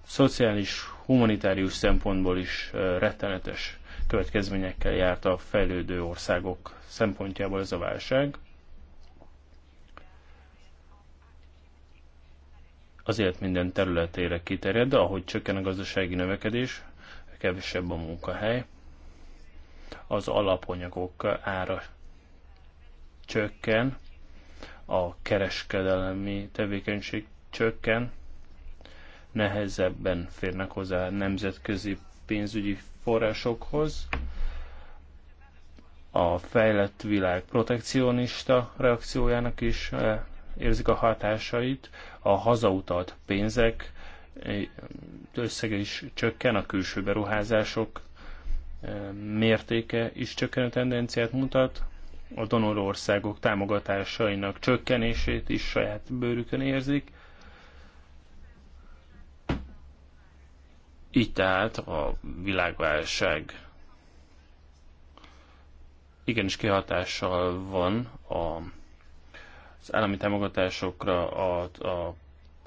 szociális, humanitárius szempontból is rettenetes következményekkel járt a fejlődő országok szempontjából ez a válság. azért minden területére kiterjed, de ahogy csökken a gazdasági növekedés, kevesebb a munkahely, az alapanyagok ára csökken, a kereskedelmi tevékenység csökken, nehezebben férnek hozzá nemzetközi pénzügyi forrásokhoz, a fejlett világ protekcionista reakciójának is eh, érzik a hatásait, a hazautalt pénzek összege is csökken, a külső beruházások mértéke is csökkenő tendenciát mutat, a donorországok támogatásainak csökkenését is saját bőrükön érzik. Így tehát a világválság igenis kihatással van a az állami támogatásokra, a, a,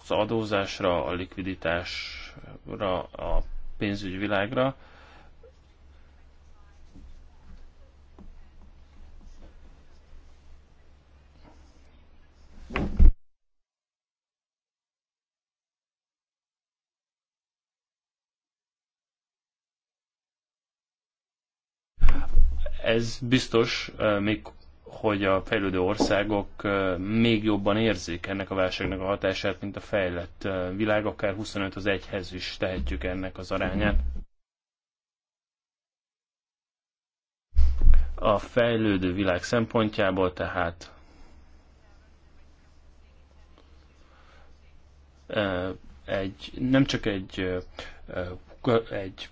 az adózásra, a likviditásra, a pénzügyvilágra. Ez biztos, eh, még hogy a fejlődő országok még jobban érzik ennek a válságnak a hatását, mint a fejlett világ, akár 25 az egyhez is tehetjük ennek az arányát. A fejlődő világ szempontjából tehát egy, nem csak egy, egy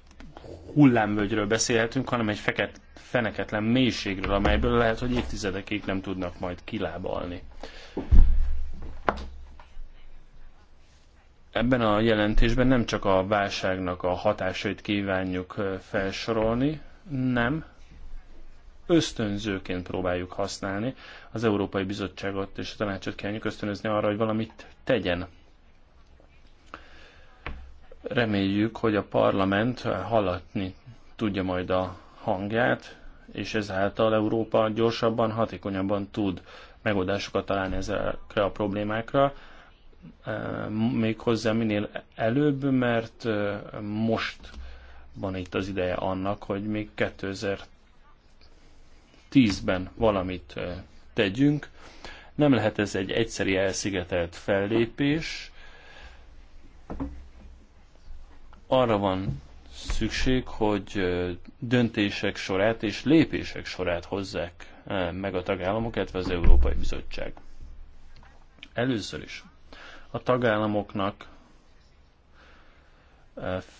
hullámvölgyről beszélhetünk, hanem egy fekete feneketlen mélységről, amelyből lehet, hogy évtizedekig nem tudnak majd kilábalni. Ebben a jelentésben nem csak a válságnak a hatásait kívánjuk felsorolni, nem, ösztönzőként próbáljuk használni. Az Európai Bizottságot és a tanácsot kellene ösztönözni arra, hogy valamit tegyen. Reméljük, hogy a parlament hallatni tudja majd a hangját, és ezáltal Európa gyorsabban, hatékonyabban tud megoldásokat találni ezekre a problémákra, e, méghozzá minél előbb, mert e, most van itt az ideje annak, hogy még 2010-ben valamit e, tegyünk. Nem lehet ez egy egyszeri elszigetelt fellépés. Arra van szükség, hogy döntések sorát és lépések sorát hozzák meg a tagállamok, illetve az Európai Bizottság. Először is a tagállamoknak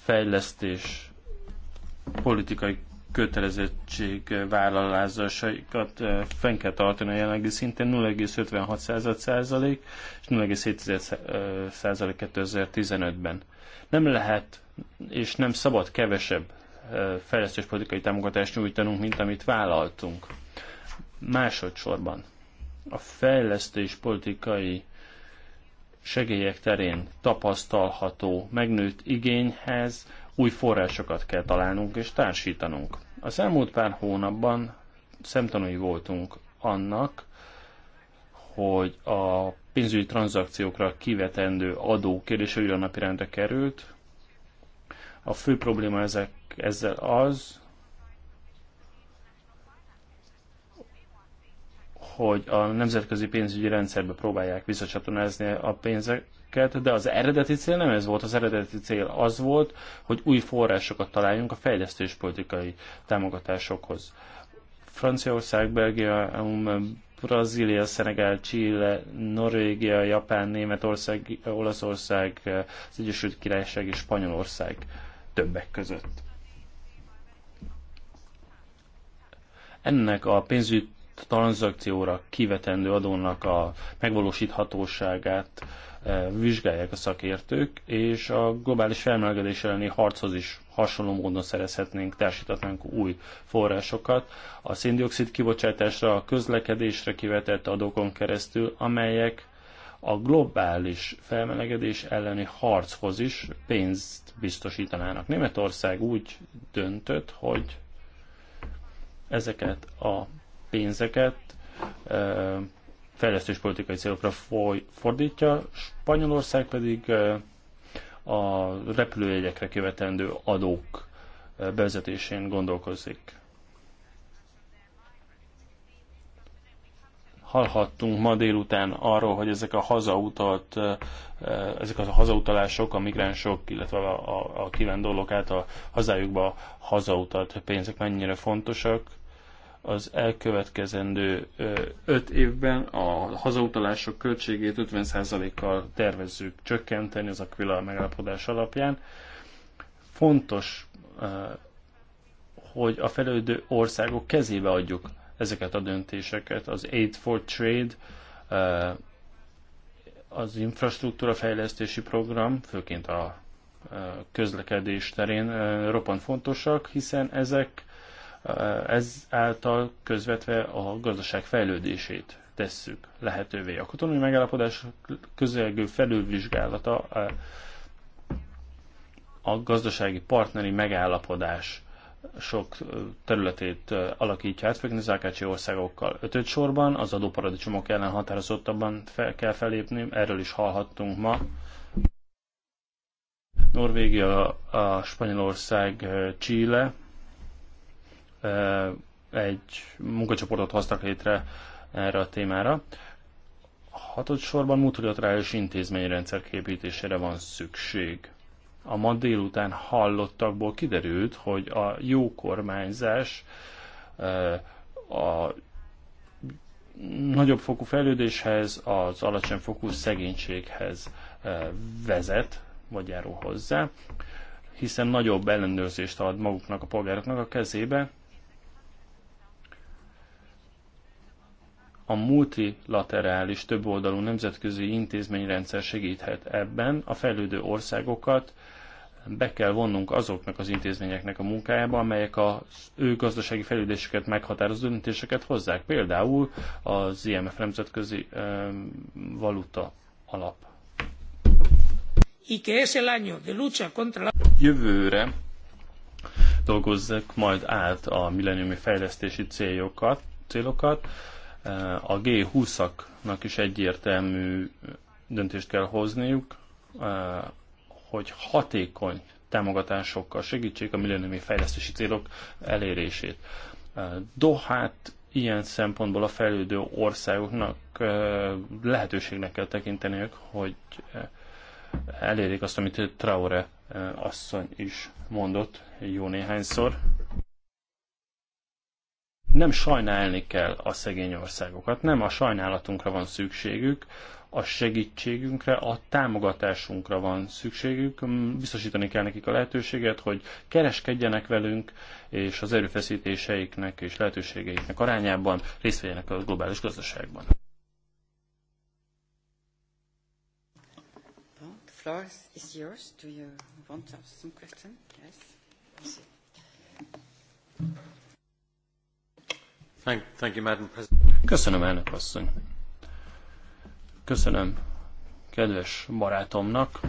fejlesztés politikai kötelezettség vállalásaikat fenn kell tartani a jelenlegi szinten 0,56 százalék és 0,7 százalék 2015-ben. Nem lehet és nem szabad kevesebb eh, fejlesztés politikai támogatást nyújtanunk, mint amit vállaltunk. Másodszorban a fejlesztés politikai segélyek terén tapasztalható megnőtt igényhez új forrásokat kell találnunk és társítanunk. Az elmúlt pár hónapban szemtanúi voltunk annak, hogy a pénzügyi tranzakciókra kivetendő adó kérdése újra napirendre került, a fő probléma ezek, ezzel az, hogy a nemzetközi pénzügyi rendszerbe próbálják visszacsatornázni a pénzeket, de az eredeti cél nem ez volt. Az eredeti cél az volt, hogy új forrásokat találjunk a politikai támogatásokhoz. Franciaország, Belgia, um, Brazília, Szenegál, Chile, Norvégia, Japán, Németország, Olaszország, az Egyesült Királyság és Spanyolország többek között. Ennek a pénzügyi tranzakcióra kivetendő adónak a megvalósíthatóságát e, vizsgálják a szakértők, és a globális felmelegedés elleni harchoz is hasonló módon szerezhetnénk, társíthatnánk új forrásokat a széndiokszid kibocsátásra, a közlekedésre kivetett adókon keresztül, amelyek a globális felmelegedés elleni harchoz is pénzt biztosítanának. Németország úgy döntött, hogy ezeket a pénzeket fejlesztéspolitikai célokra fordítja, Spanyolország pedig a repülőjegyekre követendő adók bevezetésén gondolkozik. hallhattunk ma délután arról, hogy ezek a hazautalt, ezek a hazautalások a migránsok, illetve a, a, a kivendolók által hazájukba hazautalt pénzek mennyire fontosak. Az elkövetkezendő 5 évben a hazautalások költségét 50%-kal tervezzük csökkenteni az Aquila megállapodás alapján. Fontos, hogy a felelődő országok kezébe adjuk ezeket a döntéseket. Az Aid for Trade, eh, az infrastruktúra fejlesztési program, főként a eh, közlekedés terén eh, roppant fontosak, hiszen ezek ez által közvetve a gazdaság fejlődését tesszük lehetővé. A katonai megállapodás közelgő felülvizsgálata a gazdasági partneri megállapodás sok területét alakítja át, főként az AKC országokkal. Ötöd sorban az adóparadicsomok ellen határozottabban fel kell felépni, erről is hallhattunk ma. Norvégia, a Spanyolország, Chile egy munkacsoportot hoztak létre erre a témára. Hatod sorban és intézményrendszer képítésére van szükség a ma délután hallottakból kiderült, hogy a jó kormányzás eh, a nagyobb fokú fejlődéshez, az alacsony fokú szegénységhez eh, vezet, vagy járó hozzá, hiszen nagyobb ellenőrzést ad maguknak a polgároknak a kezébe. A multilaterális többoldalú nemzetközi intézményrendszer segíthet ebben a fejlődő országokat be kell vonnunk azoknak az intézményeknek a munkájába, amelyek az ő gazdasági fejlődéseket meghatározó döntéseket hozzák. Például az IMF nemzetközi valuta alap. Jövőre dolgozzak majd át a milleniumi fejlesztési céljokat, célokat. A G20-aknak is egyértelmű döntést kell hozniuk hogy hatékony támogatásokkal segítsék a millenniumi fejlesztési célok elérését. Dohát ilyen szempontból a fejlődő országoknak lehetőségnek kell tekinteniük, hogy elérjék azt, amit Traore asszony is mondott jó néhányszor. Nem sajnálni kell a szegény országokat, nem a sajnálatunkra van szükségük, a segítségünkre, a támogatásunkra van szükségük. Biztosítani kell nekik a lehetőséget, hogy kereskedjenek velünk, és az erőfeszítéseiknek és lehetőségeiknek arányában részt vegyenek a globális gazdaságban. floor is yours. Do you want to ask some question? Yes. Thank, thank you, Madam President. Köszönöm, elnök asszony. Köszönöm kedves barátomnak.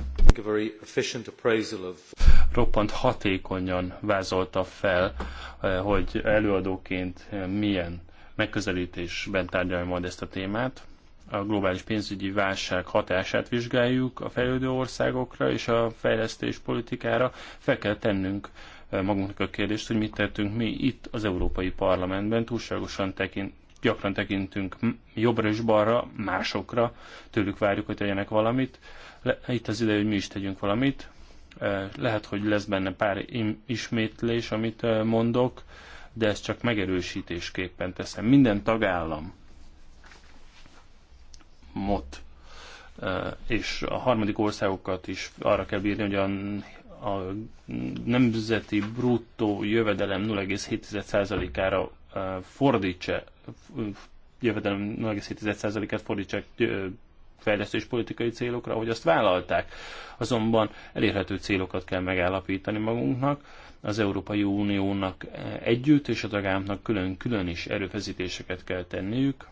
Roppant hatékonyan vázolta fel, eh, hogy előadóként eh, milyen megközelítésben tárgyalja majd ezt a témát. A globális pénzügyi válság hatását vizsgáljuk a fejlődő országokra és a fejlesztés politikára. Fel kell tennünk eh, magunknak a kérdést, hogy mit tettünk mi itt az Európai Parlamentben túlságosan tekint, gyakran tekintünk jobbra és balra, másokra, tőlük várjuk, hogy tegyenek valamit. Itt az ideje, hogy mi is tegyünk valamit. Lehet, hogy lesz benne pár ismétlés, amit mondok, de ezt csak megerősítésképpen teszem. Minden tagállam mot és a harmadik országokat is arra kell bírni, hogy a a nemzeti bruttó jövedelem 0,7%-ára fordítse jövedelem 0,7%-át fordítsák politikai célokra, hogy azt vállalták. Azonban elérhető célokat kell megállapítani magunknak, az Európai Uniónak együtt és a tagállamnak külön-külön is erőfeszítéseket kell tenniük.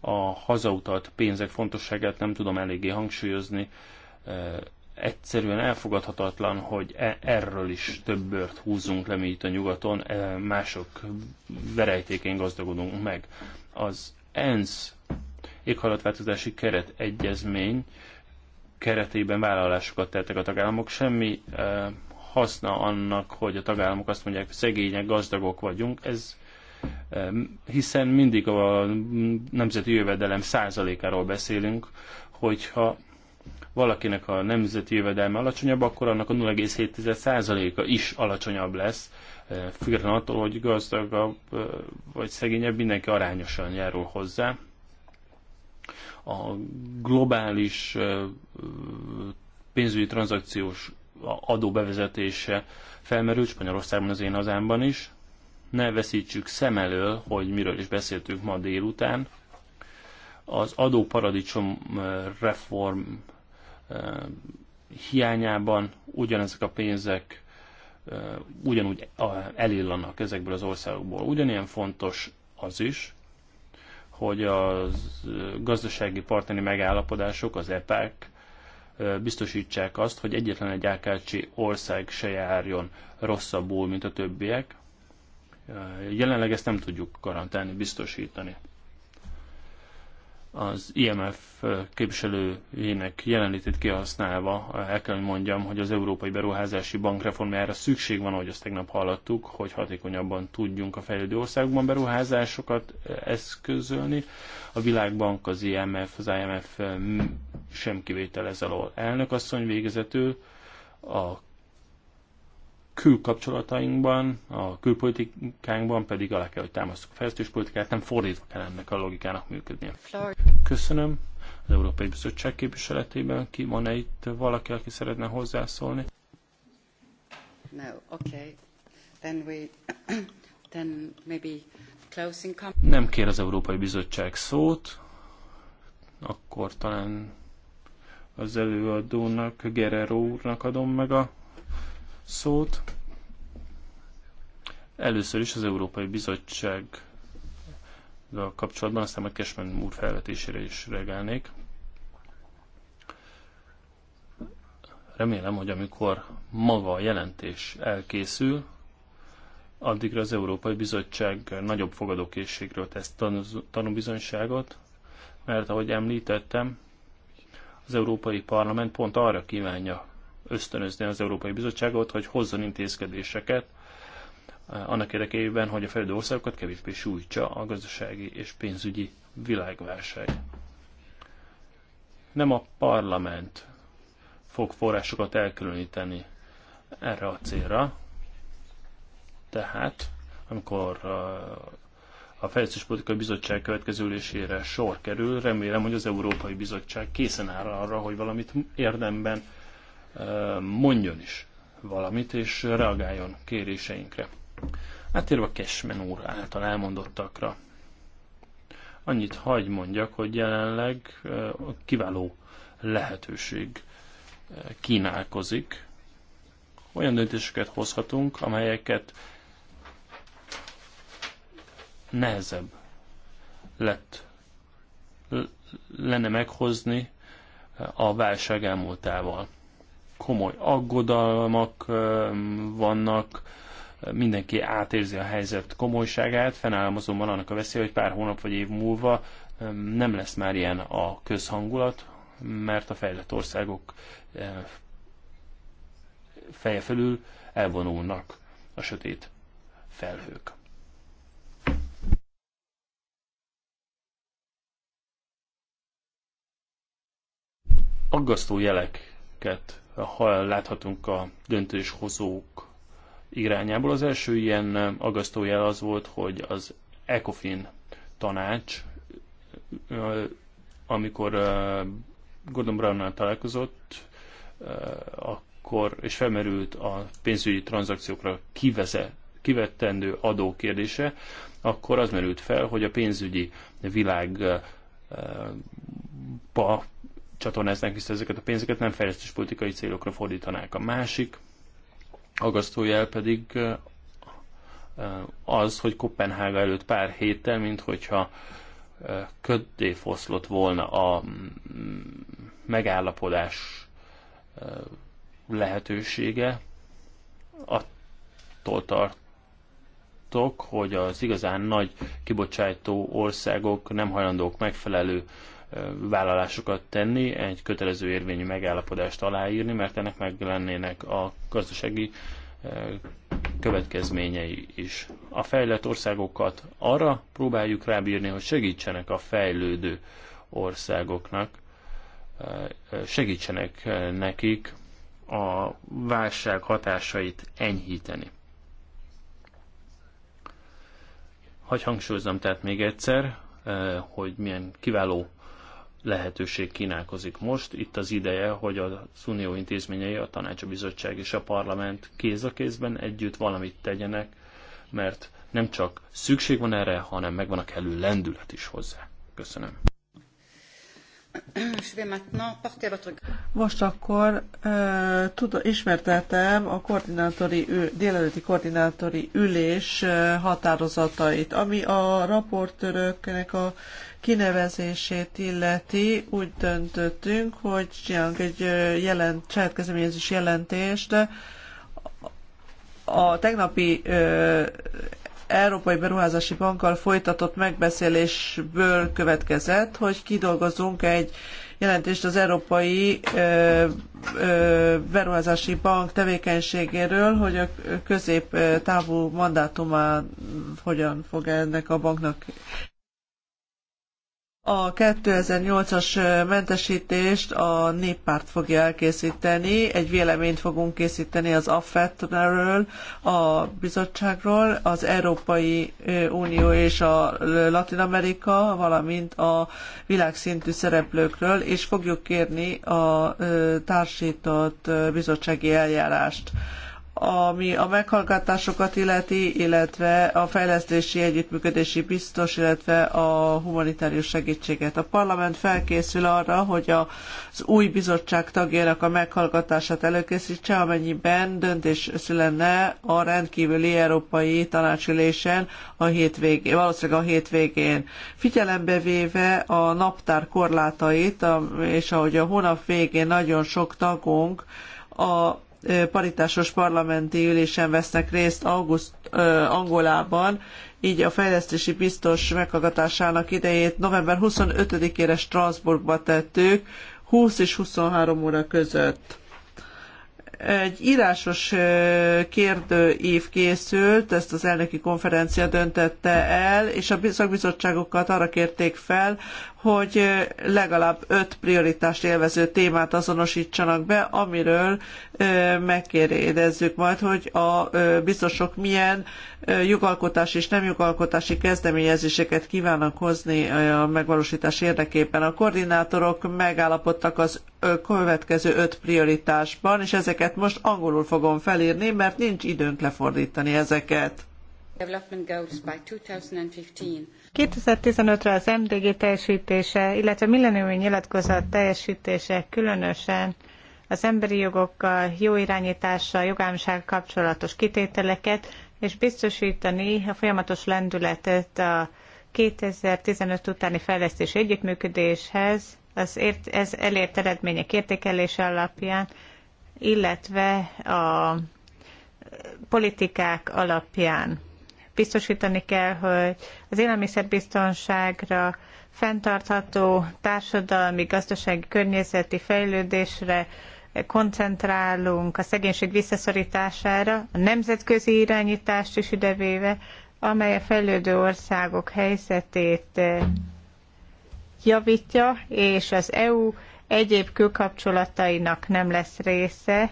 A hazautalt pénzek fontosságát nem tudom eléggé hangsúlyozni, egyszerűen elfogadhatatlan, hogy e, erről is több bört húzzunk le mi itt a nyugaton, e, mások verejtékén gazdagodunk meg. Az ENSZ éghajlatváltozási keret egyezmény keretében vállalásokat tettek a tagállamok. Semmi e, haszna annak, hogy a tagállamok azt mondják, hogy szegények, gazdagok vagyunk, ez hiszen mindig a nemzeti jövedelem százalékáról beszélünk, hogyha valakinek a nemzeti jövedelme alacsonyabb, akkor annak a 0,7%-a is alacsonyabb lesz, eh, függetlenül attól, hogy gazdagabb eh, vagy szegényebb, mindenki arányosan járul hozzá. A globális eh, pénzügyi tranzakciós adó bevezetése felmerült Spanyolországban, az én hazámban is. Ne veszítsük szem elől, hogy miről is beszéltünk ma délután. Az adóparadicsom reform hiányában ugyanezek a pénzek ugyanúgy elillanak ezekből az országokból. Ugyanilyen fontos az is, hogy a gazdasági partneri megállapodások, az EPEC biztosítsák azt, hogy egyetlen egy AKC ország se járjon rosszabbul, mint a többiek. Jelenleg ezt nem tudjuk garantálni, biztosítani az IMF képviselőjének jelenlétét kihasználva el kell, hogy mondjam, hogy az Európai Beruházási Bank reformjára szükség van, ahogy azt tegnap hallottuk, hogy hatékonyabban tudjunk a fejlődő országokban beruházásokat eszközölni. A Világbank, az IMF, az IMF sem kivétel ez alól. Elnök asszony végezetül a külkapcsolatainkban, a külpolitikánkban pedig alá kell, hogy támasztjuk a fejlesztéspolitikát, nem fordítva kell ennek a logikának működnie. Köszönöm. Az Európai Bizottság képviseletében ki van-e itt valaki, aki szeretne hozzászólni? No, okay. Then we, then maybe closing Nem kér az Európai Bizottság szót, akkor talán az előadónak, Gerero úrnak adom meg a szót. Először is az Európai Bizottság a kapcsolatban, aztán majd Kesmen úr felvetésére is reagálnék. Remélem, hogy amikor maga a jelentés elkészül, addigra az Európai Bizottság nagyobb fogadókészségről tesz tanúbizonyságot, mert ahogy említettem, az Európai Parlament pont arra kívánja ösztönözni az Európai Bizottságot, hogy hozzon intézkedéseket eh, annak érdekében, hogy a fejlődő országokat kevésbé sújtsa a gazdasági és pénzügyi világválság. Nem a parlament fog forrásokat elkülöníteni erre a célra, tehát amikor eh, a Fejlesztés Politikai Bizottság következő sor kerül. Remélem, hogy az Európai Bizottság készen áll arra, hogy valamit érdemben mondjon is valamit, és reagáljon kéréseinkre. Átérve a Cashman úr által elmondottakra. Annyit hagy mondjak, hogy jelenleg kiváló lehetőség kínálkozik. Olyan döntéseket hozhatunk, amelyeket nehezebb lett lenne meghozni a válság elmúltával komoly aggodalmak vannak, mindenki átérzi a helyzet komolyságát, fennáll azonban annak a veszélye, hogy pár hónap vagy év múlva nem lesz már ilyen a közhangulat, mert a fejlett országok feje felül elvonulnak a sötét felhők. Aggasztó jeleket ha láthatunk a döntéshozók irányából. Az első ilyen agasztójel az volt, hogy az ECOFIN tanács, amikor Gordon brown találkozott, akkor, és felmerült a pénzügyi tranzakciókra kivezet, kivettendő adó kérdése, akkor az merült fel, hogy a pénzügyi világ csatornáznák vissza ezeket a pénzeket, nem fejlesztés politikai célokra fordítanák. A másik agasztójel pedig az, hogy Kopenhága előtt pár héttel, mint hogyha köddé foszlott volna a megállapodás lehetősége, attól tartok, hogy az igazán nagy kibocsátó országok nem hajlandók megfelelő vállalásokat tenni, egy kötelező érvényű megállapodást aláírni, mert ennek meg lennének a gazdasági eh, következményei is. A fejlett országokat arra próbáljuk rábírni, hogy segítsenek a fejlődő országoknak, eh, segítsenek eh, nekik a válság hatásait enyhíteni. Hagy hangsúlyozom tehát még egyszer, hogy milyen kiváló lehetőség kínálkozik most. Itt az ideje, hogy az unió intézményei, a tanács, a bizottság és a parlament kéz a kézben együtt valamit tegyenek, mert nem csak szükség van erre, hanem megvan a kellő lendület is hozzá. Köszönöm. Most akkor uh, tud, ismertetem a koordinátori ül, délelőtti koordinátori ülés uh, határozatait, ami a raportőröknek a kinevezését illeti. Úgy döntöttünk, hogy csinálunk egy uh, jelent, saját jelentést, a tegnapi Európai Beruházási Bankkal folytatott megbeszélésből következett, hogy kidolgozzunk egy jelentést az Európai Beruházási Bank tevékenységéről, hogy a középtávú mandátumán hogyan fog ennek a banknak a 2008-as mentesítést a néppárt fogja elkészíteni, egy véleményt fogunk készíteni az AFET-ről, a bizottságról, az Európai Unió és a Latin Amerika, valamint a világszintű szereplőkről, és fogjuk kérni a társított bizottsági eljárást ami a meghallgatásokat illeti, illetve a fejlesztési együttműködési biztos, illetve a humanitárius segítséget. A parlament felkészül arra, hogy az új bizottság tagjának a meghallgatását előkészítse, amennyiben döntés születne a rendkívüli európai tanácsülésen a hétvégén, valószínűleg a hétvégén. Figyelembe véve a naptár korlátait, és ahogy a hónap végén nagyon sok tagunk a paritásos parlamenti ülésen vesznek részt auguszt, Angolában, így a fejlesztési biztos meghallgatásának idejét november 25-ére Strasbourgba tettük, 20 és 23 óra között. Egy írásos kérdőív készült, ezt az elnöki konferencia döntette el, és a szakbizottságokat arra kérték fel, hogy legalább öt prioritást élvező témát azonosítsanak be, amiről megkérdezzük majd, hogy a biztosok milyen jogalkotási és nem jogalkotási kezdeményezéseket kívánnak hozni a megvalósítás érdekében. A koordinátorok megállapodtak az következő öt prioritásban, és ezeket most angolul fogom felírni, mert nincs időnk lefordítani ezeket. Development goals by 2015 2015-re az MDG teljesítése, illetve milleniumi nyilatkozat teljesítése különösen az emberi jogokkal, jó irányítással, jogállamiság kapcsolatos kitételeket, és biztosítani a folyamatos lendületet a 2015 utáni fejlesztési együttműködéshez, az ért, ez elért eredmények értékelése alapján, illetve a politikák alapján biztosítani kell, hogy az élelmiszerbiztonságra, fenntartható társadalmi, gazdasági, környezeti fejlődésre koncentrálunk, a szegénység visszaszorítására, a nemzetközi irányítást is idevéve, amely a fejlődő országok helyzetét javítja, és az EU egyéb külkapcsolatainak nem lesz része,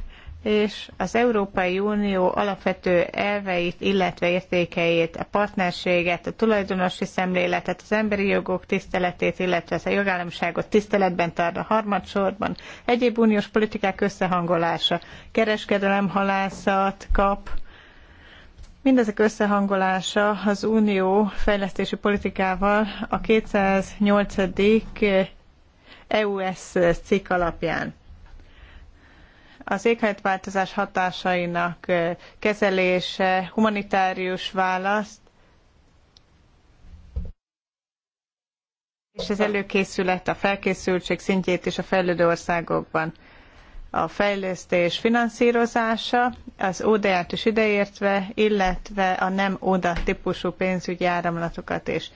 és az Európai Unió alapvető elveit, illetve értékeit, a partnerséget, a tulajdonosi szemléletet, az emberi jogok tiszteletét, illetve a jogállamiságot tiszteletben tart a harmadsorban, egyéb uniós politikák összehangolása, kereskedelem, halászat, kap, Mindezek összehangolása az unió fejlesztési politikával a 208. EUS cikk alapján. Az éghajlatváltozás hatásainak kezelése, humanitárius választ, és az előkészület, a felkészültség szintjét is a fejlődő országokban. A fejlesztés finanszírozása, az ODA-t is ideértve, illetve a nem ODA típusú pénzügyi áramlatokat is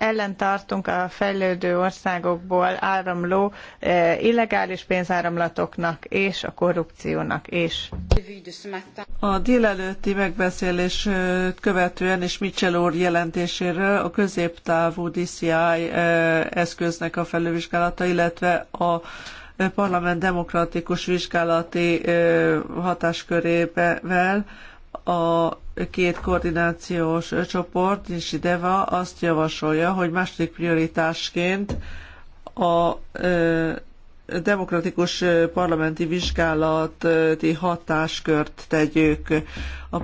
ellentartunk a fejlődő országokból áramló eh, illegális pénzáramlatoknak és a korrupciónak is. A délelőtti megbeszélés eh, követően és Mitchell úr jelentéséről a középtávú DCI eh, eszköznek a felülvizsgálata, illetve a parlament demokratikus vizsgálati hatáskörével a két koordinációs csoport, és Deva azt javasolja, hogy második prioritásként a demokratikus parlamenti vizsgálati hatáskört tegyük. A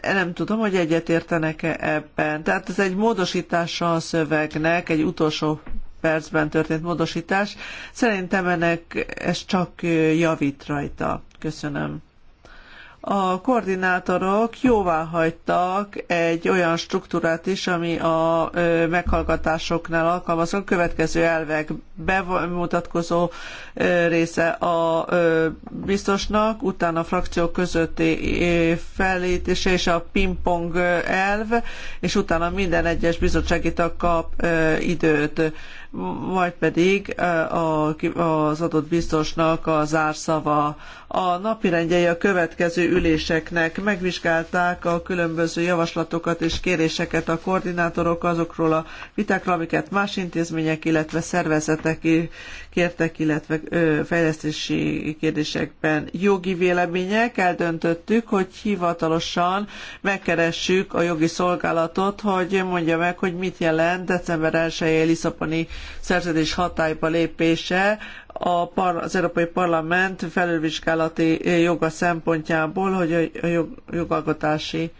e, nem tudom, hogy egyetértenek-e ebben. Tehát ez egy módosítása a szövegnek, egy utolsó percben történt módosítás. Szerintem ennek ez csak javít rajta. Köszönöm a koordinátorok jóvá hagytak egy olyan struktúrát is, ami a meghallgatásoknál alkalmazott következő elvek bemutatkozó része a biztosnak, utána a frakciók közötti felítése és a pingpong elv, és utána minden egyes bizottsági tag kap időt majd pedig az adott biztosnak a zárszava a napirendjei a következő üléseknek. Megvizsgálták a különböző javaslatokat és kéréseket a koordinátorok azokról a vitákról, amiket más intézmények, illetve szervezetek kértek, illetve fejlesztési kérdésekben. Jogi vélemények, eldöntöttük, hogy hivatalosan megkeressük a jogi szolgálatot, hogy mondja meg, hogy mit jelent december 1-i Lisszaboni szerződés hatályba lépése, a az Európai Parlament felülvizsgálati joga szempontjából, hogy a jogalkotási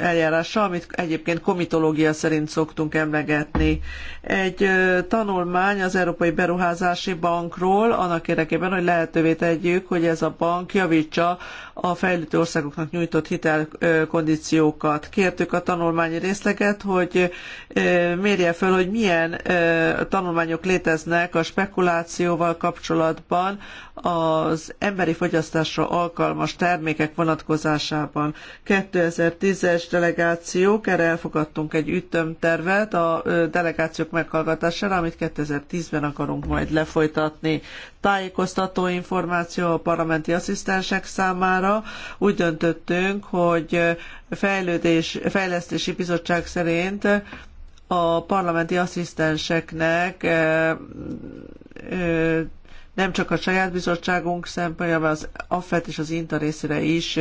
eljárása, amit egyébként komitológia szerint szoktunk emlegetni. Egy tanulmány az Európai Beruházási Bankról annak érdekében, hogy lehetővé tegyük, hogy ez a bank javítsa a fejlődő országoknak nyújtott hitelkondíciókat. Kértük a tanulmányi részleget, hogy mérje föl, hogy milyen tanulmányok léteznek a spekulációval kapcsolatban az emberi fogyasztásra alkalmas termékek vonatkozásában a 2010-es delegációk, erre elfogadtunk egy ütemtervet a delegációk meghallgatására, amit 2010-ben akarunk majd lefolytatni. Tájékoztató információ a parlamenti asszisztensek számára. Úgy döntöttünk, hogy fejlődés, fejlesztési bizottság szerint a parlamenti asszisztenseknek nem csak a saját bizottságunk szempontjából, az AFET és az INTA részére is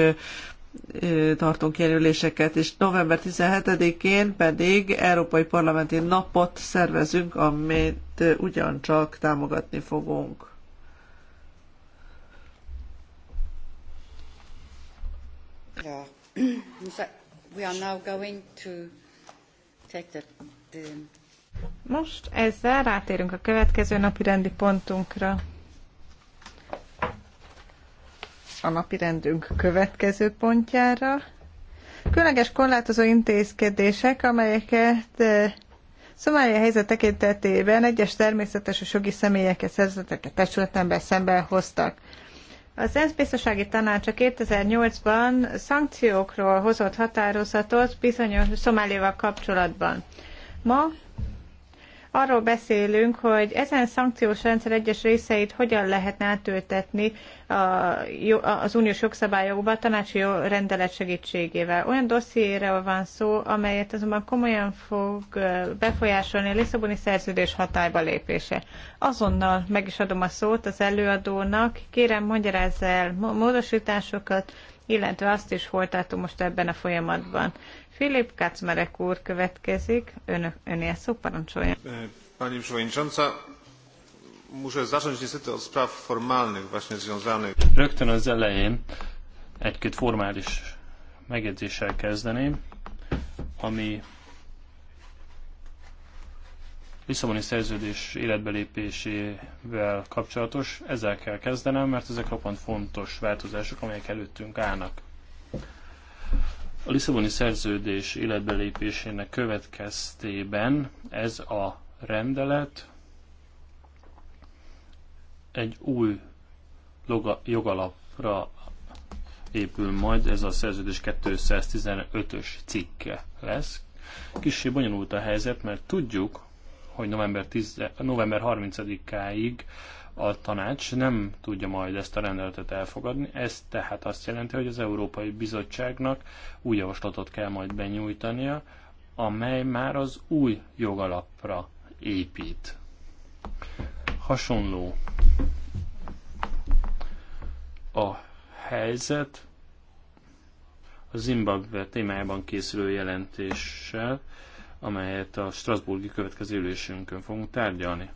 tartunk jelöléseket, és november 17-én pedig Európai Parlamenti Napot szervezünk, amit ugyancsak támogatni fogunk. Most ezzel rátérünk a következő napi rendi pontunkra a napi rendünk következő pontjára. Különleges korlátozó intézkedések, amelyeket eh, Szomália helyzet tekintetében egyes természetes és jogi személyeket, szerzetekkel, testületemben szembe hoztak. Az ENSZ biztonsági tanácsa 2008-ban szankciókról hozott határozatot bizonyos Szomáliával kapcsolatban. Ma arról beszélünk, hogy ezen szankciós rendszer egyes részeit hogyan lehetne átültetni az uniós jogszabályokba a tanácsi rendelet segítségével. Olyan dossziéről van szó, amelyet azonban komolyan fog befolyásolni a Lisszaboni szerződés hatályba lépése. Azonnal meg is adom a szót az előadónak, kérem magyarázz el módosításokat, illetve azt is folytatom most ebben a folyamatban. Filip Kacmerek úr következik, Ön, önél szó parancsolja. E, Pani Przewodnicząca, muszę zacząć niestety od spraw formalnych właśnie związanych. Rögtön az elején egy-két formális megjegyzéssel kezdeném, ami Lisszaboni szerződés életbelépésével kapcsolatos. Ezzel kell kezdenem, mert ezek roppant fontos változások, amelyek előttünk állnak. A Lisszaboni szerződés életbelépésének következtében ez a rendelet egy új loga, jogalapra épül majd, ez a szerződés 215-ös cikke lesz. Kissé bonyolult a helyzet, mert tudjuk, hogy november, 10, november 30-áig a tanács nem tudja majd ezt a rendeletet elfogadni, ez tehát azt jelenti, hogy az Európai Bizottságnak új javaslatot kell majd benyújtania, amely már az új jogalapra épít. Hasonló a helyzet a Zimbabwe témájában készülő jelentéssel, amelyet a Strasburgi következő ülésünkön fogunk tárgyalni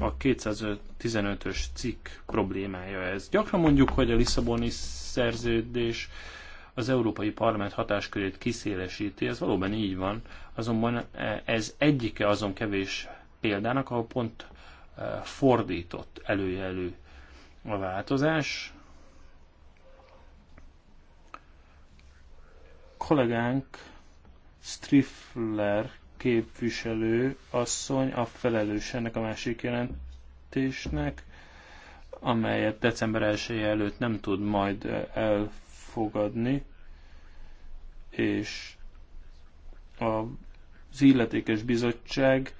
a 215-ös cikk problémája ez. Gyakran mondjuk, hogy a Lisszaboni szerződés az Európai Parlament hatáskörét kiszélesíti, ez valóban így van, azonban ez egyike azon kevés példának, ahol pont eh, fordított előjelű a változás. Kollégánk Strifler képviselő asszony a felelős ennek a másik jelentésnek, amelyet december 1 előtt nem tud majd elfogadni, és az illetékes bizottság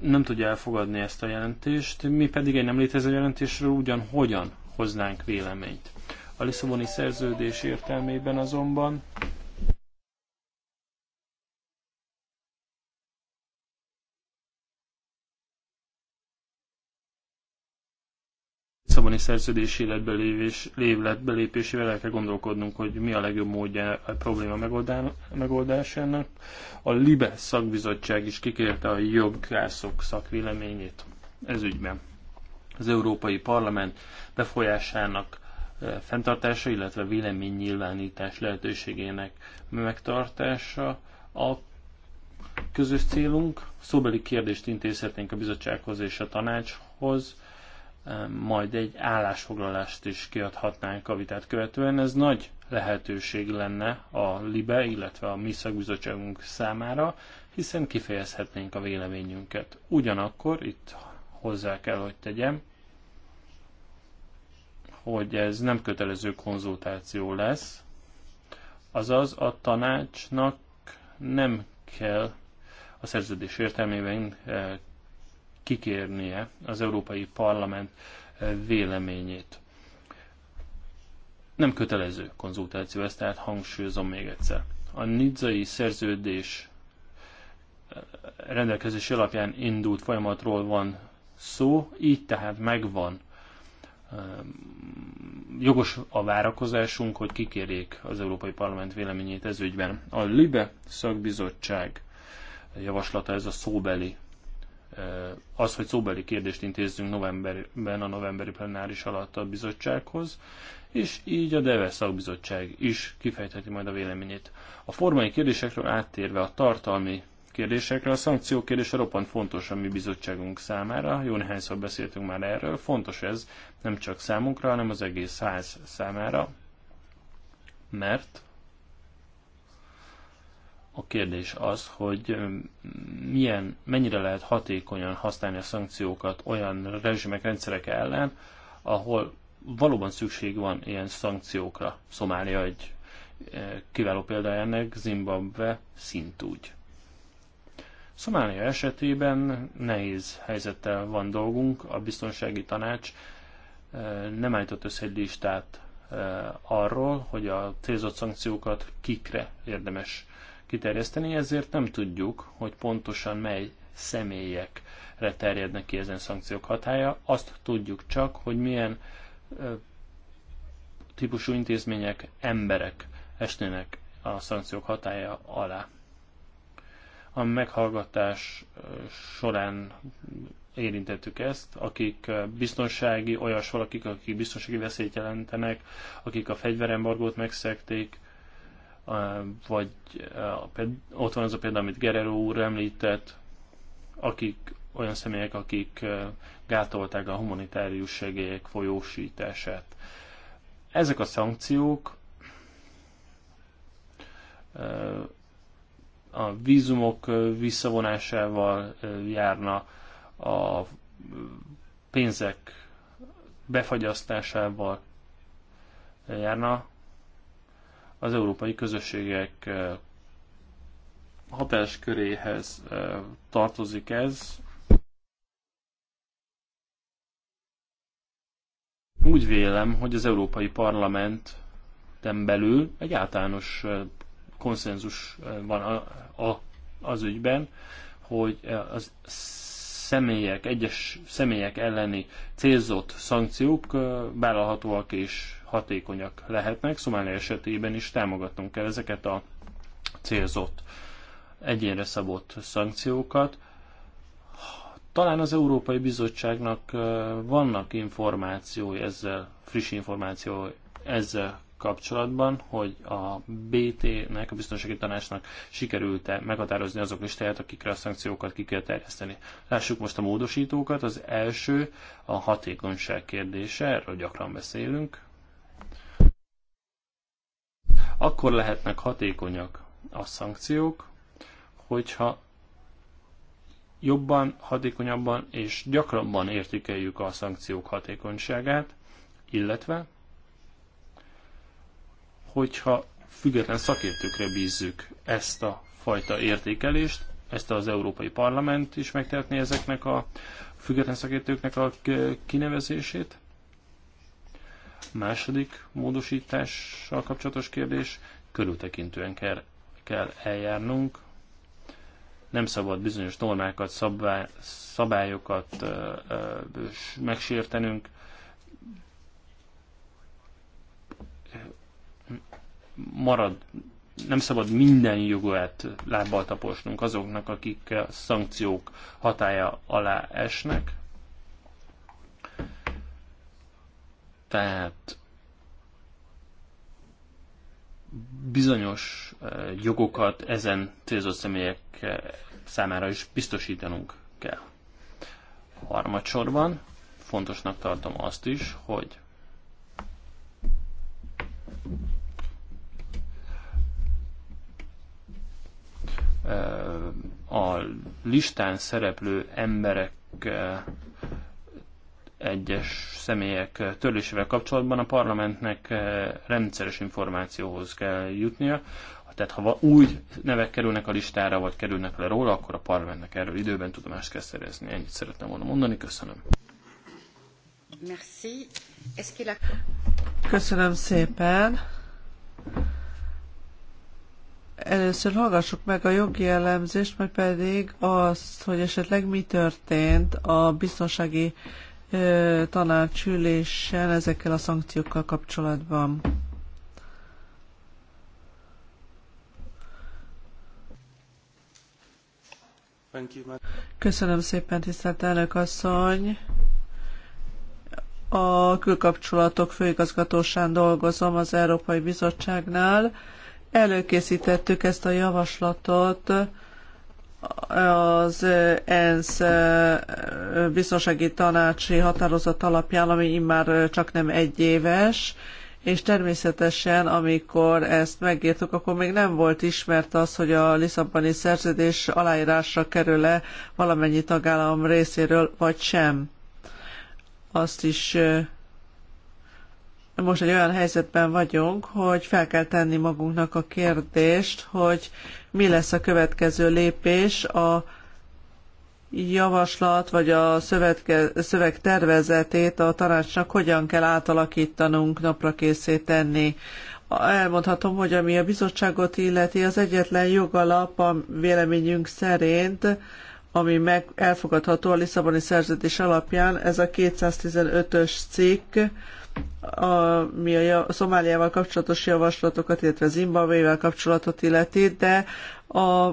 nem tudja elfogadni ezt a jelentést, mi pedig egy nem létező jelentésről ugyan hogyan hoznánk véleményt. A Lisszaboni szerződés értelmében azonban Lisszaboni szerződés életbe lépésével el kell gondolkodnunk, hogy mi a legjobb módja a probléma megoldásának. A LIBE szakbizottság is kikérte a jogászok szakvéleményét ez ügyben. Az Európai Parlament befolyásának e, fenntartása, illetve véleménynyilvánítás lehetőségének megtartása a közös célunk. Szóbeli kérdést intézhetnénk a bizottsághoz és a tanácshoz majd egy állásfoglalást is kiadhatnánk a vitát követően. Ez nagy lehetőség lenne a LIBE, illetve a mi szakbizottságunk számára, hiszen kifejezhetnénk a véleményünket. Ugyanakkor itt hozzá kell, hogy tegyem, hogy ez nem kötelező konzultáció lesz, azaz a tanácsnak nem kell a szerződés értelmében eh, kikérnie az Európai Parlament eh, véleményét. Nem kötelező konzultáció, ezt tehát hangsúlyozom még egyszer. A nidzai szerződés eh, rendelkezési alapján indult folyamatról van szó, így tehát megvan eh, jogos a várakozásunk, hogy kikérjék az Európai Parlament véleményét ez ügyben. A LIBE szakbizottság javaslata ez a szóbeli az, hogy szóbeli kérdést intézzünk novemberben, a novemberi plenáris alatt a bizottsághoz, és így a DEVE szakbizottság is kifejtheti majd a véleményét. A formai kérdésekről áttérve a tartalmi kérdésekre, a szankció kérdése roppant fontos a mi bizottságunk számára, jó néhányszor beszéltünk már erről, fontos ez nem csak számunkra, hanem az egész ház számára, mert a kérdés az, hogy milyen, mennyire lehet hatékonyan használni a szankciókat olyan rezsimek, rendszerek ellen, ahol valóban szükség van ilyen szankciókra. Szomália egy kiváló példája ennek, Zimbabwe szintúgy. Szomália esetében nehéz helyzettel van dolgunk, a biztonsági tanács nem állított össze egy listát arról, hogy a célzott szankciókat kikre érdemes kiterjeszteni, ezért nem tudjuk, hogy pontosan mely személyekre terjednek ki ezen szankciók hatája. Azt tudjuk csak, hogy milyen típusú intézmények, emberek esnének a szankciók hatája alá. A meghallgatás során érintettük ezt, akik biztonsági, olyas valakik, akik biztonsági veszélyt jelentenek, akik a fegyverembargót megszekték, vagy ott van az a példa, amit Gerero úr említett, akik olyan személyek, akik gátolták a humanitárius segélyek folyósítását. Ezek a szankciók a vízumok visszavonásával járna, a pénzek befagyasztásával járna, az európai közösségek eh, hatásköréhez eh, tartozik ez. Úgy vélem, hogy az Európai Parlamenten belül egy általános eh, konszenzus van a, a, az ügyben, hogy az személyek, egyes személyek elleni célzott szankciók vállalhatóak és hatékonyak lehetnek. Szomália esetében is támogatnunk kell ezeket a célzott egyénre szabott szankciókat. Talán az Európai Bizottságnak vannak információi ezzel, friss információi ezzel kapcsolatban, hogy a BT-nek, a Biztonsági Tanácsnak sikerült-e meghatározni azok listáját, akikre a szankciókat ki kell terjeszteni. Lássuk most a módosítókat. Az első a hatékonyság kérdése, erről gyakran beszélünk. Akkor lehetnek hatékonyak a szankciók, hogyha jobban, hatékonyabban és gyakrabban értékeljük a szankciók hatékonyságát, illetve hogyha független szakértőkre bízzük ezt a fajta értékelést, ezt az Európai Parlament is megtehetné ezeknek a független szakértőknek a kinevezését, Második módosítással kapcsolatos kérdés, körültekintően kell, kell eljárnunk. Nem szabad bizonyos normákat, szabvá, szabályokat ö, ö, megsértenünk. Marad, nem szabad minden jogot lábbal taposnunk azoknak, akik a szankciók hatája alá esnek. Tehát bizonyos eh, jogokat ezen célzott személyek eh, számára is biztosítanunk kell. Harmadsorban fontosnak tartom azt is, hogy eh, a listán szereplő emberek egyes személyek törlésével kapcsolatban a parlamentnek eh, rendszeres információhoz kell jutnia, tehát ha új nevek kerülnek a listára, vagy kerülnek le róla, akkor a parlamentnek erről időben tudomást kell szerezni. Ennyit szerettem volna mondani, köszönöm. Köszönöm szépen. Először hallgassuk meg a jogi elemzést, majd pedig azt, hogy esetleg mi történt a biztonsági tanácsüléssel ezekkel a szankciókkal kapcsolatban. Köszönöm szépen, tisztelt elnök asszony! A külkapcsolatok főigazgatósán dolgozom az Európai Bizottságnál. Előkészítettük ezt a javaslatot az ENSZ biztonsági tanácsi határozat alapján, ami immár csak nem egy éves, és természetesen, amikor ezt megírtuk, akkor még nem volt ismert az, hogy a Lisszaboni szerződés aláírásra kerül-e valamennyi tagállam részéről, vagy sem. Azt is most egy olyan helyzetben vagyunk, hogy fel kell tenni magunknak a kérdést, hogy mi lesz a következő lépés a javaslat vagy a szövetke, szöveg tervezetét a tanácsnak hogyan kell átalakítanunk, készé tenni. Elmondhatom, hogy ami a bizottságot illeti, az egyetlen jogalap a véleményünk szerint, ami meg elfogadható a Lisszaboni szerződés alapján, ez a 215-ös cikk, ami a Szomáliával kapcsolatos javaslatokat, illetve Zimbabvével kapcsolatot illeti, de a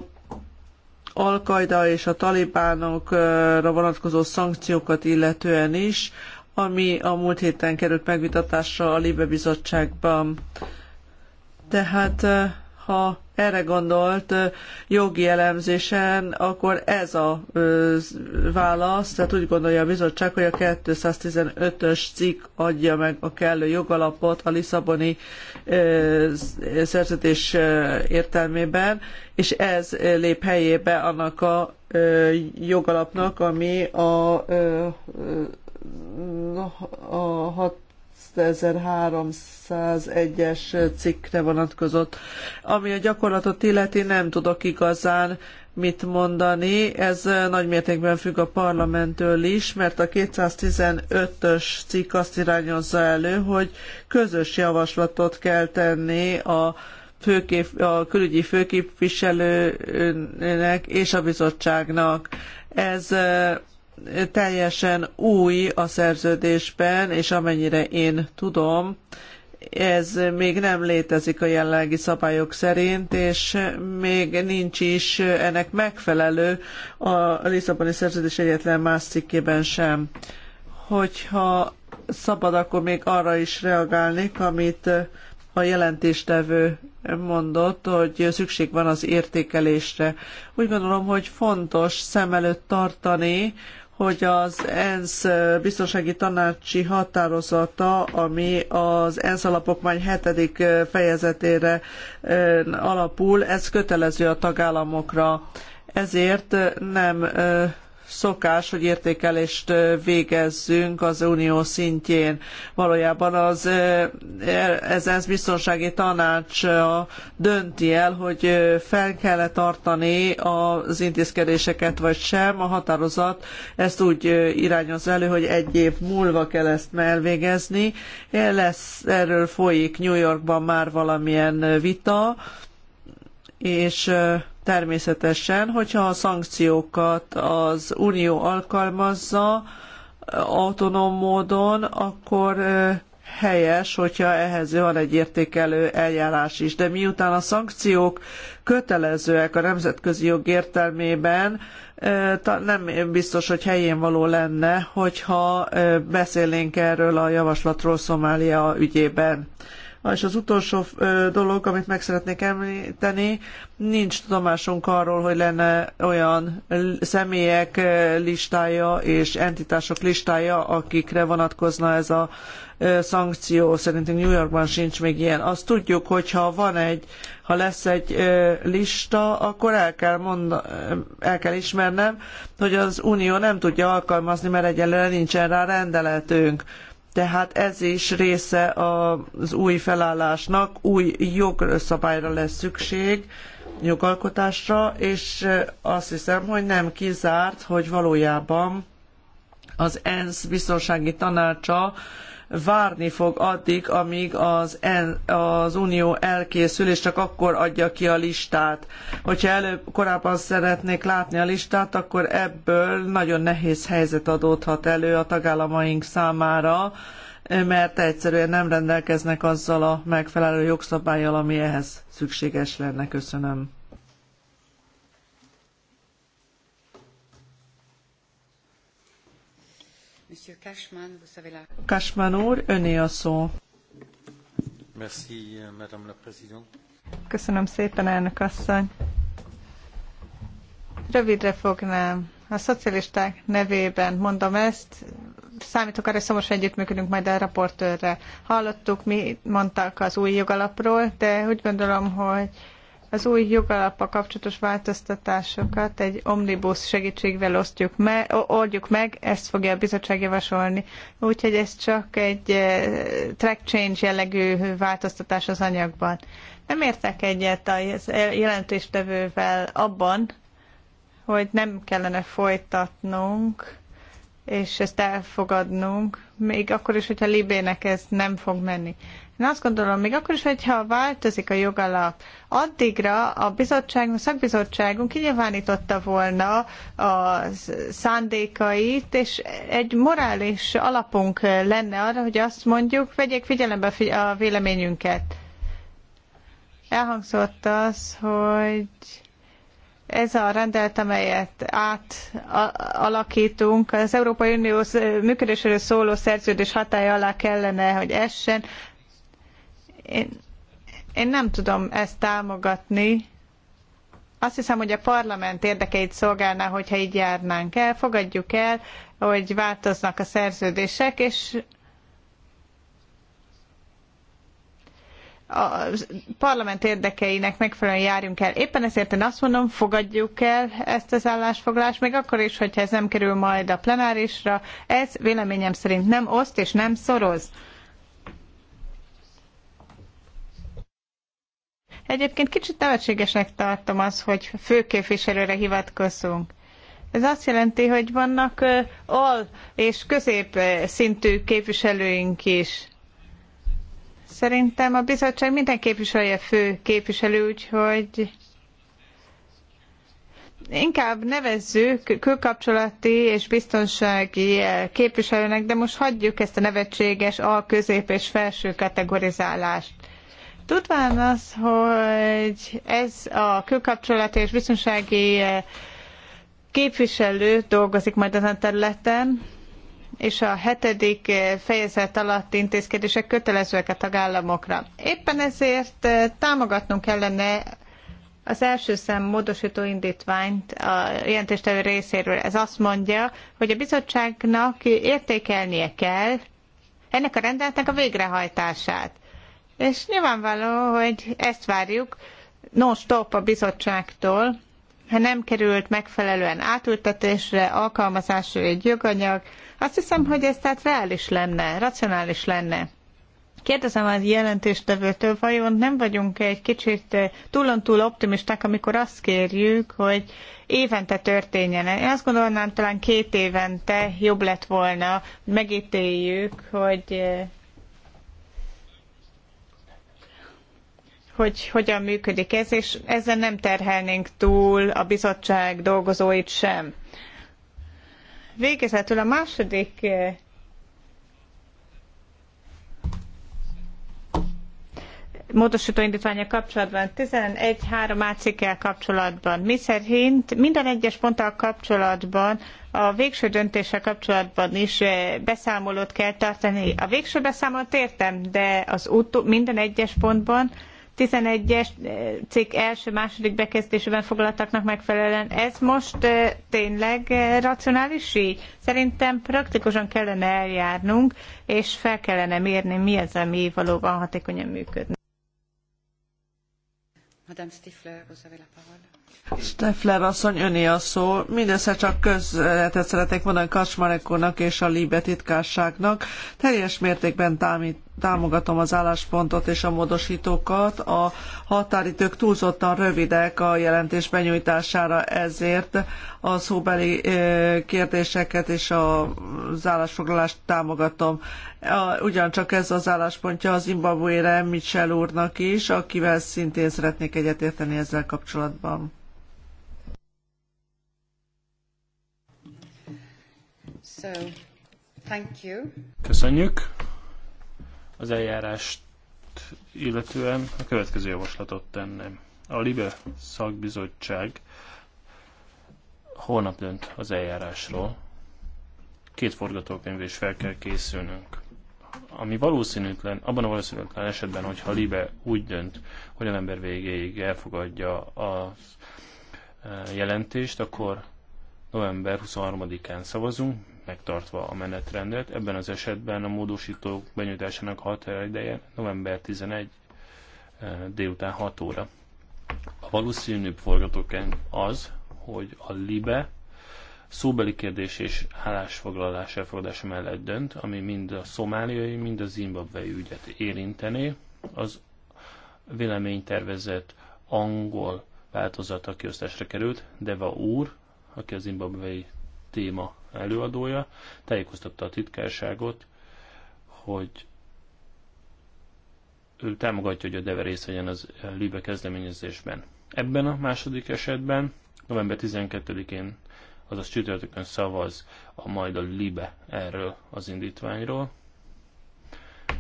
Al-Qaida és a talibánokra vonatkozó szankciókat illetően is, ami a múlt héten került megvitatásra a Libe Bizottságban. Tehát ha erre gondolt jogi elemzésen, akkor ez a válasz, tehát úgy gondolja a bizottság, hogy a 215-ös cikk adja meg a kellő jogalapot a Lisszaboni szerződés értelmében, és ez lép helyébe annak a jogalapnak, ami a a 2301-es cikkre vonatkozott. Ami a gyakorlatot illeti, nem tudok igazán mit mondani. Ez nagy mértékben függ a parlamenttől is, mert a 215-ös cikk azt irányozza elő, hogy közös javaslatot kell tenni a főkép, a külügyi főképviselőnek és a bizottságnak. Ez teljesen új a szerződésben, és amennyire én tudom, ez még nem létezik a jelenlegi szabályok szerint, és még nincs is ennek megfelelő a Lisszaboni szerződés egyetlen más cikkében sem. Hogyha szabad, akkor még arra is reagálnék, amit a jelentéstevő mondott, hogy szükség van az értékelésre. Úgy gondolom, hogy fontos szem előtt tartani, hogy az ENSZ biztonsági tanácsi határozata, ami az ENSZ alapokmány hetedik fejezetére alapul, ez kötelező a tagállamokra. Ezért nem szokás, hogy értékelést végezzünk az unió szintjén. Valójában az er, ez, ez biztonsági tanács dönti el, hogy fel kell-e tartani az intézkedéseket vagy sem. A határozat ezt úgy irányoz elő, hogy egy év múlva kell ezt elvégezni. Lesz, erről folyik New Yorkban már valamilyen vita, és természetesen, hogyha a szankciókat az Unió alkalmazza autonóm módon, akkor helyes, hogyha ehhez van egy értékelő eljárás is. De miután a szankciók kötelezőek a nemzetközi jog értelmében, nem biztos, hogy helyén való lenne, hogyha beszélnénk erről a javaslatról Szomália ügyében. És az utolsó dolog, amit meg szeretnék említeni, nincs tudomásunk arról, hogy lenne olyan személyek listája és entitások listája, akikre vonatkozna ez a szankció. Szerintem New Yorkban sincs még ilyen. Azt tudjuk, hogy ha van egy, ha lesz egy lista, akkor el kell, mondan, el kell ismernem, hogy az Unió nem tudja alkalmazni, mert egyelőre nincsen rá rendeletünk tehát ez is része az új felállásnak, új jogszabályra lesz szükség, jogalkotásra, és azt hiszem, hogy nem kizárt, hogy valójában az ENSZ biztonsági tanácsa várni fog addig, amíg az, en, az Unió elkészül, és csak akkor adja ki a listát. Hogyha előbb korábban szeretnék látni a listát, akkor ebből nagyon nehéz helyzet adódhat elő a tagállamaink számára, mert egyszerűen nem rendelkeznek azzal a megfelelő jogszabályjal, ami ehhez szükséges lenne. Köszönöm. Monsieur Cashman, vous savez la... Cashman úr, öné a szó. Köszönöm szépen, elnök asszony. Rövidre fognám. A szocialisták nevében mondom ezt, számítok arra, hogy szorosan együttműködünk majd a raportőrrel. Hallottuk, mi mondtak az új jogalapról, de úgy gondolom, hogy az új jogalapa kapcsolatos változtatásokat egy omnibus segítségvel osztjuk me, oldjuk meg, ezt fogja a bizottság javasolni. Úgyhogy ez csak egy eh, track change jellegű változtatás az anyagban. Nem értek egyet a jelentéstevővel abban, hogy nem kellene folytatnunk, és ezt elfogadnunk, még akkor is, hogyha Libének ez nem fog menni. Én azt gondolom, még akkor is, hogyha változik a jogalap, addigra a bizottságunk, a szakbizottságunk kinyilvánította volna a szándékait, és egy morális alapunk lenne arra, hogy azt mondjuk, vegyék figyelembe a véleményünket. Elhangzott az, hogy ez a rendelet, amelyet átalakítunk, az Európai Unió működéséről szóló szerződés hatálya alá kellene, hogy essen. Én, én nem tudom ezt támogatni. Azt hiszem, hogy a parlament érdekeit szolgálná, hogyha így járnánk el. Fogadjuk el, hogy változnak a szerződések, és a parlament érdekeinek megfelelően járjunk el. Éppen ezért én azt mondom, fogadjuk el ezt az állásfoglalást, még akkor is, hogyha ez nem kerül majd a plenárisra. Ez véleményem szerint nem oszt és nem szoroz. Egyébként kicsit nevetségesnek tartom az, hogy főképviselőre hivatkozunk. Ez azt jelenti, hogy vannak al- és közép szintű képviselőink is. Szerintem a bizottság minden képviselője fő képviselő, úgyhogy inkább nevezzük külkapcsolati és biztonsági képviselőnek, de most hagyjuk ezt a nevetséges al-, közép és felső kategorizálást. Tudván az, hogy ez a külkapcsolat és biztonsági eh, képviselő dolgozik majd ezen területen, és a hetedik eh, fejezet alatt intézkedések kötelezőek a tagállamokra. Éppen ezért eh, támogatnunk kellene az első szem módosító indítványt a jelentéstevő részéről. Ez azt mondja, hogy a bizottságnak értékelnie kell ennek a rendeletnek a végrehajtását. És nyilvánvaló, hogy ezt várjuk non-stop a bizottságtól, ha nem került megfelelően átültetésre, alkalmazásra egy joganyag, azt hiszem, hogy ez tehát reális lenne, racionális lenne. Kérdezem az jelentéstevőtől, vajon nem vagyunk egy kicsit túlontúl -túl optimisták, amikor azt kérjük, hogy évente történjen. Én azt gondolnám, talán két évente jobb lett volna, hogy megítéljük, hogy eh, hogy hogyan működik ez, és ezzel nem terhelnénk túl a bizottság dolgozóit sem. Végezetül a második eh, módosító indítványa kapcsolatban, 11.3 ácikkel kapcsolatban, miszerint minden egyes ponttal kapcsolatban, a végső döntéssel kapcsolatban is eh, beszámolót kell tartani. A végső beszámolót értem, de az utó, minden egyes pontban 11-es eh, cikk első-második bekezdésében foglaltaknak megfelelően. Ez most eh, tényleg eh, racionális így? Szerintem praktikusan kellene eljárnunk, és fel kellene mérni, mi az, ami valóban hatékonyan működne. Madame Stifler, vous avez la parole. Steffler asszony, öné a szó. Mindössze csak közletet szeretnék mondani Kacsmarekónak és a Libe titkárságnak. Teljes mértékben támít, támogatom az álláspontot és a módosítókat. A határidők túlzottan rövidek a jelentés benyújtására, ezért a szóbeli kérdéseket és az állásfoglalást támogatom. Ugyancsak ez az álláspontja az Zimbabwe-re Mitchell úrnak is, akivel szintén szeretnék egyetérteni ezzel kapcsolatban. So, Köszönjük az eljárást illetően a következő javaslatot tenném. A LIBE szakbizottság holnap dönt az eljárásról. Két forgatókönyv is fel kell készülnünk. Ami valószínűtlen, abban a valószínűtlen esetben, hogyha Libe úgy dönt, hogy a ember végéig elfogadja a e, jelentést, akkor november 23-án szavazunk, megtartva a menetrendet. Ebben az esetben a módosítók benyújtásának határideje november 11 eh, délután 6 óra. A valószínűbb forgatókönyv az, hogy a LIBE szóbeli kérdés és állásfoglalás elfogadása mellett dönt, ami mind a szomáliai, mind a zimbabvei ügyet érintené. Az véleménytervezett angol változata kiosztásra került, Deva úr, aki a zimbabvei téma előadója tájékoztatta a titkárságot, hogy ő támogatja, hogy a DEVE részt vegyen az LIBE kezdeményezésben. Ebben a második esetben, november 12-én, azaz csütörtökön szavaz a majd a LIBE erről az indítványról,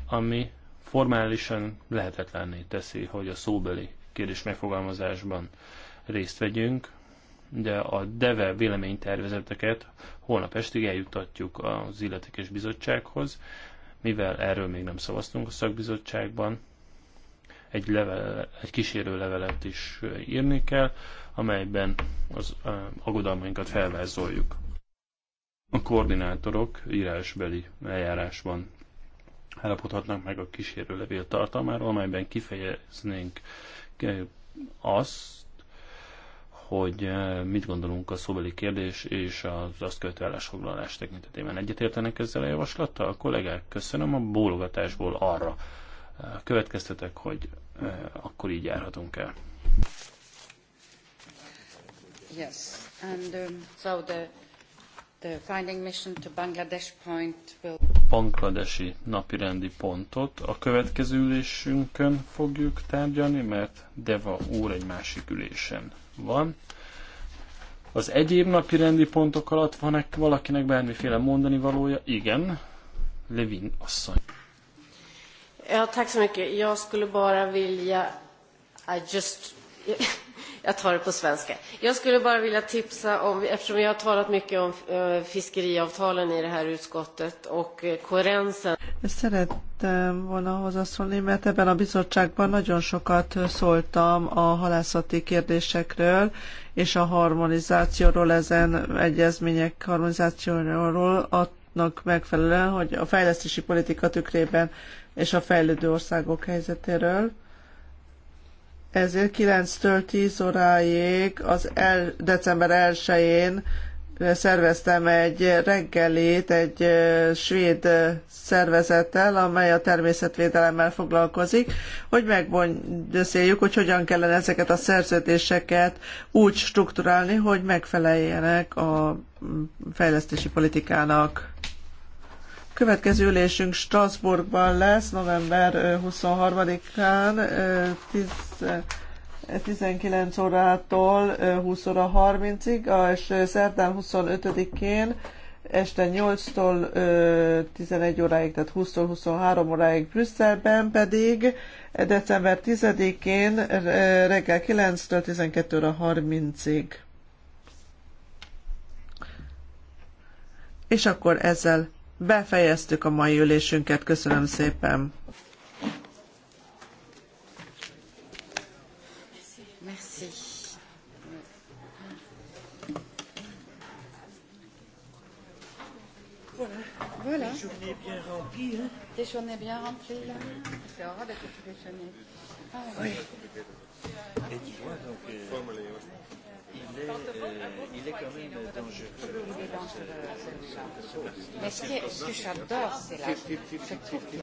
ami formálisan lehetetlenné teszi, hogy a szóbeli kérdés megfogalmazásban részt vegyünk, de a DEVE véleménytervezeteket holnap estig eljutatjuk az illetékes bizottsághoz, mivel erről még nem szavaztunk a szakbizottságban, egy, level, egy kísérő levelet is írni kell, amelyben az aggodalmainkat felvázoljuk. A koordinátorok írásbeli eljárásban állapodhatnak meg a kísérő levél tartalmáról, amelyben kifejeznénk azt, hogy eh, mit gondolunk a szóbeli kérdés és az azt követő állásfoglalás tekintetében. Egyetértenek ezzel a javaslattal? A kollégák, köszönöm a bólogatásból arra. Eh, következtetek, hogy eh, akkor így járhatunk el. Yes, and um, so the, the finding mission to Bangladesh point will... Bangladesi napirendi pontot a következő ülésünkön fogjuk tárgyalni, mert Deva úr egy másik ülésen van. Az egyéb napi rendi pontok alatt van-e valakinek bármiféle mondani valója? Igen. Levin asszony. Ja, tack så mycket. Jag skulle bara vilja I just jag tar det på svenska. Jag skulle bara vilja tipsa om, eftersom vi har talat mycket om eh, fiskeriavtalen i det här utskottet och eh, koherensen. Szerettem volna hozzászólni, mert ebben a bizottságban nagyon sokat szóltam a halászati kérdésekről és a harmonizációról, ezen egyezmények harmonizációról, adnak megfelelően, hogy a fejlesztési politika tükrében és a fejlődő országok helyzetéről ezért 9-től 10 óráig az el, december 1-én szerveztem egy reggelit egy svéd szervezettel, amely a természetvédelemmel foglalkozik, hogy megbeszéljük, hogy hogyan kellene ezeket a szerződéseket úgy strukturálni, hogy megfeleljenek a fejlesztési politikának. Következő ülésünk Strasbourgban lesz, november 23-án, 19 órától 20 óra 30-ig, és szerdán 25-én este 8-tól 11 óráig, tehát 20-tól 23 óráig Brüsszelben pedig december 10-én reggel 9-től 12 óra 30-ig. És akkor ezzel Befejeztük a mai ülésünket, köszönöm szépen. Voilà. Des journées bien remplies. Hein. Des journées bien remplies, là. C'est horrible ah, oui. Et tu vois, donc. Euh il est, euh, il est quand euh, même dangereux. Mais ce que, ce que j'adore, c'est la...